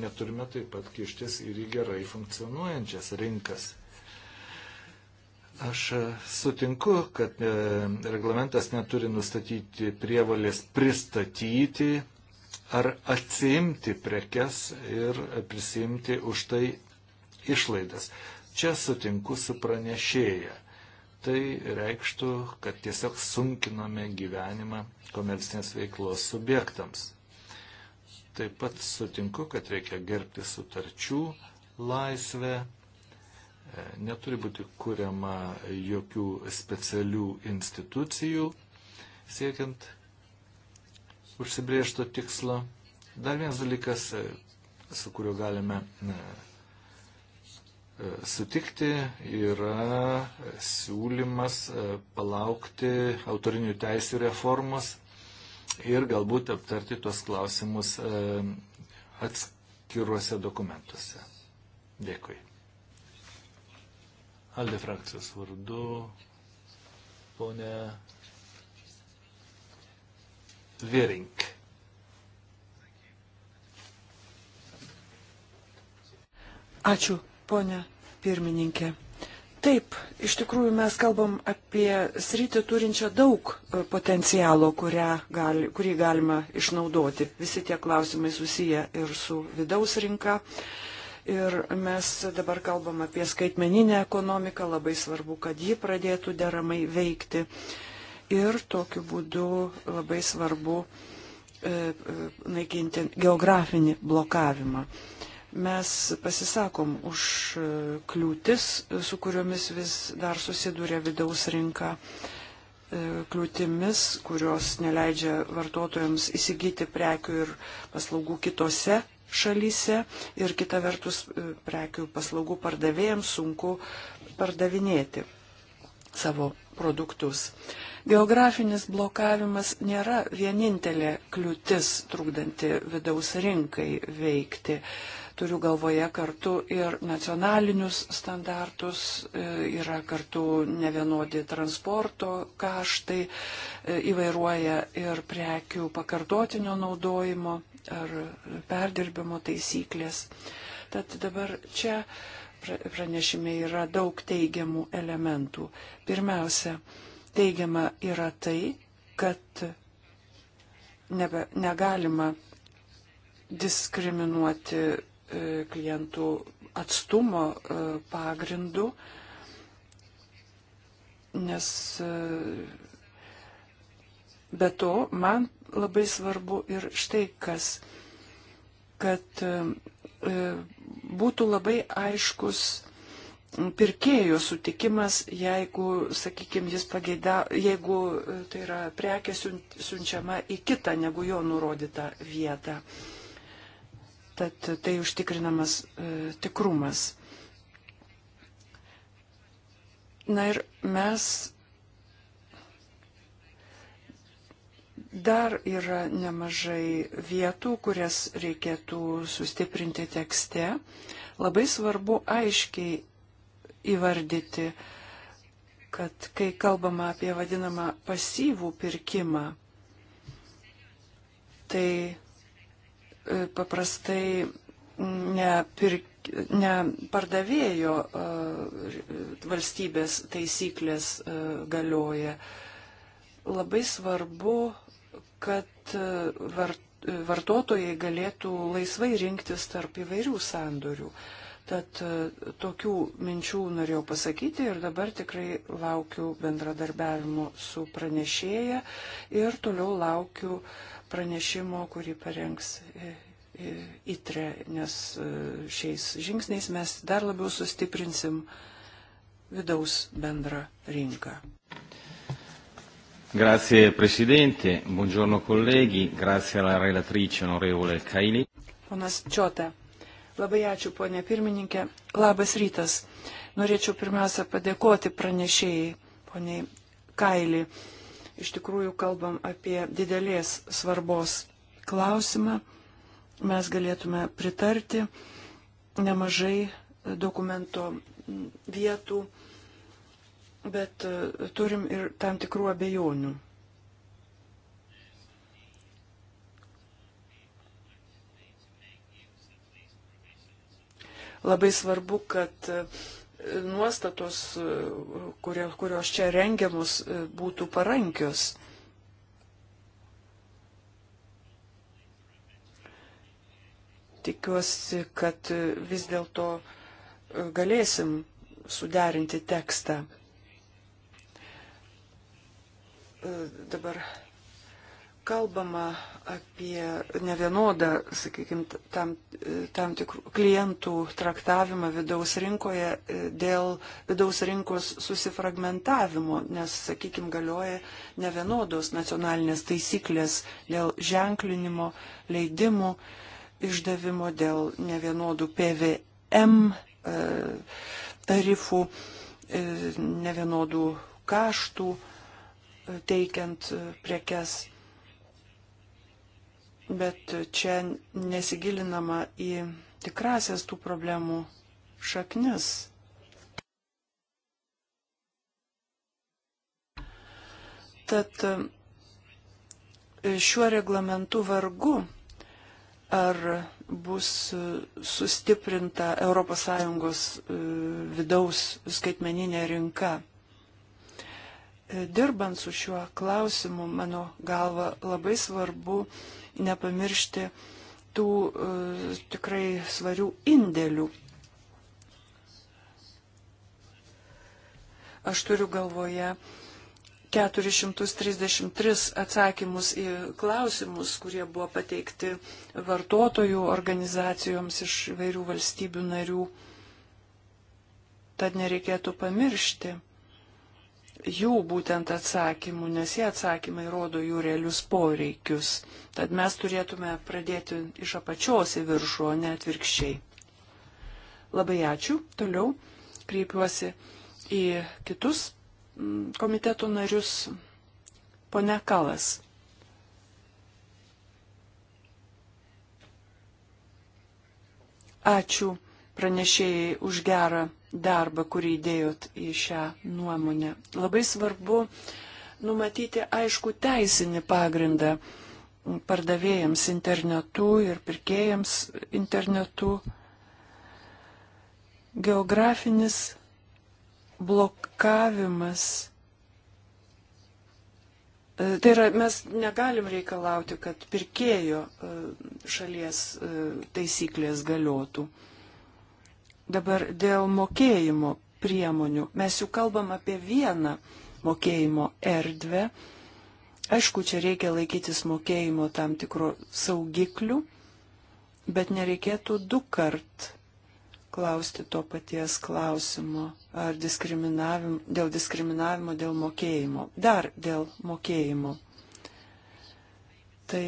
Neturime taip pat kištis ir į gerai funkcionuojančias rinkas. Aš e, sutinku, kad e, reglamentas neturi nustatyti prievalės pristatyti ar atsiimti prekes ir prisimti už tai išlaidas. Čia sutinku su pranešėja tai reikštų, kad tiesiog sunkiname gyvenimą komercinės veiklos subjektams. Taip pat sutinku, kad reikia gerbti sutarčių laisvę, e, neturi būti kuriama jokių specialių institucijų siekiant užsibriežto tikslo. Dar vienas dalykas, e, su kuriuo galime e, sutikti yra siūlymas e, palaukti autorinių teisų reformos ir galbūt aptarti tuos klausimus e, atskiruose dokumentuose. Dėkui. Alde frakcijos vardu, ponė Vėrink. Ačiū ponė pirmininkė. Taip, iš tikrųjų mes kalbam apie sritį turinčią daug e, potencialo, gali, kurį galima išnaudoti. Visi tie klausimai susiję ir su vidaus rinka. Ir mes dabar kalbam apie skaitmeninę ekonomiką, labai svarbu, kad ji pradėtų deramai veikti. Ir tokiu būdu labai svarbu e, e, naikinti geografinį blokavimą. E, Mes pasisakom už e, kliūtis, e, su kuriomis vis dar susiduria vidaus rinka, e, kliūtimis, kurios neleidžia vartotojams įsigyti prekių ir paslaugų kitose šalyse ir kita vertus prekių paslaugų pardavėjams sunku pardavinėti savo produktus. Geografinis blokavimas nėra vienintelė kliūtis trukdanti vidaus rinkai veikti. Turiu galvoje kartu ir nacionalinius standartus, e, yra kartu nevienodi transporto kaštai, e, įvairuoja ir prekių pakartotinio naudojimo ar perdirbimo taisyklės. Tad dabar čia pranešime yra daug teigiamų elementų. Pirmiausia, teigiama yra tai, kad nebe, negalima diskriminuoti E, klientų atstumo e, pagrindu, nes e, be to man labai svarbu ir štai kas, kad būtų labai aiškus pirkėjų sutikimas, jeigu, sakykime, jis pageida, jeigu tai yra prekė siunčiama į kitą negu jo nurodytą vietą. Uh, tad tai užtikrinamas e, tikrumas. Na ir mes dar yra nemažai vietų, kurias reikėtų sustiprinti tekste. Labai svarbu aiškiai įvardyti, kad kai kalbama apie vadinamą pasyvų pirkimą, tai E, paprastai nepirk, ne pardavėjo e, valstybės taisyklės e, galioja. Labai svarbu, kad vartotojai galėtų laisvai rinktis tarp įvairių sandorių. Tad tokių minčių norėjau pasakyti ir dabar tikrai laukiu bendradarbiavimo su pranešėja ir toliau laukiu uh, pranešimo, kurį parengs ITRE, nes e, šiais žingsniais mes dar labiau sustiprinsim vidaus bendrą rinką. Grazie Presidente, buongiorno colleghi, grazie alla relatrice onorevole Kaili. Ponas Čiota, labai ačiū ponė pirmininkė, labas rytas. Norėčiau pirmiausia padėkoti pranešėjai poniai Kaili iš tikrųjų kalbam apie didelės svarbos klausimą. Mes galėtume pritarti nemažai dokumento vietų, bet e, turim ir tam tikrų abejonių. Labai svarbu, kad uh, nuostatos, e, kurio, kurios čia rengiamus, e, būtų parankios. Tikiuosi, kad vis dėlto e, galėsim suderinti tekstą. Dabar kalbama apie nevienodą, sakykime, tam, tam tikrų klientų traktavimą vidaus rinkoje e, dėl vidaus rinkos susifragmentavimo, nes, sakykime, galioja nevienodos nacionalinės taisyklės dėl ženklinimo, leidimų, išdavimo, dėl nevienodų PVM e, tarifų, e, nevienodų kaštų teikiant prekes bet čia nesigilinama į tikrasias tų problemų šaknis. Tad e, šiuo reglamentu vargu, ar bus sustiprinta ES e, vidaus skaitmeninė rinka dirbant su šiuo klausimu, mano galva, labai svarbu nepamiršti tų e, tikrai svarių indėlių. Aš turiu galvoje 433 atsakymus į klausimus, kurie buvo pateikti vartotojų organizacijoms iš vairių valstybių narių. Tad nereikėtų pamiršti jų būtent atsakymų, nes jie atsakymai rodo jų realius poreikius. Tad mes turėtume pradėti iš apačios į viršų, o ne atvirkščiai. Labai ačiū. Toliau kreipiuosi į kitus mm, komiteto narius. Pone Kalas. Ačiū pranešėjai už gerą darbą, kurį įdėjot į šią nuomonę. Labai svarbu numatyti aišku teisinį pagrindą pardavėjams internetu ir pirkėjams internetu. Geografinis blokavimas. E, tai yra, mes negalim reikalauti, kad pirkėjo e, šalies e, taisyklės galiotų. Dabar dėl mokėjimo priemonių. Mes jau kalbam apie vieną mokėjimo erdvę. Aišku, čia reikia laikytis mokėjimo tam tikro saugiklių, bet nereikėtų du kart klausti to paties klausimo ar diskriminavim, dėl diskriminavimo, dėl mokėjimo. Dar dėl mokėjimo. Tai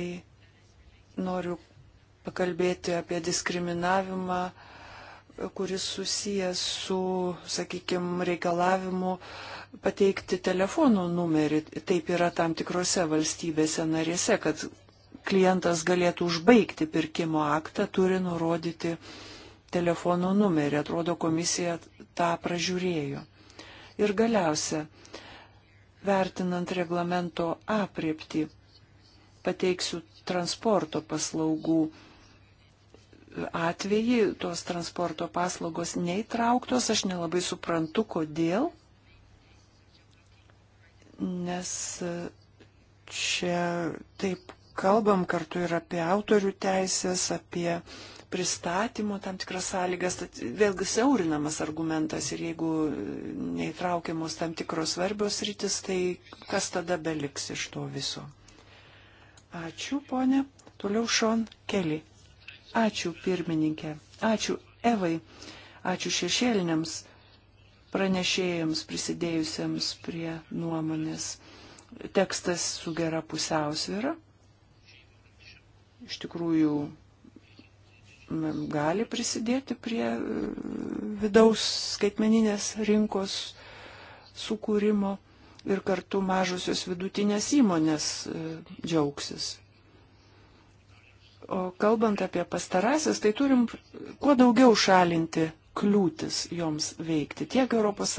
noriu pakalbėti apie diskriminavimą kuris susijęs su, sakykime, reikalavimu pateikti telefono numerį. Taip yra tam tikrose valstybėse narėse, kad klientas galėtų užbaigti pirkimo aktą, turi nurodyti telefono numerį. Atrodo, komisija tą pražiūrėjo. Ir galiausia, vertinant reglamento apriepti, pateiksiu transporto paslaugų atvejį tos transporto paslaugos neįtrauktos, aš nelabai suprantu, kodėl, nes e, čia taip kalbam kartu ir apie autorių teisės, apie pristatymo tam tikras sąlygas, tad vėlgi siaurinamas argumentas ir jeigu neįtraukiamos tam tikros svarbios rytis, tai kas tada beliks iš to viso. Ačiū, ponė. Toliau Šon Keli. Ačiū pirmininkė, ačiū Evai, ačiū šešėliniams pranešėjams prisidėjusiems prie nuomonės. Tekstas su gera pusiausvėra. Iš tikrųjų, gali prisidėti prie e, vidaus skaitmeninės rinkos sukūrimo ir kartu mažusios vidutinės įmonės e, džiaugsis O kalbant apie pastarasis, tai turim kuo daugiau šalinti kliūtis joms veikti tiek ES,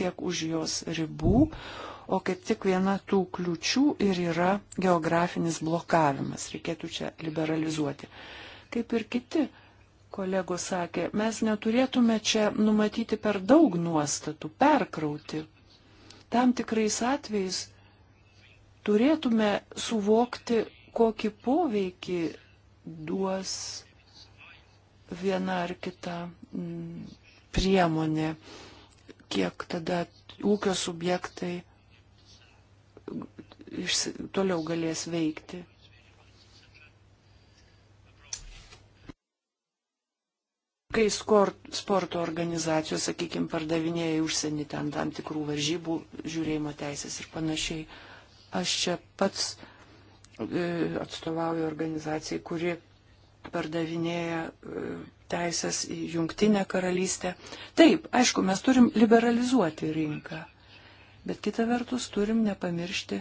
tiek už jos ribų, o kaip tik viena tų kliučių ir yra geografinis blokavimas, reikėtų čia liberalizuoti. Kaip ir kiti kolegos sakė, mes neturėtume čia numatyti per daug nuostatų, perkrauti. Tam tikrais atvejais turėtume suvokti, kokį poveikį duos viena ar kita mm, priemonė, kiek tada ūkio subjektai toliau galės veikti. Kai sporto organizacijos, sakykime, pardavinėja užsienį ten tam tikrų varžybų, žiūrėjimo teisės ir panašiai, aš čia pats uh, E, atstovauju organizacijai, kuri pardavinėja e, teisės į jungtinę karalystę. Taip, aišku, mes turim liberalizuoti rinką, bet kita vertus turim nepamiršti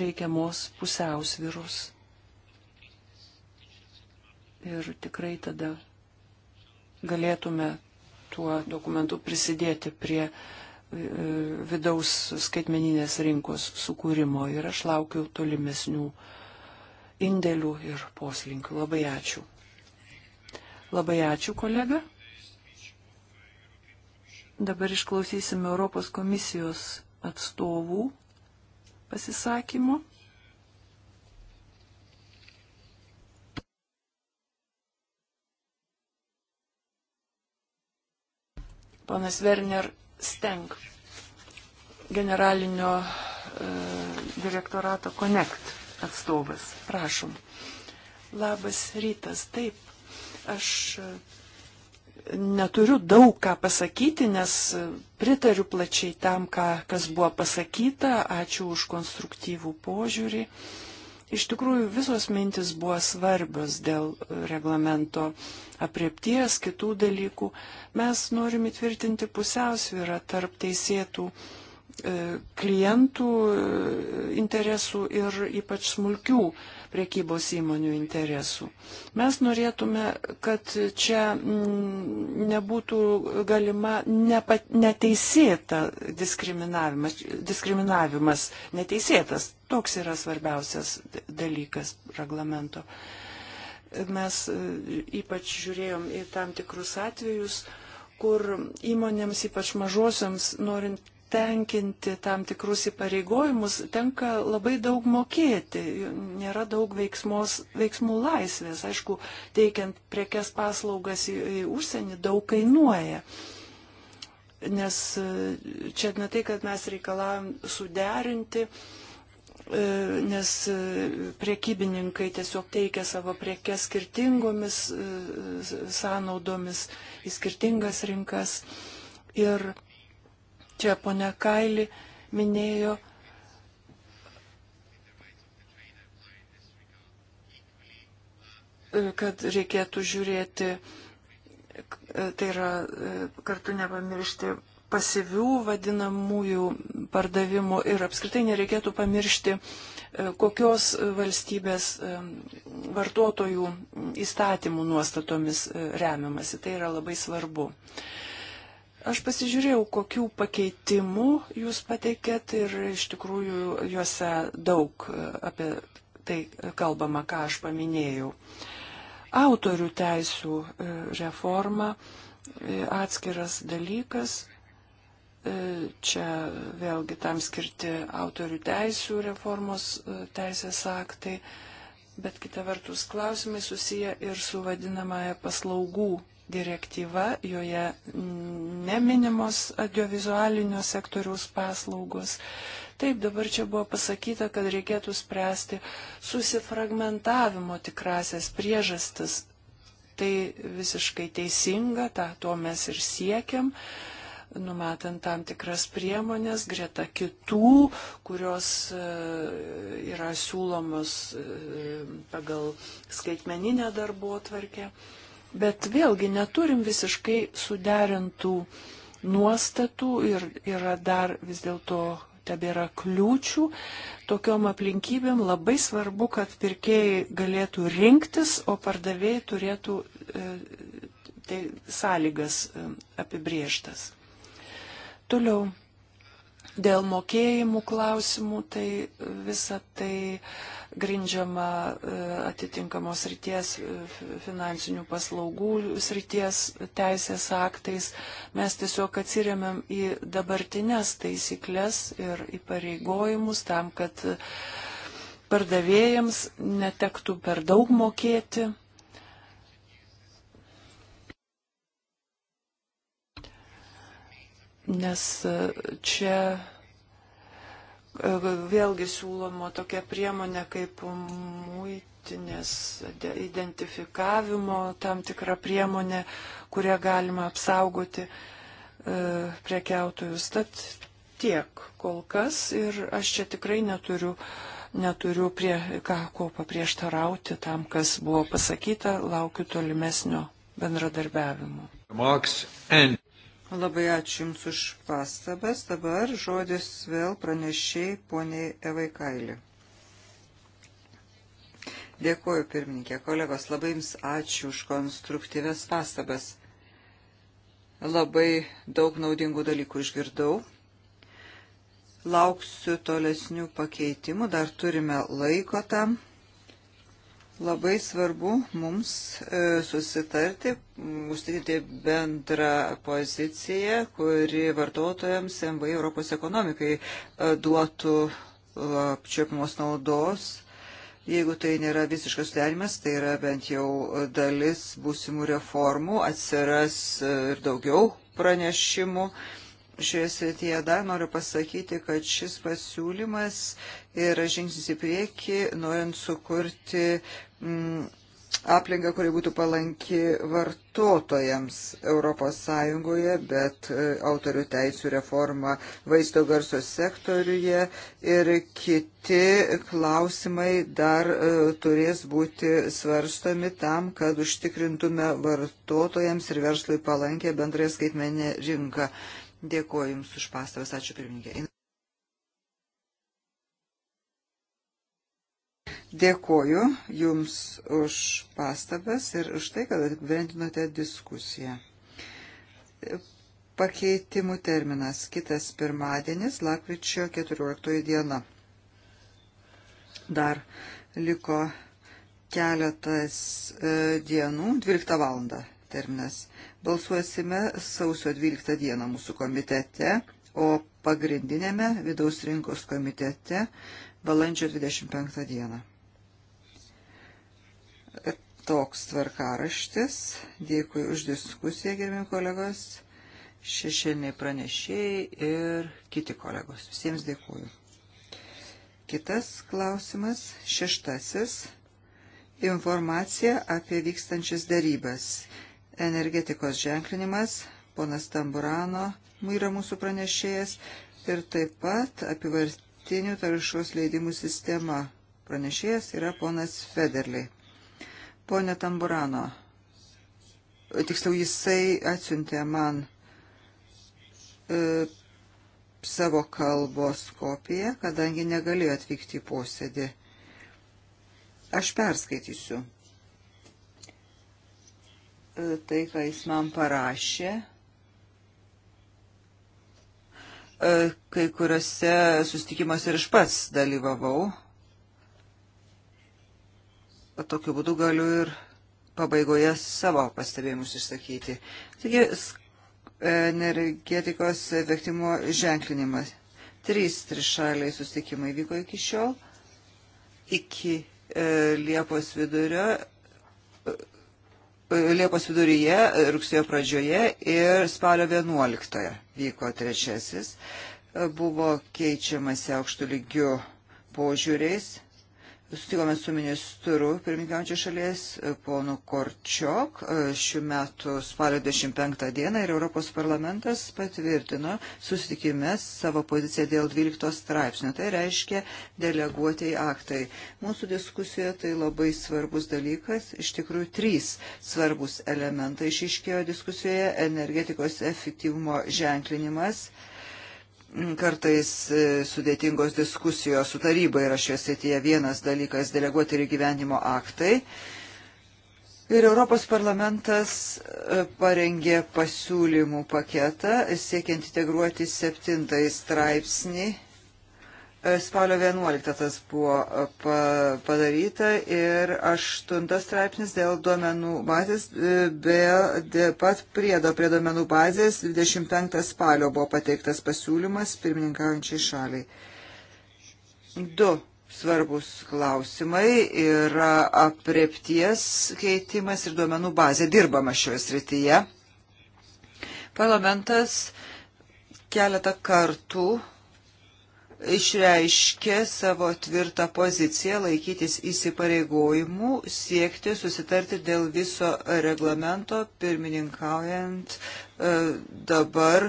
reikiamos pusiausvirus. Ir tikrai tada galėtume tuo dokumentu prisidėti prie uh, vidaus skaitmeninės rinkos sukūrimo ir aš laukiu tolimesnių indėlių ir poslinkių. Labai ačiū. Labai ačiū, kolega. Dabar išklausysime Europos komisijos atstovų pasisakymo. Panas Werner Steng generalinio e, direktorato Connect atstovas. Prašom. Labas rytas. Taip, aš e, neturiu daug ką pasakyti, nes e, pritariu plačiai tam, ką, kas buvo pasakyta. Ačiū už konstruktyvų požiūrį. Uh, Iš tikrųjų, visos mintis buvo svarbios dėl reglamento apriepties, kitų dalykų. Mes norim įtvirtinti pusiausvyrą tarp teisėtų e, klientų e, interesų ir ypač smulkių priekybos įmonių interesų. Mes norėtume, kad čia mm, nebūtų galima nepa, neteisėta diskriminavimas, diskriminavimas neteisėtas. Toks yra svarbiausias dalykas reglamento. Mes e, ypač žiūrėjom į tam tikrus atvejus, kur įmonėms, ypač mažosiams, norint tenkinti tam tikrus įpareigojimus, tenka labai daug mokėti, nėra daug veiksmos, veiksmų laisvės. Aišku, teikiant prekes paslaugas į, į užsienį daug kainuoja. Nes e, čia ne tai, kad mes reikalavom suderinti, e, nes e, priekybininkai tiesiog teikia savo prekes skirtingomis sąnaudomis į skirtingas rinkas. Ir čia ponia Kaili minėjo, kad reikėtų žiūrėti, tai yra kartu nepamiršti pasivių vadinamųjų pardavimų ir apskritai nereikėtų pamiršti, kokios valstybės vartotojų įstatymų nuostatomis remiamasi. Tai yra labai svarbu. Aš pasižiūrėjau, kokių pakeitimų jūs pateikėt ir iš tikrųjų juose daug e, apie tai kalbama, ką aš paminėjau. Autorių teisų e, reforma e, atskiras dalykas. Čia vėlgi tam skirti autorių teisų reformos teisės aktai, bet kita vertus klausimai susiję ir su vadinamąją paslaugų direktyva, joje neminimos audiovizualinio sektoriaus paslaugos. Taip, dabar čia buvo pasakyta, kad reikėtų spręsti susifragmentavimo tikrasias priežastis. Tai visiškai teisinga, tą, to mes ir siekiam, numatant tam tikras priemonės greta kitų, kurios e, yra siūlomos e, pagal skaitmeninę darbo atvarkę. Bet vėlgi neturim visiškai suderintų nuostatų ir yra dar vis dėlto tebėra kliūčių. Tokiom aplinkybėm labai svarbu, kad pirkėjai galėtų rinktis, o pardavėjai turėtų e, tai, sąlygas e, apibrieštas. Toliau Dėl mokėjimų klausimų, tai visa tai grindžiama e, atitinkamos ryties e, finansinių paslaugų srities teisės aktais. Mes tiesiog atsiriamėm į dabartinės taisyklės ir įpareigojimus tam, kad pardavėjams netektų per daug mokėti nes e, čia e, vėlgi siūloma tokia priemonė kaip muitinės identifikavimo tam tikra priemonė, kurią galima apsaugoti e, prekiautojus. Tad tiek kol kas ir aš čia tikrai neturiu, neturiu prie ką ko paprieštarauti tam, kas buvo pasakyta, laukiu tolimesnio bendradarbiavimo. Marks and Labai ačiū Jums už pastabas. Dabar žodis vėl pranešiai poniai Evai Kailį. Dėkuoju, pirmininkė. Kolegos, labai Jums ačiū už konstruktyves pastabas. Labai daug naudingų dalykų išgirdau. Lauksiu tolesnių pakeitimų, dar turime laiko tam. Labai svarbu mums e, susitarti, užtikrinti bendrą poziciją, kuri vartotojams MVI Europos ekonomikai e, duotų e, apčiopiamos naudos. Jeigu tai nėra visiškas sudarimas, tai yra bent jau dalis būsimų reformų, atsiras ir daugiau pranešimų. Uh, šioje srityje dar noriu pasakyti, kad šis pasiūlymas yra žingsnis į priekį, norint sukurti mm, aplinką, kuri būtų palanki vartotojams ES, bet e, autorių teisų reforma vaizdo garso sektoriuje ir kiti klausimai dar e, turės būti svarstomi tam, kad užtikrintume vartotojams ir verslui palankę bendrąją skaitmenę rinką. Dėkuoju Jums už pastabas. Ačiū pirmininkė. Dėkuoju Jums už pastabas ir už tai, kad apibendrinote diskusiją. Pakeitimų terminas kitas pirmadienis, lakryčio 14 diena. Dar liko keletas e, dienų, 12 valandą terminas. Balsuosime sausio 12 dieną mūsų komitete, o pagrindinėme vidaus rinkos komitete balandžio 25 dieną. Toks tvarkaraštis. Dėkui už diskusiją, gerbim kolegos, šešėliniai pranešėjai ir kiti kolegos. Visiems dėkuoju. Kitas klausimas, šeštasis informaciją apie vykstančias darybas energetikos ženklinimas, ponas Tamburano yra mūsų pranešėjas ir taip pat apivartinių taršos leidimų sistema pranešėjas yra ponas Federley. Pone Tamburano, tiksliau jisai atsiuntė man e, savo kalbos kopiją, kadangi negalėjo atvykti į posėdį. Aš perskaitysiu tai, ką jis man parašė. E, kai kuriuose sustikimuose ir aš pats dalyvavau. Tokiu būdu galiu ir pabaigoje savo pastebėjimus išsakyti. Taigi, e, energetikos efektyvumo ženklinimas. Trys trišaliai sustikimai vyko iki šiol. Iki e, Liepos vidurio e, Liepos viduryje, rugsėjo pradžioje ir spalio 11 vyko trečiasis. Buvo keičiamasi aukštų lygių požiūriais Sustikome su ministru pirmininkiaujančio šalies, e, ponu Korčiok, e, šių metų spalio 25 dieną ir Europos parlamentas patvirtino susitikime savo poziciją dėl 12 straipsnio. Tai reiškia deleguotieji aktai. Mūsų diskusijoje tai labai svarbus dalykas. Iš tikrųjų, trys svarbus elementai išiškėjo diskusijoje - energetikos efektyvumo ženklinimas kartais e, sudėtingos diskusijos su taryba yra šioje srityje vienas dalykas - deleguoti ir gyvenimo aktai. Ir Europos parlamentas e, parengė pasiūlymų paketą, siekiant integruoti septintąjį straipsnį E, spalio 11 tas buvo e, padaryta ir 8 straipsnis dėl duomenų bazės, e, be pat priedo prie duomenų bazės 25 spalio buvo pateiktas pasiūlymas pirmininkaujančiai šaliai. Du svarbus klausimai yra apriepties keitimas ir duomenų bazė dirbama šioje srityje. Parlamentas keletą kartų išreiškė savo tvirtą poziciją laikytis įsipareigojimų, siekti susitarti dėl viso reglamento, pirmininkaujant e, dabar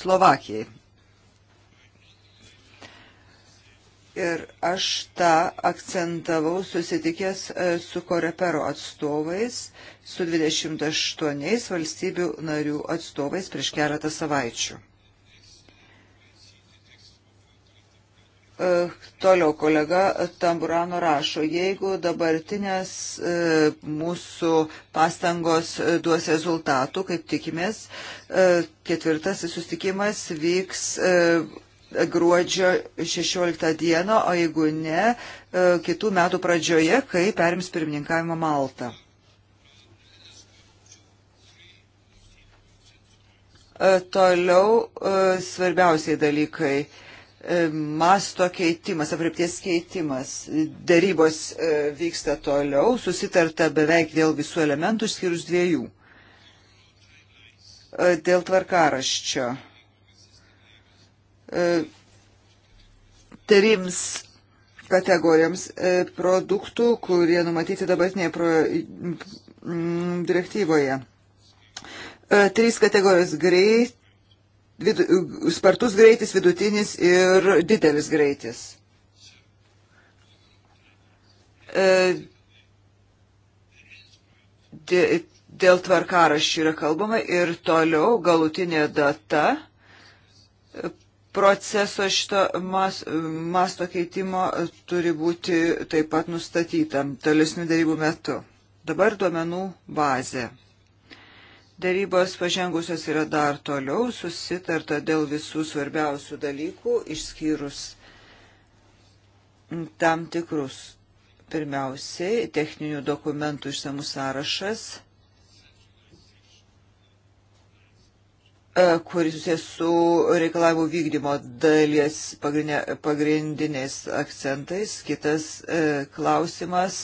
Slovakijai. Ir aš tą akcentavau susitikęs e, su Korepero atstovais, su 28 valstybių narių atstovais prieš keletą savaičių. E, toliau kolega Tamburano rašo, jeigu dabartinės e, mūsų pastangos e, duos rezultatų, kaip tikimės, ketvirtasis sustikimas vyks gruodžio 16 dieną, o jeigu ne, kitų metų pradžioje, kai perims pirmininkavimo Malta. Toliau svarbiausiai dalykai E, masto keitimas, apriepties keitimas. Darybos e, vyksta toliau, susitarta beveik dėl visų elementų, išskyrus dviejų. E, dėl tvarkaraščio. Trims kategorijoms produktų, kurie numatyti dabartinėje pro... direktyvoje. Trys kategorijos greit vidu, spartus greitis, vidutinis ir didelis greitis. E, dėl tvarkaraščių yra kalbama ir toliau galutinė data proceso šito mas, masto keitimo turi būti taip pat nustatyta tolesnių darybų metu. Dabar duomenų bazė. Darybos pažengusios yra dar toliau, susitarta dėl visų svarbiausių dalykų, išskyrus tam tikrus. Pirmiausiai, techninių dokumentų išsamų sąrašas, e, kuris susijęs su reikalavimų vykdymo dalies pagrindiniais akcentais. Kitas e, klausimas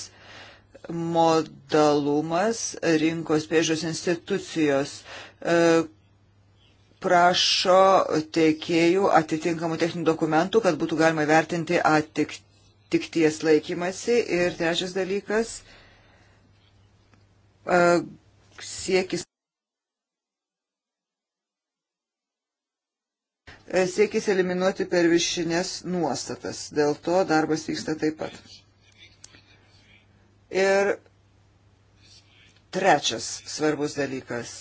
modalumas rinkos priežos institucijos e, prašo tiekėjų atitinkamų techninių dokumentų, kad būtų galima vertinti atitikties laikymasi. Ir trečias dalykas e, siekis. E, siekis eliminuoti per viršinės nuostatas. Dėl to darbas vyksta taip pat. Ir trečias svarbus dalykas.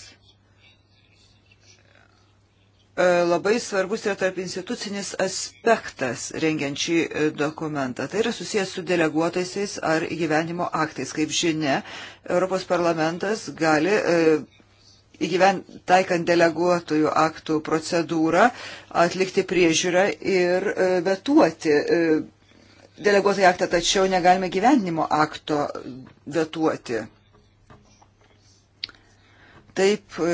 E, labai svarbus yra tarp institucinis aspektas rengiant šį e, dokumentą. Tai yra susijęs su deleguotaisiais ar įgyvenimo aktais. Kaip žinia, Europos parlamentas gali e, įgyven, taikant deleguotojų aktų procedūrą, atlikti priežiūrą ir vetuoti deleguotą aktą, tačiau negalime gyvenimo akto vetuoti. Taip e,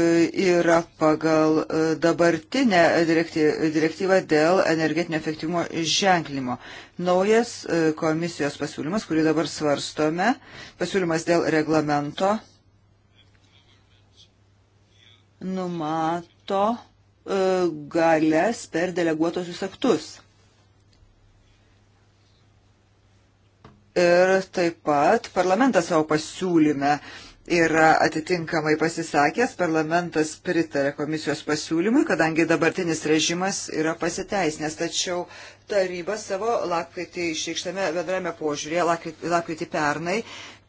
yra pagal e, dabartinę direktyvą dėl energetinio efektyvumo ženklimo. Naujas e, komisijos pasiūlymas, kurį dabar svarstome, pasiūlymas dėl reglamento numato galės per deleguotosius aktus. ir taip pat parlamentas savo pasiūlyme yra atitinkamai pasisakęs, parlamentas pritarė komisijos pasiūlymui, kadangi dabartinis režimas yra pasiteisnės, tačiau taryba savo lakrytį išreikštame bendrame požiūrėje, lakrytį pernai,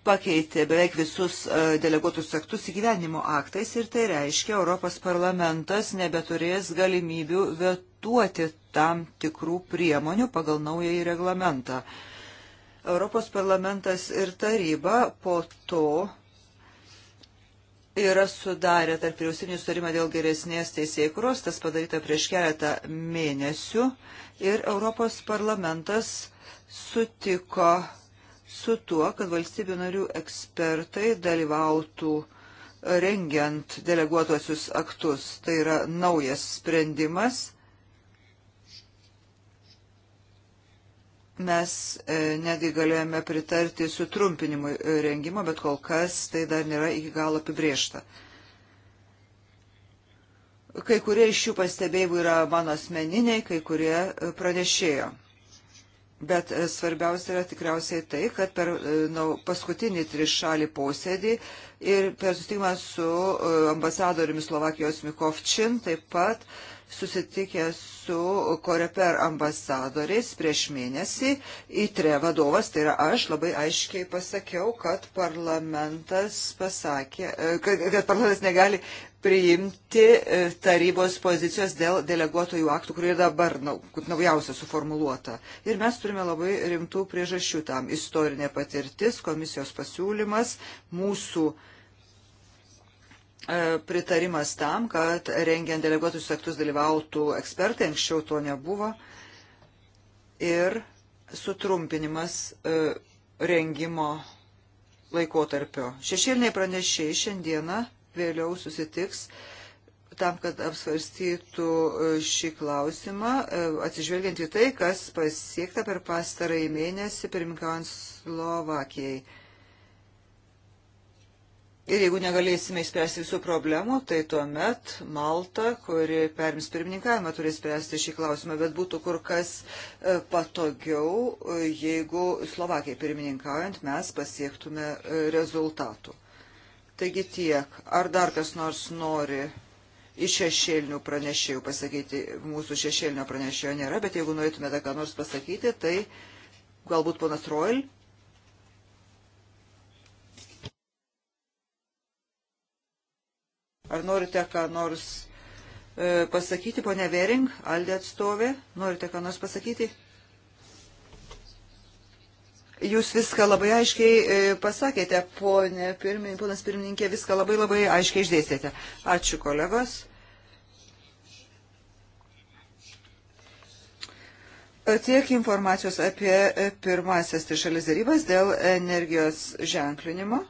pakeitė beveik visus e, deleguotus aktus įgyvenimo aktais ir tai reiškia, Europos parlamentas nebeturės galimybių vetuoti tam tikrų priemonių pagal naująjį reglamentą. Europos parlamentas ir taryba po to yra sudarę tarp vyriausybinį sutarimą dėl geresnės teisėkuros, tas padaryta prieš keletą mėnesių ir Europos parlamentas sutiko su tuo, kad valstybių narių ekspertai dalyvautų rengiant deleguotuosius aktus. Tai yra naujas sprendimas mes e, netgi galėjome pritarti sutrumpinimui e, rengimo, bet kol kas tai dar nėra iki galo apibriešta. Kai kurie iš jų pastebėjimų yra mano asmeniniai, kai kurie e, pranešėjo. Bet svarbiausia yra tikriausiai tai, kad per na, paskutinį trišalį posėdį ir per sustikimą su ambasadoriumi Slovakijos Mikovčin taip pat uh, susitikęs su Koreper ambasadoriais prieš mėnesį. ITRE vadovas, tai yra aš, labai aiškiai pasakiau, kad parlamentas pasakė, e, kad, kad parlamentas negali priimti e, tarybos pozicijos dėl deleguotojų aktų, kurie dabar nau, naujausia suformuluota. Ir mes turime labai rimtų priežasčių tam. Istorinė patirtis, komisijos pasiūlymas, mūsų uh, E, pritarimas tam, kad rengiant deleguotus aktus dalyvautų ekspertai, anksčiau to nebuvo, ir sutrumpinimas e, rengimo laikotarpio. Šešėliniai pranešiai šiandieną vėliau susitiks tam, kad apsvarstytų e, šį klausimą, atsižvelgiant į tai, kas pasiekta per pastarąjį mėnesį pirminkant Slovakijai. Ir jeigu negalėsime išspręsti visų problemų, tai tuomet Malta, kuri perims pirmininkavimą, turės spręsti šį klausimą, bet būtų kur kas e, patogiau, e, jeigu Slovakijai pirmininkaujant mes pasiektume e, rezultatų. Taigi tiek. Ar dar kas nors nori iš šešėlinių pranešėjų pasakyti? Mūsų šešėlinio pranešėjo nėra, bet jeigu norėtumėte ką nors pasakyti, tai galbūt ponas Roil Ar norite ką nors e, pasakyti, ponia Vering, Aldė atstovė? Norite ką nors pasakyti? Jūs viską labai aiškiai e, pasakėte, ponė, pirmin, ponas pirmininkė, viską labai labai aiškiai išdėstėte. Ačiū kolegos. E, tiek informacijos apie e, pirmasis trišalis darybas dėl energijos ženklinimo.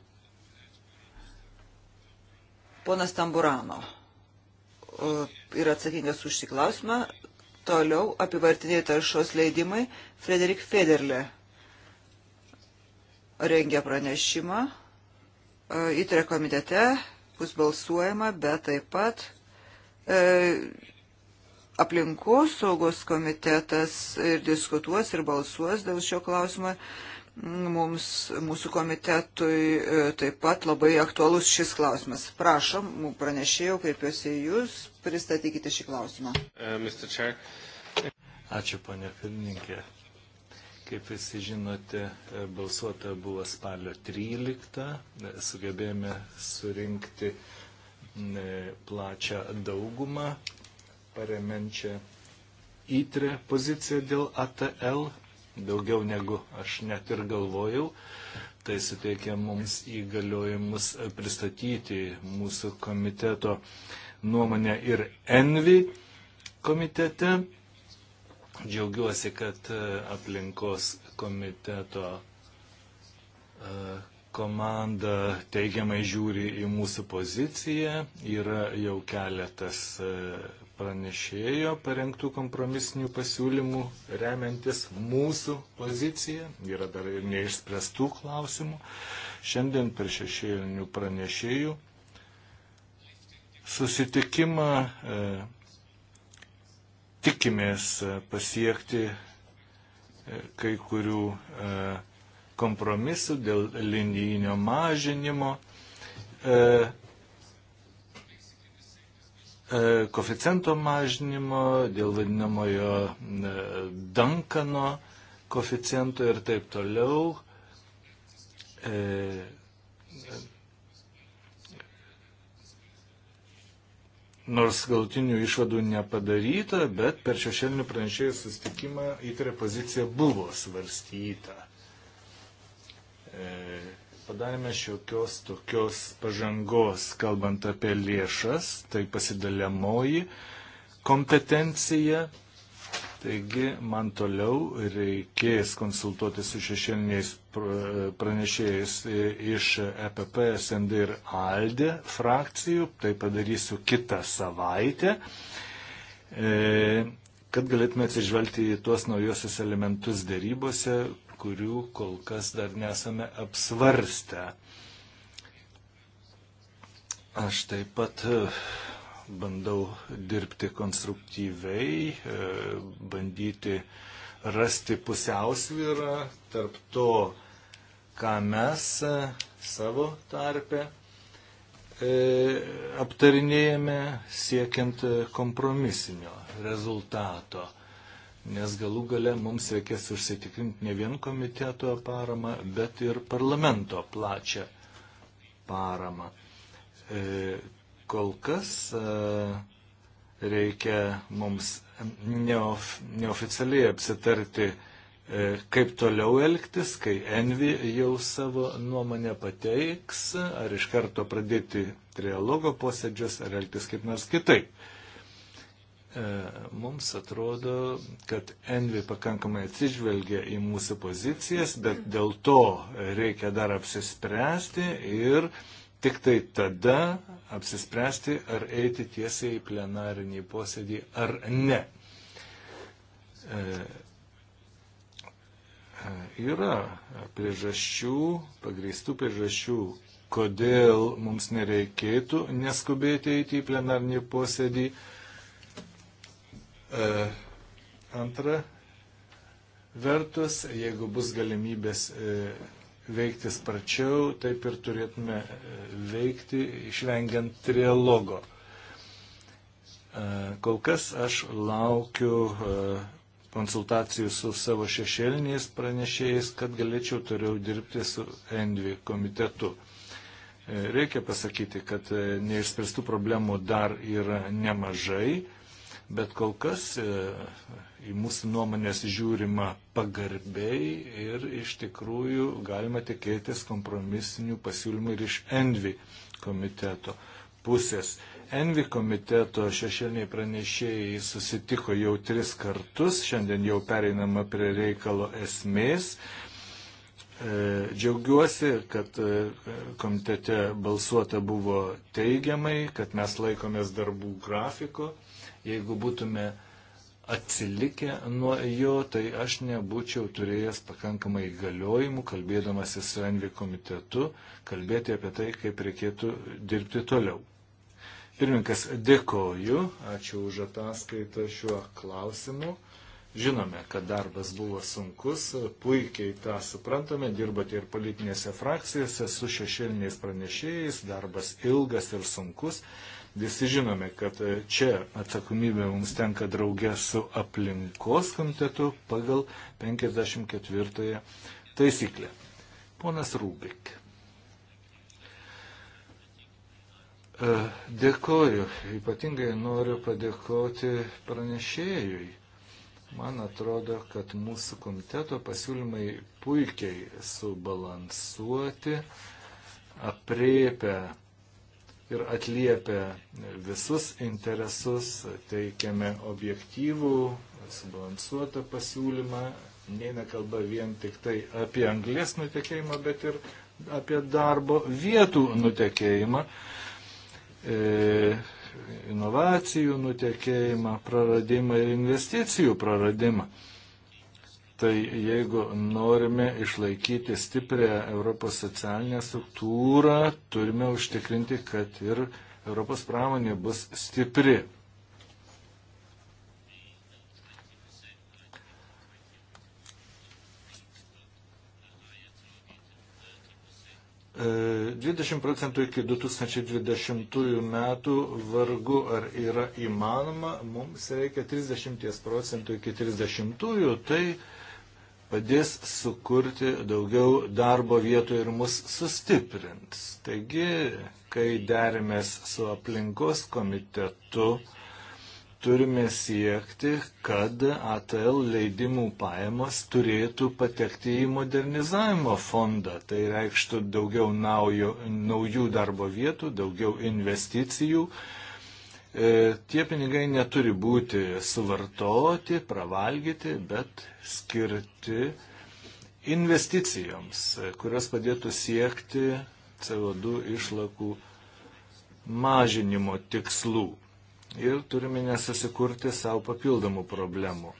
Ponas Tamburano yra atsakingas už šį klausimą. Toliau apivartiniai taršos leidimai Frederik Federle rengia pranešimą. E, Įtre komitete bus balsuojama, bet taip pat e, aplinkos saugos komitetas ir diskutuos ir balsuos dėl šio klausimo. E, Mums, mūsų komitetui e, taip pat labai aktualus šis klausimas. Prašom, pranešėjau, kreipiuosi į Jūs, pristatykite šį klausimą. E, Ačiū, ponė pirmininkė. Kaip visi žinote, e, balsuota buvo spalio 13, sugebėjome surinkti plačią daugumą, paremenčią įtrę poziciją dėl ATL daugiau negu aš net ir galvojau. Tai suteikia mums įgaliojimus pristatyti mūsų komiteto nuomonę ir Envi komitete. Džiaugiuosi, kad e, aplinkos komiteto e, komanda teigiamai žiūri į mūsų poziciją. Yra jau keletas e, pranešėjo parengtų kompromisinių pasiūlymų remiantis mūsų poziciją. Yra dar ir neišspręstų klausimų. Šiandien per šešėlinių pranešėjų susitikimą e, tikimės pasiekti e, kai kurių e, kompromisų dėl linijinio mažinimo. E, E, koficento mažinimo, dėl vadinamojo e, Dankano koficiento ir taip toliau. E, nors galtinių išvadų nepadaryta, bet per šešėlinių pranešėjų sustikimą įtarė pozicija buvo svarstyta. E, padarėme šiokios tokios pažangos, kalbant apie lėšas, tai pasidaliamoji kompetencija. Taigi man toliau reikės konsultuoti su šešėliniais pranešėjais iš EPP, SND ir ALDE frakcijų. Tai padarysiu kitą savaitę, e, kad galėtume atsižvelgti į tuos naujosius elementus dėrybose, kurių kol kas dar nesame apsvarstę. Aš taip pat e, bandau dirbti konstruktyviai, e, bandyti rasti pusiausvyrą tarp to, ką mes e, savo tarpe aptarinėjame siekiant kompromisinio rezultato nes galų gale mums reikės užsitikrinti ne vien komiteto paramą, bet ir parlamento plačią paramą. E, kol kas e, reikia mums neof, neoficialiai apsitarti, e, kaip toliau elgtis, kai Envi jau savo nuomonę pateiks, ar iš karto pradėti trialogo posėdžius, ar elgtis kaip nors kitaip. E, mums atrodo, kad Envi pakankamai atsižvelgia į mūsų pozicijas, bet dėl to reikia dar apsispręsti ir tik tai tada apsispręsti, ar eiti tiesiai į plenarinį posėdį ar ne. E, e, yra priežasčių, pagrįstų priežasčių, kodėl mums nereikėtų neskubėti eiti į plenarinį posėdį E, antra, vertus, jeigu bus galimybės e, veikti sparčiau, taip ir turėtume e, veikti, išvengiant trialogo. Kol kas aš laukiu konsultacijų su savo šešėliniais pranešėjais, kad galėčiau toliau dirbti su Envi komitetu. Reikia pasakyti, kad neišspręstų problemų dar yra nemažai bet kol kas e, į mūsų nuomonės žiūrima pagarbiai ir iš tikrųjų galima tikėtis kompromisinių pasiūlymų ir iš Envi komiteto pusės. Envi komiteto šešėliniai pranešėjai susitiko jau tris kartus, šiandien jau pereinama prie reikalo esmės. E, džiaugiuosi, kad e, komitete balsuota buvo teigiamai, kad mes laikomės darbų grafiko Jeigu būtume atsilikę nuo jo, tai aš nebūčiau turėjęs pakankamai įgaliojimų, kalbėdamasi su Envi komitetu, kalbėti apie tai, kaip reikėtų dirbti toliau. Pirmininkas, dėkoju, ačiū už ataskaitą šiuo klausimu. Žinome, kad darbas buvo sunkus, puikiai tą suprantame, dirbate ir politinėse frakcijose su šešėliniais pranešėjais, darbas ilgas ir sunkus. Visi žinome, kad e, čia atsakomybė mums tenka draugė su aplinkos komitetu pagal 54 taisyklę. Ponas Rūbik. E, dėkoju, ypatingai noriu padėkoti pranešėjui. Man atrodo, kad mūsų komiteto pasiūlymai puikiai subalansuoti, apriepia ir atliepia visus interesus, teikiame objektyvų, subalansuotą pasiūlymą, neina kalba vien tik tai apie anglės nutekėjimą, bet ir apie darbo vietų nutekėjimą, e, inovacijų nutekėjimą, praradimą ir investicijų praradimą. E, Tai jeigu norime išlaikyti stiprią Europos socialinę struktūrą, turime užtikrinti, kad ir Europos pramonė bus stipri. E, 20 procentų iki 2020 metų vargu ar yra įmanoma, mums reikia 30 procentų iki 30, tai padės sukurti daugiau darbo vietų ir mus sustiprins. Taigi, kai derimės su aplinkos komitetu, turime siekti, kad ATL leidimų pajamos turėtų patekti į modernizavimo fondą. Tai reikštų daugiau naujų, naujų darbo vietų, daugiau investicijų, E, tie pinigai neturi būti suvartoti, pravalgyti, bet skirti investicijoms, e, kurios padėtų siekti CO2 išlakų mažinimo tikslų. Ir turime nesusikurti savo papildomų problemų.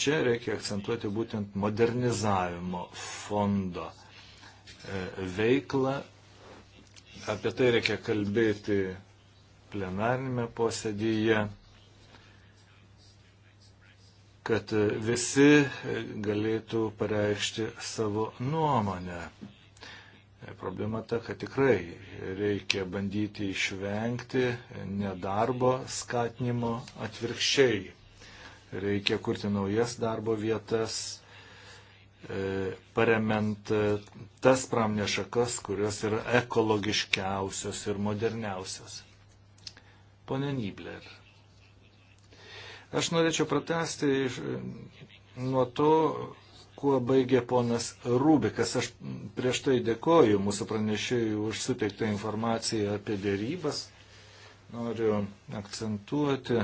Čia reikia akcentuoti būtent modernizavimo fondo e, veiklą. Apie tai reikia kalbėti plenarinėme posėdyje, kad visi galėtų pareikšti savo nuomonę. Problema ta, kad tikrai reikia bandyti išvengti nedarbo skatinimo atvirkščiai. Reikia kurti naujas darbo vietas, e, paremant tas pramnešakas, kurios yra ekologiškiausios ir moderniausios. Pone Nibler. Aš norėčiau pratesti nuo to, kuo baigė ponas Rūbikas. Aš prieš tai dėkoju mūsų pranešėjui už suteiktą informaciją apie dėrybas. Noriu akcentuoti,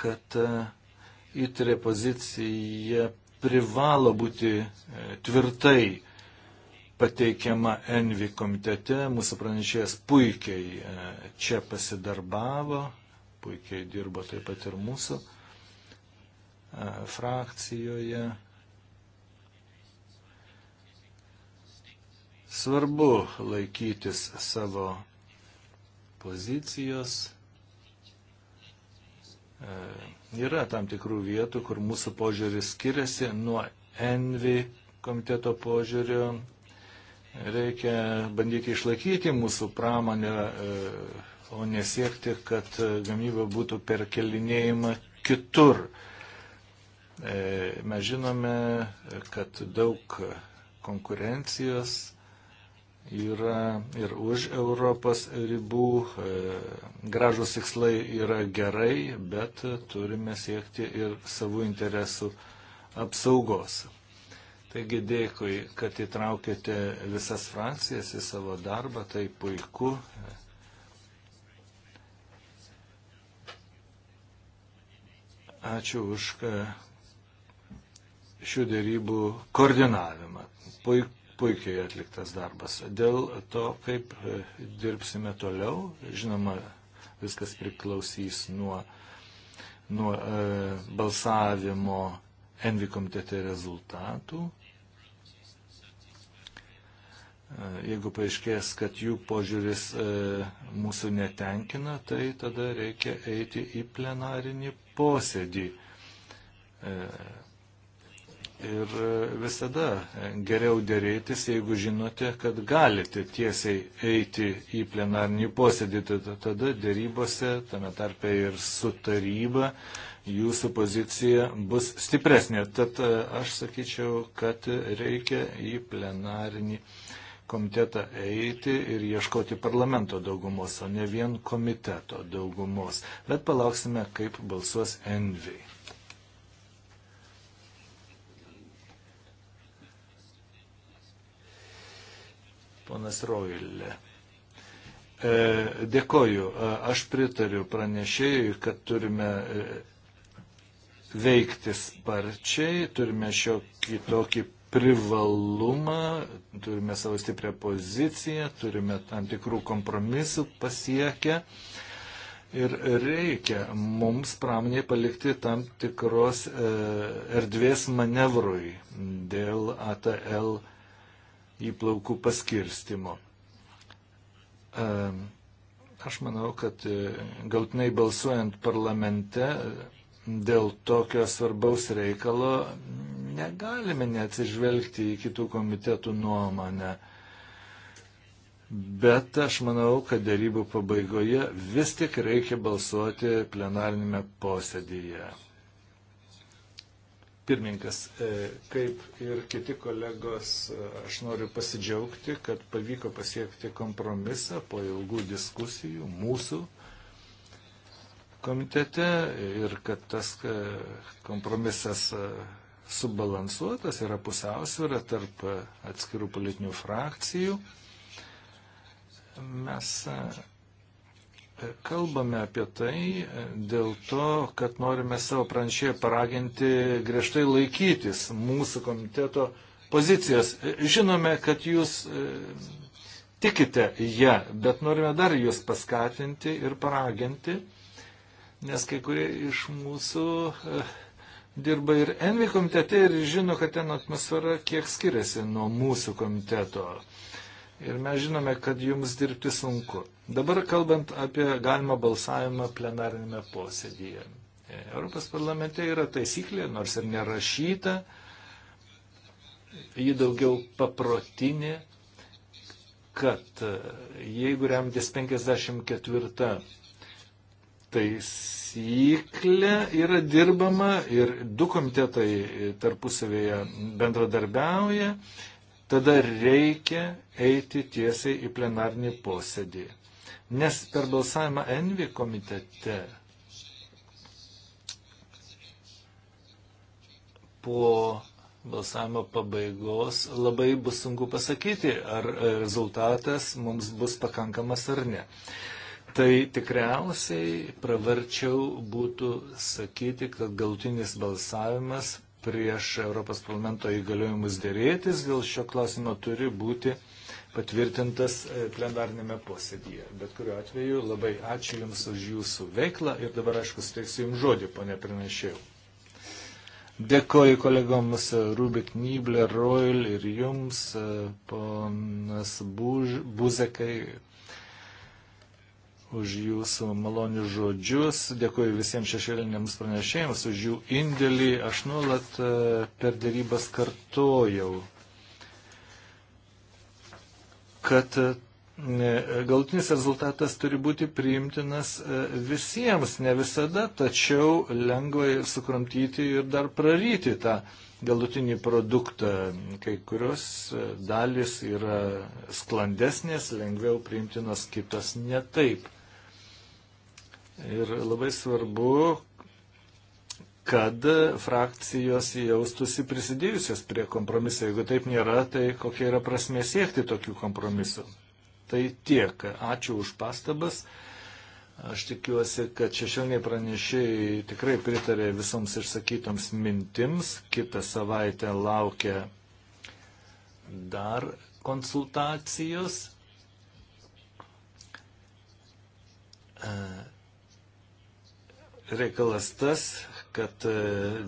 kad e, įtrė pozicija privalo būti e, tvirtai pateikiama Envi komitete. Mūsų pranešėjas puikiai e, čia pasidarbavo, puikiai dirbo taip pat ir mūsų e, frakcijoje. Svarbu laikytis savo pozicijos. E, yra tam tikrų vietų, kur mūsų požiūris skiriasi nuo Envi komiteto požiūrio, Reikia bandyti išlaikyti mūsų pramonę, e, o nesiekti, kad gamyba būtų perkelinėjama kitur. E, mes žinome, kad daug konkurencijos yra ir už Europos ribų. E, Gražus tikslai yra gerai, bet turime siekti ir savų interesų apsaugos. Taigi dėkui, kad įtraukėte visas frakcijas į savo darbą, tai puiku. Ačiū už e, šių dėrybų koordinavimą. Puik, puikiai atliktas darbas. Dėl to, kaip e, dirbsime toliau, žinoma, viskas priklausys nuo, nuo e, balsavimo Envi komitete rezultatų. E, jeigu paaiškės, kad jų požiūris e, mūsų netenkina, tai tada reikia eiti į plenarinį posėdį. E, ir visada geriau dėrėtis, jeigu žinote, kad galite tiesiai eiti į plenarinį posėdį, tada dėrybose, tame tarpe ir su taryba, jūsų pozicija bus stipresnė. Tad aš sakyčiau, kad reikia į plenarinį posėdį komitetą eiti ir ieškoti parlamento daugumos, o ne vien komiteto daugumos. Bet palauksime, kaip balsuos Envy. Ponas Roilė. E, dėkoju. E, aš pritariu pranešėjui, kad turime e, veikti sparčiai, turime šiokį tokį privalumą, turime savo stiprią poziciją, turime tam tikrų kompromisų pasiekę. Ir reikia mums pramoniai palikti tam tikros e, erdvės manevrui dėl ATL įplaukų paskirstimo. E, aš manau, kad e, galtinai balsuojant parlamente dėl tokio svarbaus reikalo negalime neatsižvelgti į kitų komitetų nuomonę. Bet aš manau, kad dėrybų pabaigoje vis tik reikia balsuoti plenarinėme posėdyje. Pirmininkas, e, kaip ir kiti kolegos, e, aš noriu pasidžiaugti, kad pavyko pasiekti kompromisą po ilgų diskusijų mūsų komitete ir kad tas e, kompromisas subalansuotas, yra pusiausvėra tarp atskirų politinių frakcijų. Mes e, kalbame apie tai e, dėl to, kad norime savo pranešėją paraginti griežtai laikytis mūsų komiteto pozicijos. E, žinome, kad jūs tikite ją, bet norime dar jūs paskatinti ir paraginti, nes kai kurie iš mūsų dirba ir Envi komitete ir žino, kad ten atmosfera kiek skiriasi nuo mūsų komiteto. Ir mes žinome, kad jums dirbti sunku. Dabar kalbant apie galimą balsavimą plenarinėme posėdyje. Europos parlamente yra taisyklė, nors ir nerašyta, ji daugiau paprotinė, kad e, jeigu remtis 54 taisyklę yra dirbama ir du komitetai tarpusavėje bendradarbiauja, tada reikia eiti tiesiai į plenarnį posėdį. Nes per balsavimą Envi komitete po balsavimo pabaigos labai bus sunku pasakyti, ar rezultatas mums bus pakankamas ar ne tai tikriausiai pravarčiau būtų sakyti, kad galtinis balsavimas prieš Europos parlamento įgaliojimus dėrėtis dėl šio klausimo turi būti patvirtintas e, plenarnėme posėdėje. Bet kuriuo atveju labai ačiū Jums už Jūsų veiklą ir dabar, aišku, steiksiu Jums žodį, ponė pranešėjau. Dėkoju kolegoms Rubik Nybler, Royal ir Jums, e, ponas Buzekai už jūsų malonius žodžius, dėkuoju visiems šešėliniams pranešėjams už jų indėlį. Aš nuolat e, per dėrybas kartojau, kad e, galtinis rezultatas turi būti priimtinas e, visiems, ne visada, tačiau lengvai sukramtyti ir dar praryti tą galutinį produktą. Kai kurios dalis yra sklandesnės, lengviau priimtinas, kitas ne taip. Ir labai svarbu, kad frakcijos jaustusi prisidėjusios prie kompromiso. Jeigu taip nėra, tai kokia yra prasmė siekti tokių kompromisų. Tai tiek. Ačiū už pastabas. Aš tikiuosi, kad šešėliniai pranešėjai tikrai pritarė visoms išsakytoms mintims. Kita savaitė laukia dar konsultacijos. E reikalas tas, kad e,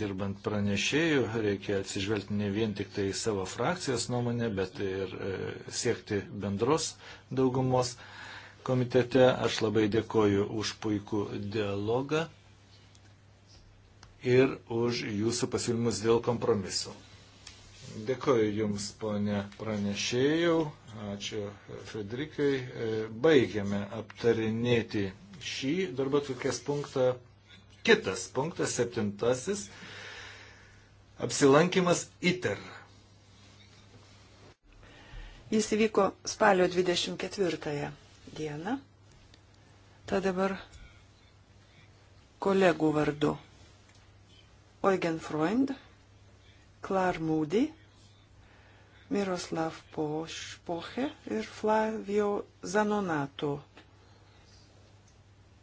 dirbant pranešėjų reikia atsižvelgti ne vien tik tai savo frakcijos nuomonę, bet ir e, siekti bendros daugumos komitete. Aš labai dėkoju už puikų dialogą ir už jūsų pasiūlymus dėl kompromisu. Dėkoju Jums, ponė pranešėjau. Ačiū Frederikai. E, baigiame aptarinėti šį darbo atvirkės punktą. Kitas punktas, septintasis, apsilankimas ITER. Jis įvyko spalio 24 dieną. Ta dabar kolegų vardu. Eugen Freund, Klar Moody, Miroslav Poche ir Flavio Zanonato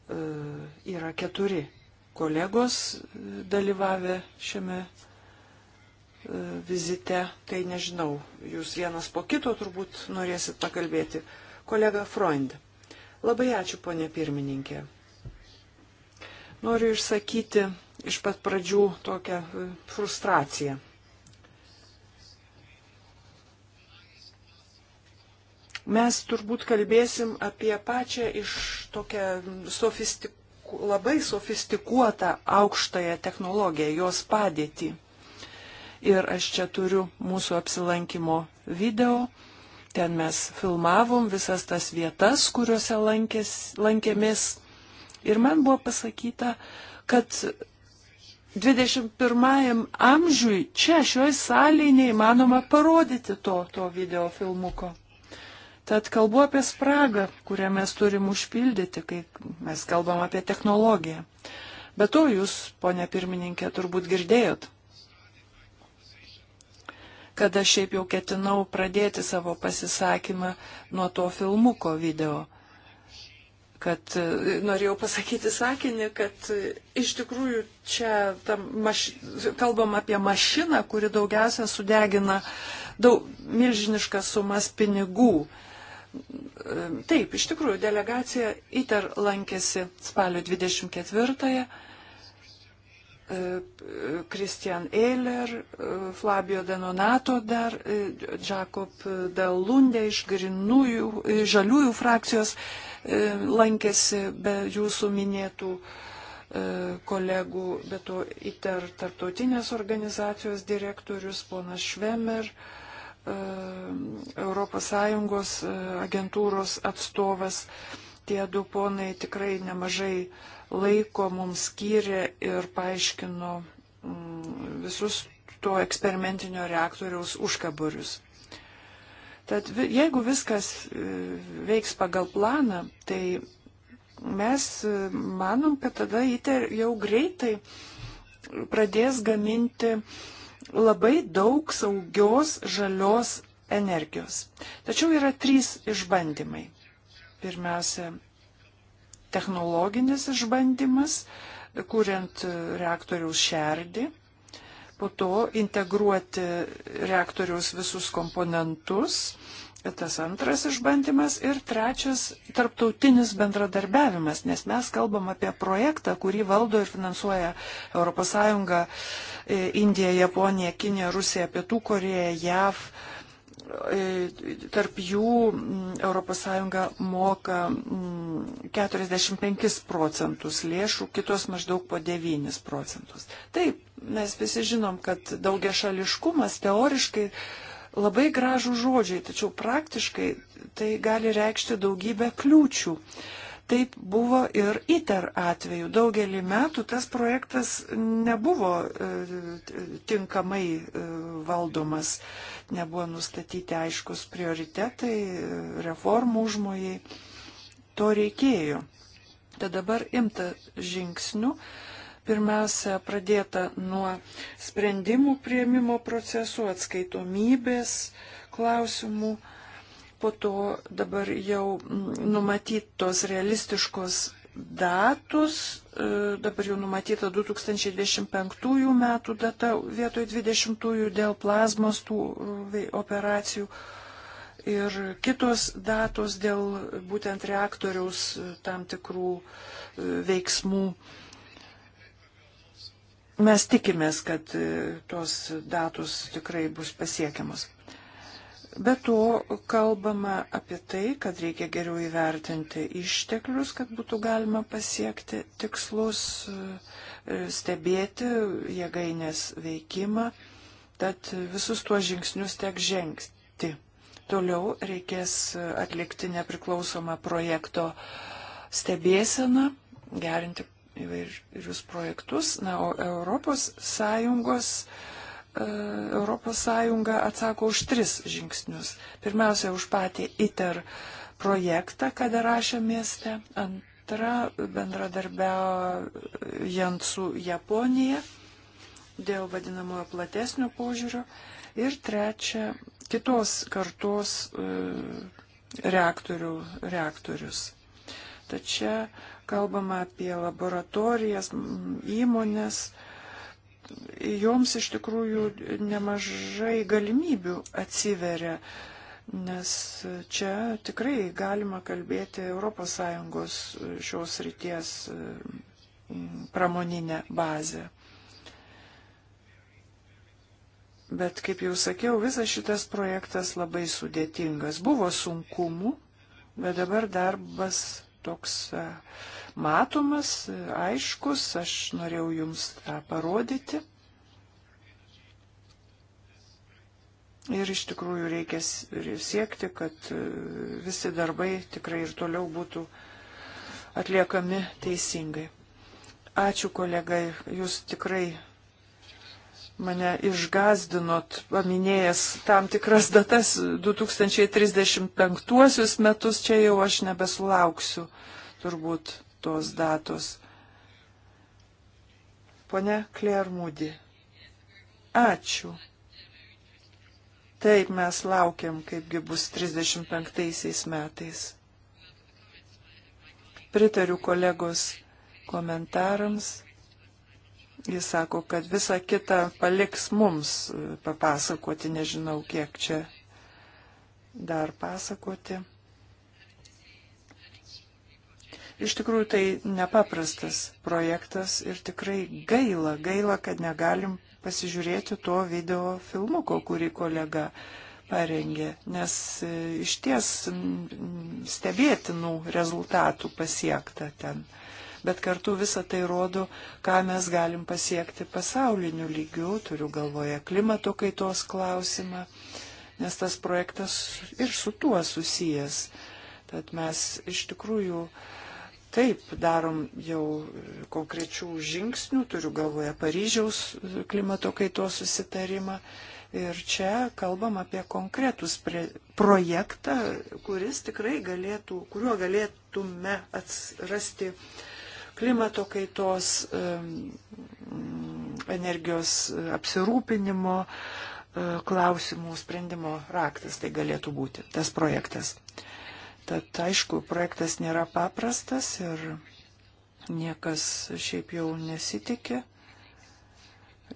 E, yra keturi kolegos dalyvavę šiame e, vizite. Tai nežinau, jūs vienas po kito turbūt norėsit pakalbėti. Kolega Freund. Labai ačiū, ponė pirmininkė. Noriu išsakyti iš pat pradžių tokią e, frustraciją mes turbūt kalbėsim apie pačią iš tokią sofistiku, labai sofistikuotą aukštąją technologiją, jos padėtį. Ir aš čia turiu mūsų apsilankimo video. Ten mes filmavom visas tas vietas, kuriuose lankės, lankėmės. Ir man buvo pasakyta, kad 21 amžiui čia šioje salėje neįmanoma parodyti to, to video filmuko. Tad kalbu apie spragą, kurią mes turim užpildyti, kai mes kalbam apie technologiją. Bet to jūs, ponė pirmininkė, turbūt girdėjot, kad aš šiaip jau ketinau pradėti savo pasisakymą nuo to filmuko video kad e, norėjau pasakyti sakinį, kad e, iš tikrųjų čia maš, kalbam apie mašiną, kuri daugiausia sudegina daug, milžiniškas sumas pinigų. Uh, Taip, iš tikrųjų, delegacija ITER lankėsi spalio 24-ąją. E, Kristian Eiler, e, Flavio Denonato dar, e, Jakob Dalundė iš grinųjų, žaliųjų frakcijos lankėsi be jūsų minėtų kolegų, bet to ITER tarptautinės organizacijos direktorius, ponas Švemer, ES e, agentūros atstovas. Tie du ponai tikrai nemažai laiko mums skyrė ir paaiškino mm, visus to eksperimentinio reaktoriaus užkaburius. Tad jeigu viskas e, veiks pagal planą, tai mes e, manom, kad tada ITER jau greitai pradės gaminti uh, labai daug saugios žalios energijos. Tačiau yra trys išbandymai. Pirmiausia, technologinis išbandymas, kuriant reaktoriaus šerdį, po to integruoti reaktoriaus visus komponentus tas antras išbandymas ir trečias - tarptautinis bendradarbiavimas, nes mes kalbam apie projektą, kurį valdo ir finansuoja ES, e, Indija, Japonija, Kinija, Rusija, Pietų Koreja, JAV. E, tarp jų mm, ES moka 45 mm, procentus lėšų, kitos maždaug po 9 procentus. Taip, mes visi žinom, kad daugia šališkumas teoriškai labai gražų žodžiai, tačiau praktiškai tai gali reikšti daugybę kliūčių. Taip buvo ir ITER atveju. Daugelį metų tas projektas nebuvo e, tinkamai e, valdomas, nebuvo nustatyti aiškus prioritetai, e, reformų užmojai. To reikėjo. Tad dabar imta žingsnių pirmiausia pradėta nuo sprendimų prieimimo procesų, atskaitomybės klausimų, po to dabar jau numatytos realistiškos datus, e, dabar jau numatyta 2025 metų data vietoj 20 dėl plazmos tų e, operacijų ir kitos datos dėl būtent reaktoriaus e, tam tikrų veiksmų mes tikimės, kad e, tos datos tikrai bus pasiekiamos. Be to, kalbama apie tai, kad reikia geriau įvertinti išteklius, kad būtų galima pasiekti tikslus, e, stebėti jėgainės veikimą, tad visus tuos žingsnius tek žengti. Toliau reikės atlikti nepriklausomą projekto stebėseną, gerinti įvairius projektus. Na, o Europos Sąjungos, e, Europos Sąjunga atsako už tris žingsnius. Pirmiausia, už patį ITER projektą, kada rašė mieste. Antra, bendradarbiaujant su Japonija dėl vadinamojo platesnio požiūrio. Ir trečia, kitos kartos e, reaktorių, reaktorius. Tačiau kalbama apie laboratorijas, įmonės, joms iš tikrųjų nemažai galimybių atsiveria, nes čia tikrai galima kalbėti ES šios ryties e, pramoninę bazę. Bet, kaip jau sakiau, visas šitas projektas labai sudėtingas. Buvo sunkumų, bet dabar darbas toks uh, matomas, aiškus, aš norėjau jums tą parodyti. Ir iš tikrųjų reikia siekti, kad e, visi darbai tikrai ir toliau būtų atliekami teisingai. Ačiū kolegai, jūs tikrai mane išgazdinot, paminėjęs tam tikras datas 2035 metus, čia jau aš nebesulauksiu turbūt tos datos. Pone Klermūdi. Ačiū. Taip mes laukiam, kaipgi bus 35 metais. Pritariu kolegos komentarams. Jis sako, kad visą kitą paliks mums e, papasakoti, nežinau, kiek čia dar pasakoti. Iš tikrųjų, tai nepaprastas projektas ir tikrai gaila, gaila, kad negalim pasižiūrėti to video filmuko, kurį kolega parengė, nes e, iš ties stebėtinų rezultatų pasiekta ten. Bet kartu visą tai rodo, ką mes galim pasiekti pasauliniu lygiu, turiu galvoje klimato kaitos klausimą, nes tas projektas ir su tuo susijęs. Tad mes iš tikrųjų uh, Taip, darom jau konkrečių žingsnių, turiu galvoje Paryžiaus klimato kaitos susitarimą. Ir čia kalbam apie konkretus pre, projektą, kuris tikrai galėtų, kuriuo galėtume atrasti klimato kaitos, energijos apsirūpinimo e, klausimų sprendimo raktas. Tai galėtų būti tas projektas. Tad, aišku, projektas nėra paprastas ir niekas šiaip jau nesitikė,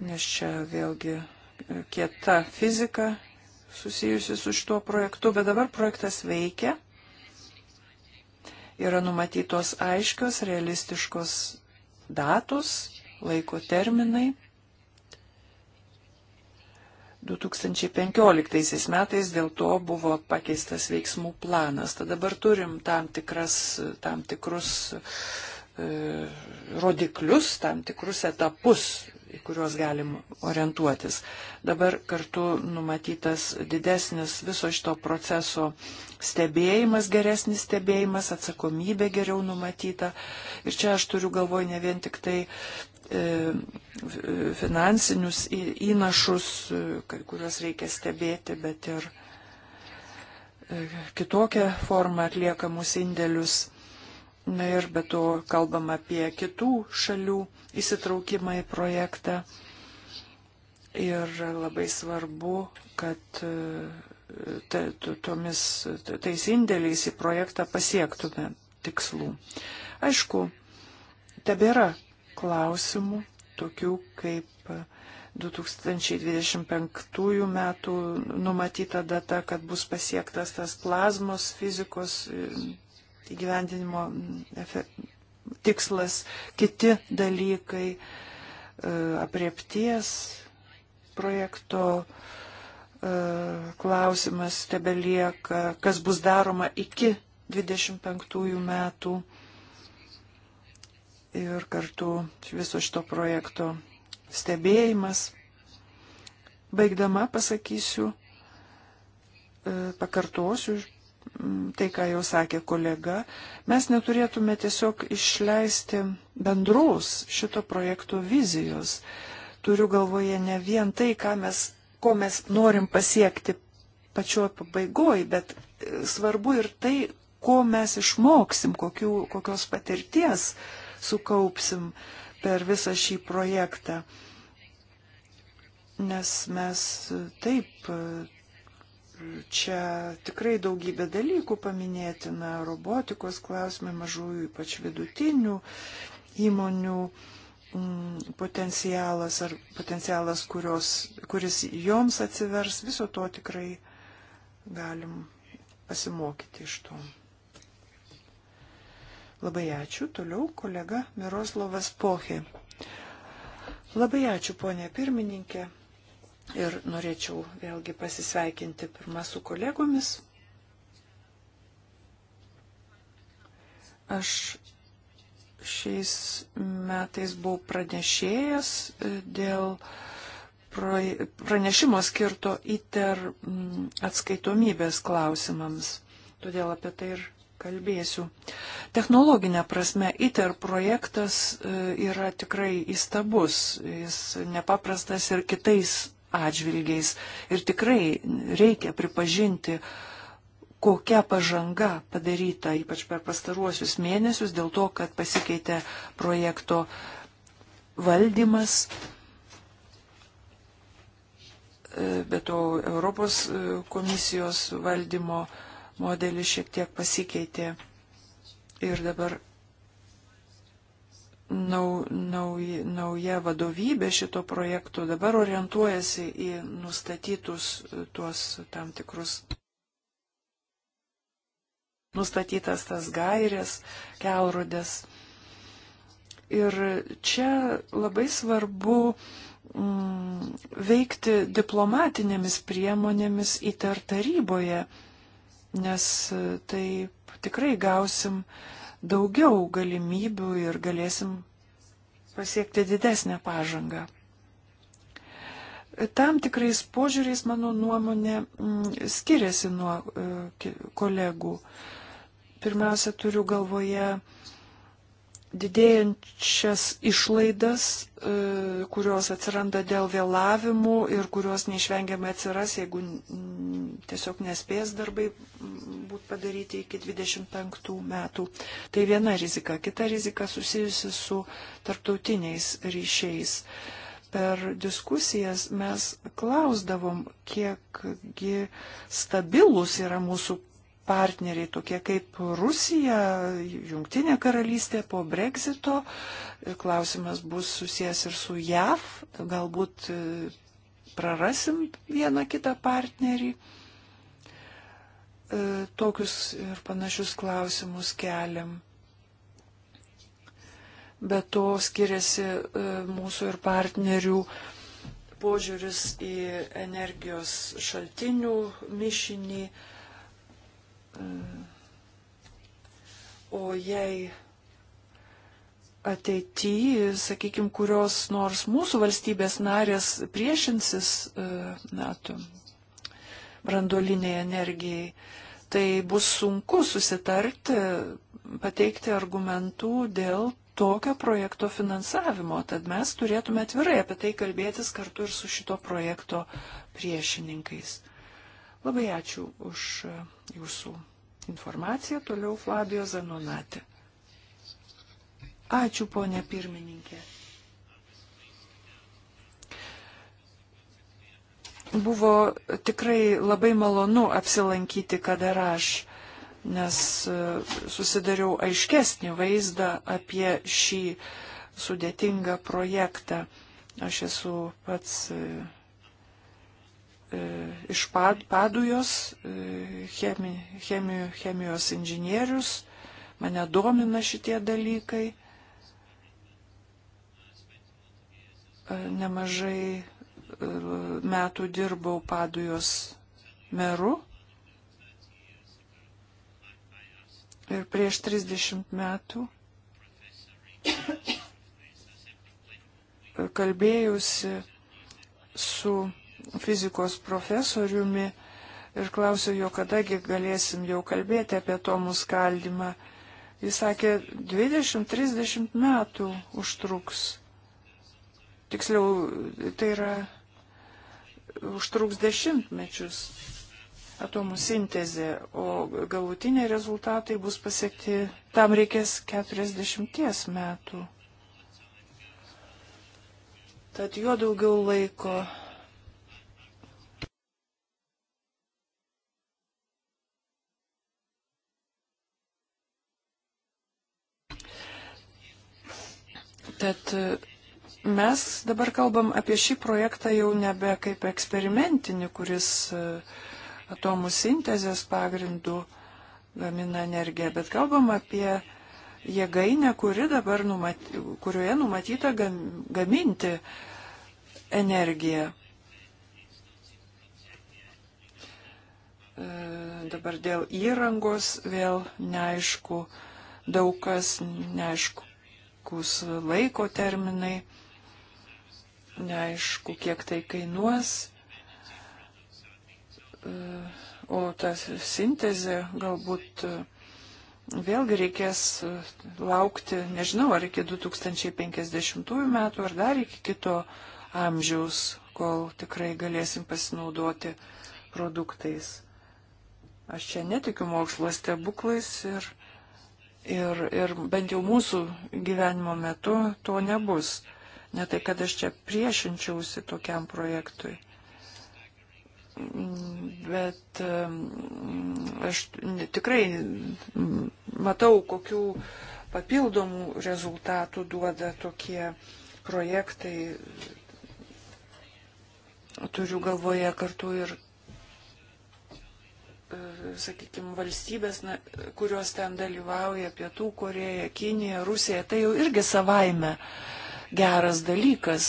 nes čia vėlgi kieta fizika susijusi su šituo projektu, bet dabar projektas veikia. Yra numatytos aiškios, realistiškos datos, laiko terminai. 2015 metais dėl to buvo pakeistas veiksmų planas. Tad dabar turim tam, tikras, tam tikrus e, rodiklius, tam tikrus etapus, į kuriuos galim orientuotis. Dabar kartu numatytas didesnis viso šito proceso stebėjimas, geresnis stebėjimas, atsakomybė geriau numatyta. Ir čia aš turiu galvoj ne vien tik tai E, finansinius įnašus, e, kuriuos reikia stebėti, bet ir e, kitokią formą atliekamus indėlius. Na ir be to kalbam apie kitų šalių įsitraukimą į projektą. Ir labai svarbu, kad tomis, tais indėliais į projektą pasiektume tikslų. Aišku, tebėra klausimų, tokių kaip 2025 metų numatyta data, kad bus pasiektas tas plazmos fizikos e, įgyvendinimo mm, tikslas, kiti dalykai, e, apriepties projekto e, klausimas tebelieka, kas bus daroma iki 25 metų ir kartu viso šito projekto stebėjimas. Baigdama pasakysiu, e, pakartosiu tai, ką jau sakė kolega, mes neturėtume tiesiog išleisti bendros šito projekto vizijos. Turiu galvoje ne vien tai, mes, ko mes norim pasiekti pačioj pabaigoj, bet e, svarbu ir tai, ko mes išmoksim, kokių, kokios patirties uh, sukaupsim per visą šį projektą. Nes mes taip, čia tikrai daugybė dalykų paminėtina, robotikos klausimai mažųjų, ypač vidutinių įmonių mm, potencialas ar potencialas, kurios, kuris joms atsivers, viso to tikrai galim pasimokyti iš to. Labai ačiū. Toliau kolega Miroslavas Pohė. Labai ačiū, ponė pirmininkė. Ir norėčiau vėlgi pasisveikinti pirmą su kolegomis. Aš šiais metais buvau pranešėjęs e, dėl pranešimo skirto ITER atskaitomybės klausimams. Todėl apie tai ir kalbėsiu. Technologinė prasme, ITER projektas e, yra tikrai įstabus, jis nepaprastas ir kitais atžvilgiais. Ir tikrai reikia pripažinti, kokia pažanga padaryta, ypač per pastaruosius mėnesius, dėl to, kad pasikeitė projekto valdymas e, bet to Europos e, komisijos valdymo modelis šiek tiek pasikeitė ir dabar nau, nauj, nauja vadovybė šito projekto dabar orientuojasi į nustatytus tuos tam tikrus, nustatytas tas gairės, kelrodės. Ir čia labai svarbu mm, veikti diplomatinėmis priemonėmis įtar taryboje nes e, taip tikrai gausim daugiau galimybių ir galėsim pasiekti didesnę pažangą. Tam tikrais požiūriais, mano nuomonė, mm, skiriasi nuo e, kolegų. Pirmiausia, turiu galvoje didėjančias išlaidas, e, kurios atsiranda dėl vėlavimų ir kurios neišvengiamai atsiras, jeigu tiesiog nespės darbai būtų padaryti iki 25 metų. Tai viena rizika. Kita rizika susijusi su tarptautiniais ryšiais. Per diskusijas mes klausdavom, kiekgi stabilus yra mūsų partneriai, tokie kaip Rusija, Jungtinė karalystė po Brexito. Klausimas bus susijęs ir su JAV, galbūt e, prarasim vieną kitą partnerį. E, tokius ir panašius klausimus keliam. Be to skiriasi e, mūsų ir partnerių požiūris į energijos šaltinių mišinį O jei ateityje, sakykime, kurios nors mūsų valstybės narės priešinsis e, NATO branduoliniai energijai, tai bus sunku susitarti, pateikti argumentų dėl tokio projekto finansavimo. Tad mes turėtume atvirai apie tai kalbėtis kartu ir su šito projekto priešininkais. Labai ačiū už e, jūsų informaciją. Toliau Flavio Zanonatė. Ačiū, ponė pirmininkė. Buvo tikrai labai malonu apsilankyti Kadaraš, nes e, susidariau aiškesnį vaizdą apie šį sudėtingą projektą. Aš esu pats e, E, iš Padujos, e, chemi, chemi, chemijos inžinierius, mane domina šitie dalykai. E, nemažai metų dirbau Padujos meru. Ir prieš 30 metų kalbėjusi su fizikos profesoriumi ir klausiau jo, kadagi galėsim jau kalbėti apie tomų skaldimą. Jis sakė, 20-30 metų užtruks. Tiksliau, tai yra užtruks dešimtmečius atomų sintezė, o galutiniai rezultatai bus pasiekti, tam reikės 40 metų. Tad juo daugiau laiko Tad e, mes dabar kalbam apie šį projektą jau nebe kaip eksperimentinį, kuris e, atomų sintezės pagrindų gamina energiją, bet kalbam apie jėgainę, kuri dabar numaty, kurioje numatyta gam, gaminti energiją. E, dabar dėl įrangos vėl neaišku, daug kas neaišku, aiškus laiko terminai, neaišku, kiek tai kainuos. O ta sintezė galbūt vėlgi reikės laukti, nežinau, ar iki 2050 metų, ar dar iki kito amžiaus, kol tikrai galėsim pasinaudoti produktais. Aš čia netikiu mokslo stebuklais ir Ir, ir bent jau mūsų gyvenimo metu to nebus. Ne tai, kad aš čia priešinčiausi tokiam projektui. Bet aš tikrai matau, kokių papildomų rezultatų duoda tokie projektai. Turiu galvoje kartu ir sakykime, valstybės, na, kurios ten dalyvauja, Pietų Koreja, Kinija, Rusija, tai jau irgi savaime geras dalykas,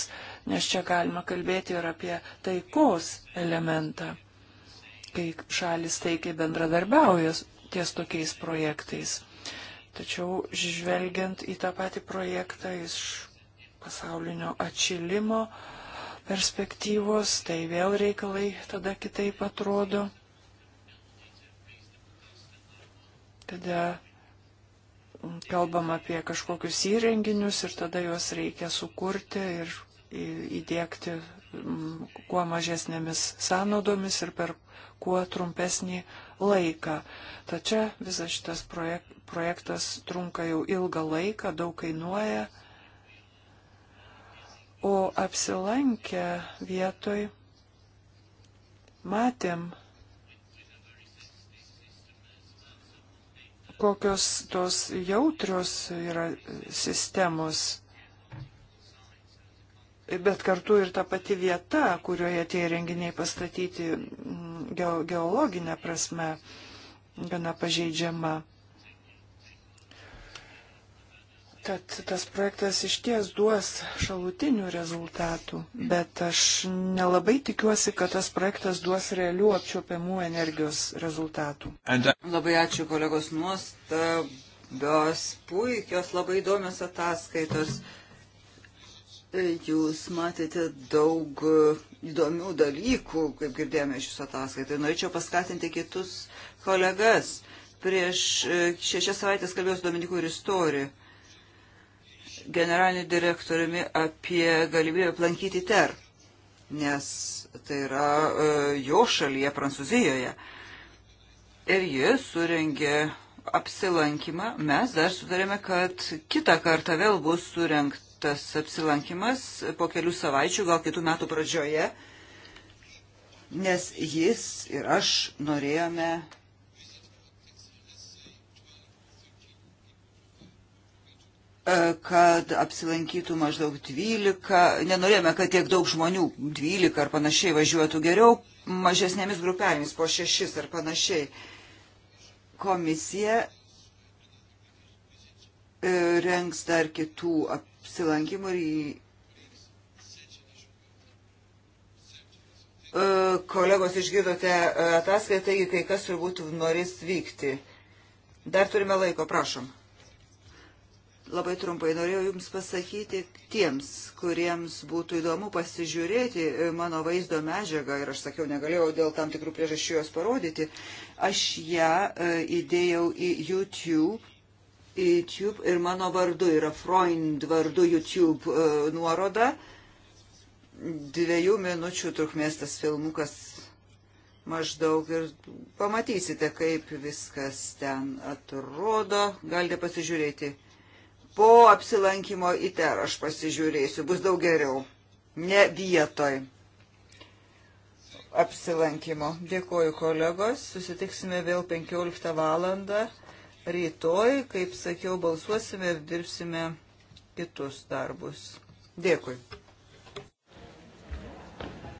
nes čia galima kalbėti ir apie taikos elementą, kai šalis taikiai bendradarbiauja ties tokiais projektais. Tačiau žvelgiant į tą patį projektą iš pasaulinio atšilimo perspektyvos, tai vėl reikalai tada kitaip atrodo. Tada kalbam apie kažkokius įrenginius ir tada juos reikia sukurti ir įdėkti mm, kuo mažesnėmis sąnaudomis ir per kuo trumpesnį laiką. Tačiau visas šitas projek projektas trunka jau ilgą laiką, daug kainuoja. O apsilankę vietoj matėm, kokios tos jautrios yra sistemos, bet kartu ir ta pati vieta, kurioje tie renginiai pastatyti mm, geologinė prasme gana pažeidžiama. kad tas projektas iš ties duos šalutinių rezultatų, bet aš nelabai tikiuosi, kad tas projektas duos realių apčiopiamų energijos rezultatų. Uh, labai ačiū kolegos nuostabios, puikios, labai įdomios ataskaitos. Jūs matėte daug įdomių dalykų, kaip girdėjome iš jūsų ataskaitai. Norėčiau paskatinti kitus kolegas. Prieš šešias savaitės kalbėjau su Dominiku ir istoriju generaliniu direktoriumi apie galimybę aplankyti TER, nes tai yra e, jo šalyje, Prancūzijoje. Ir jis surengė apsilankymą. Mes dar sutarėme, kad kitą kartą vėl bus surengtas apsilankimas po kelių savaičių, gal kitų metų pradžioje, nes jis ir aš norėjome E, kad apsilankytų maždaug 12, nenorėjome, kad tiek daug žmonių, 12 ar panašiai važiuotų geriau, mažesnėmis grupelėmis, po 6 ar panašiai. Komisija e, rengs dar kitų apsilankimų ir e, kolegos išgirdote ataskaitą, taigi kai kas turbūt norės vykti. Dar turime laiko, prašom. Labai trumpai norėjau Jums pasakyti tiems, kuriems būtų įdomu pasižiūrėti e, mano vaizdo medžiagą ir aš sakiau, negalėjau dėl tam tikrų priežasčių jos parodyti. Aš ją e, įdėjau į YouTube YouTube ir mano vardu yra Freund vardu YouTube uh, nuoroda. Dviejų minučių trukmės tas filmukas maždaug ir pamatysite, kaip viskas ten atrodo. Galite pasižiūrėti po apsilankimo į ter aš pasižiūrėsiu, bus daug geriau. Ne vietoj apsilankimo. Dėkuoju kolegos, susitiksime vėl 15 valandą rytoj, kaip sakiau, balsuosime ir dirbsime kitus darbus. Dėkui.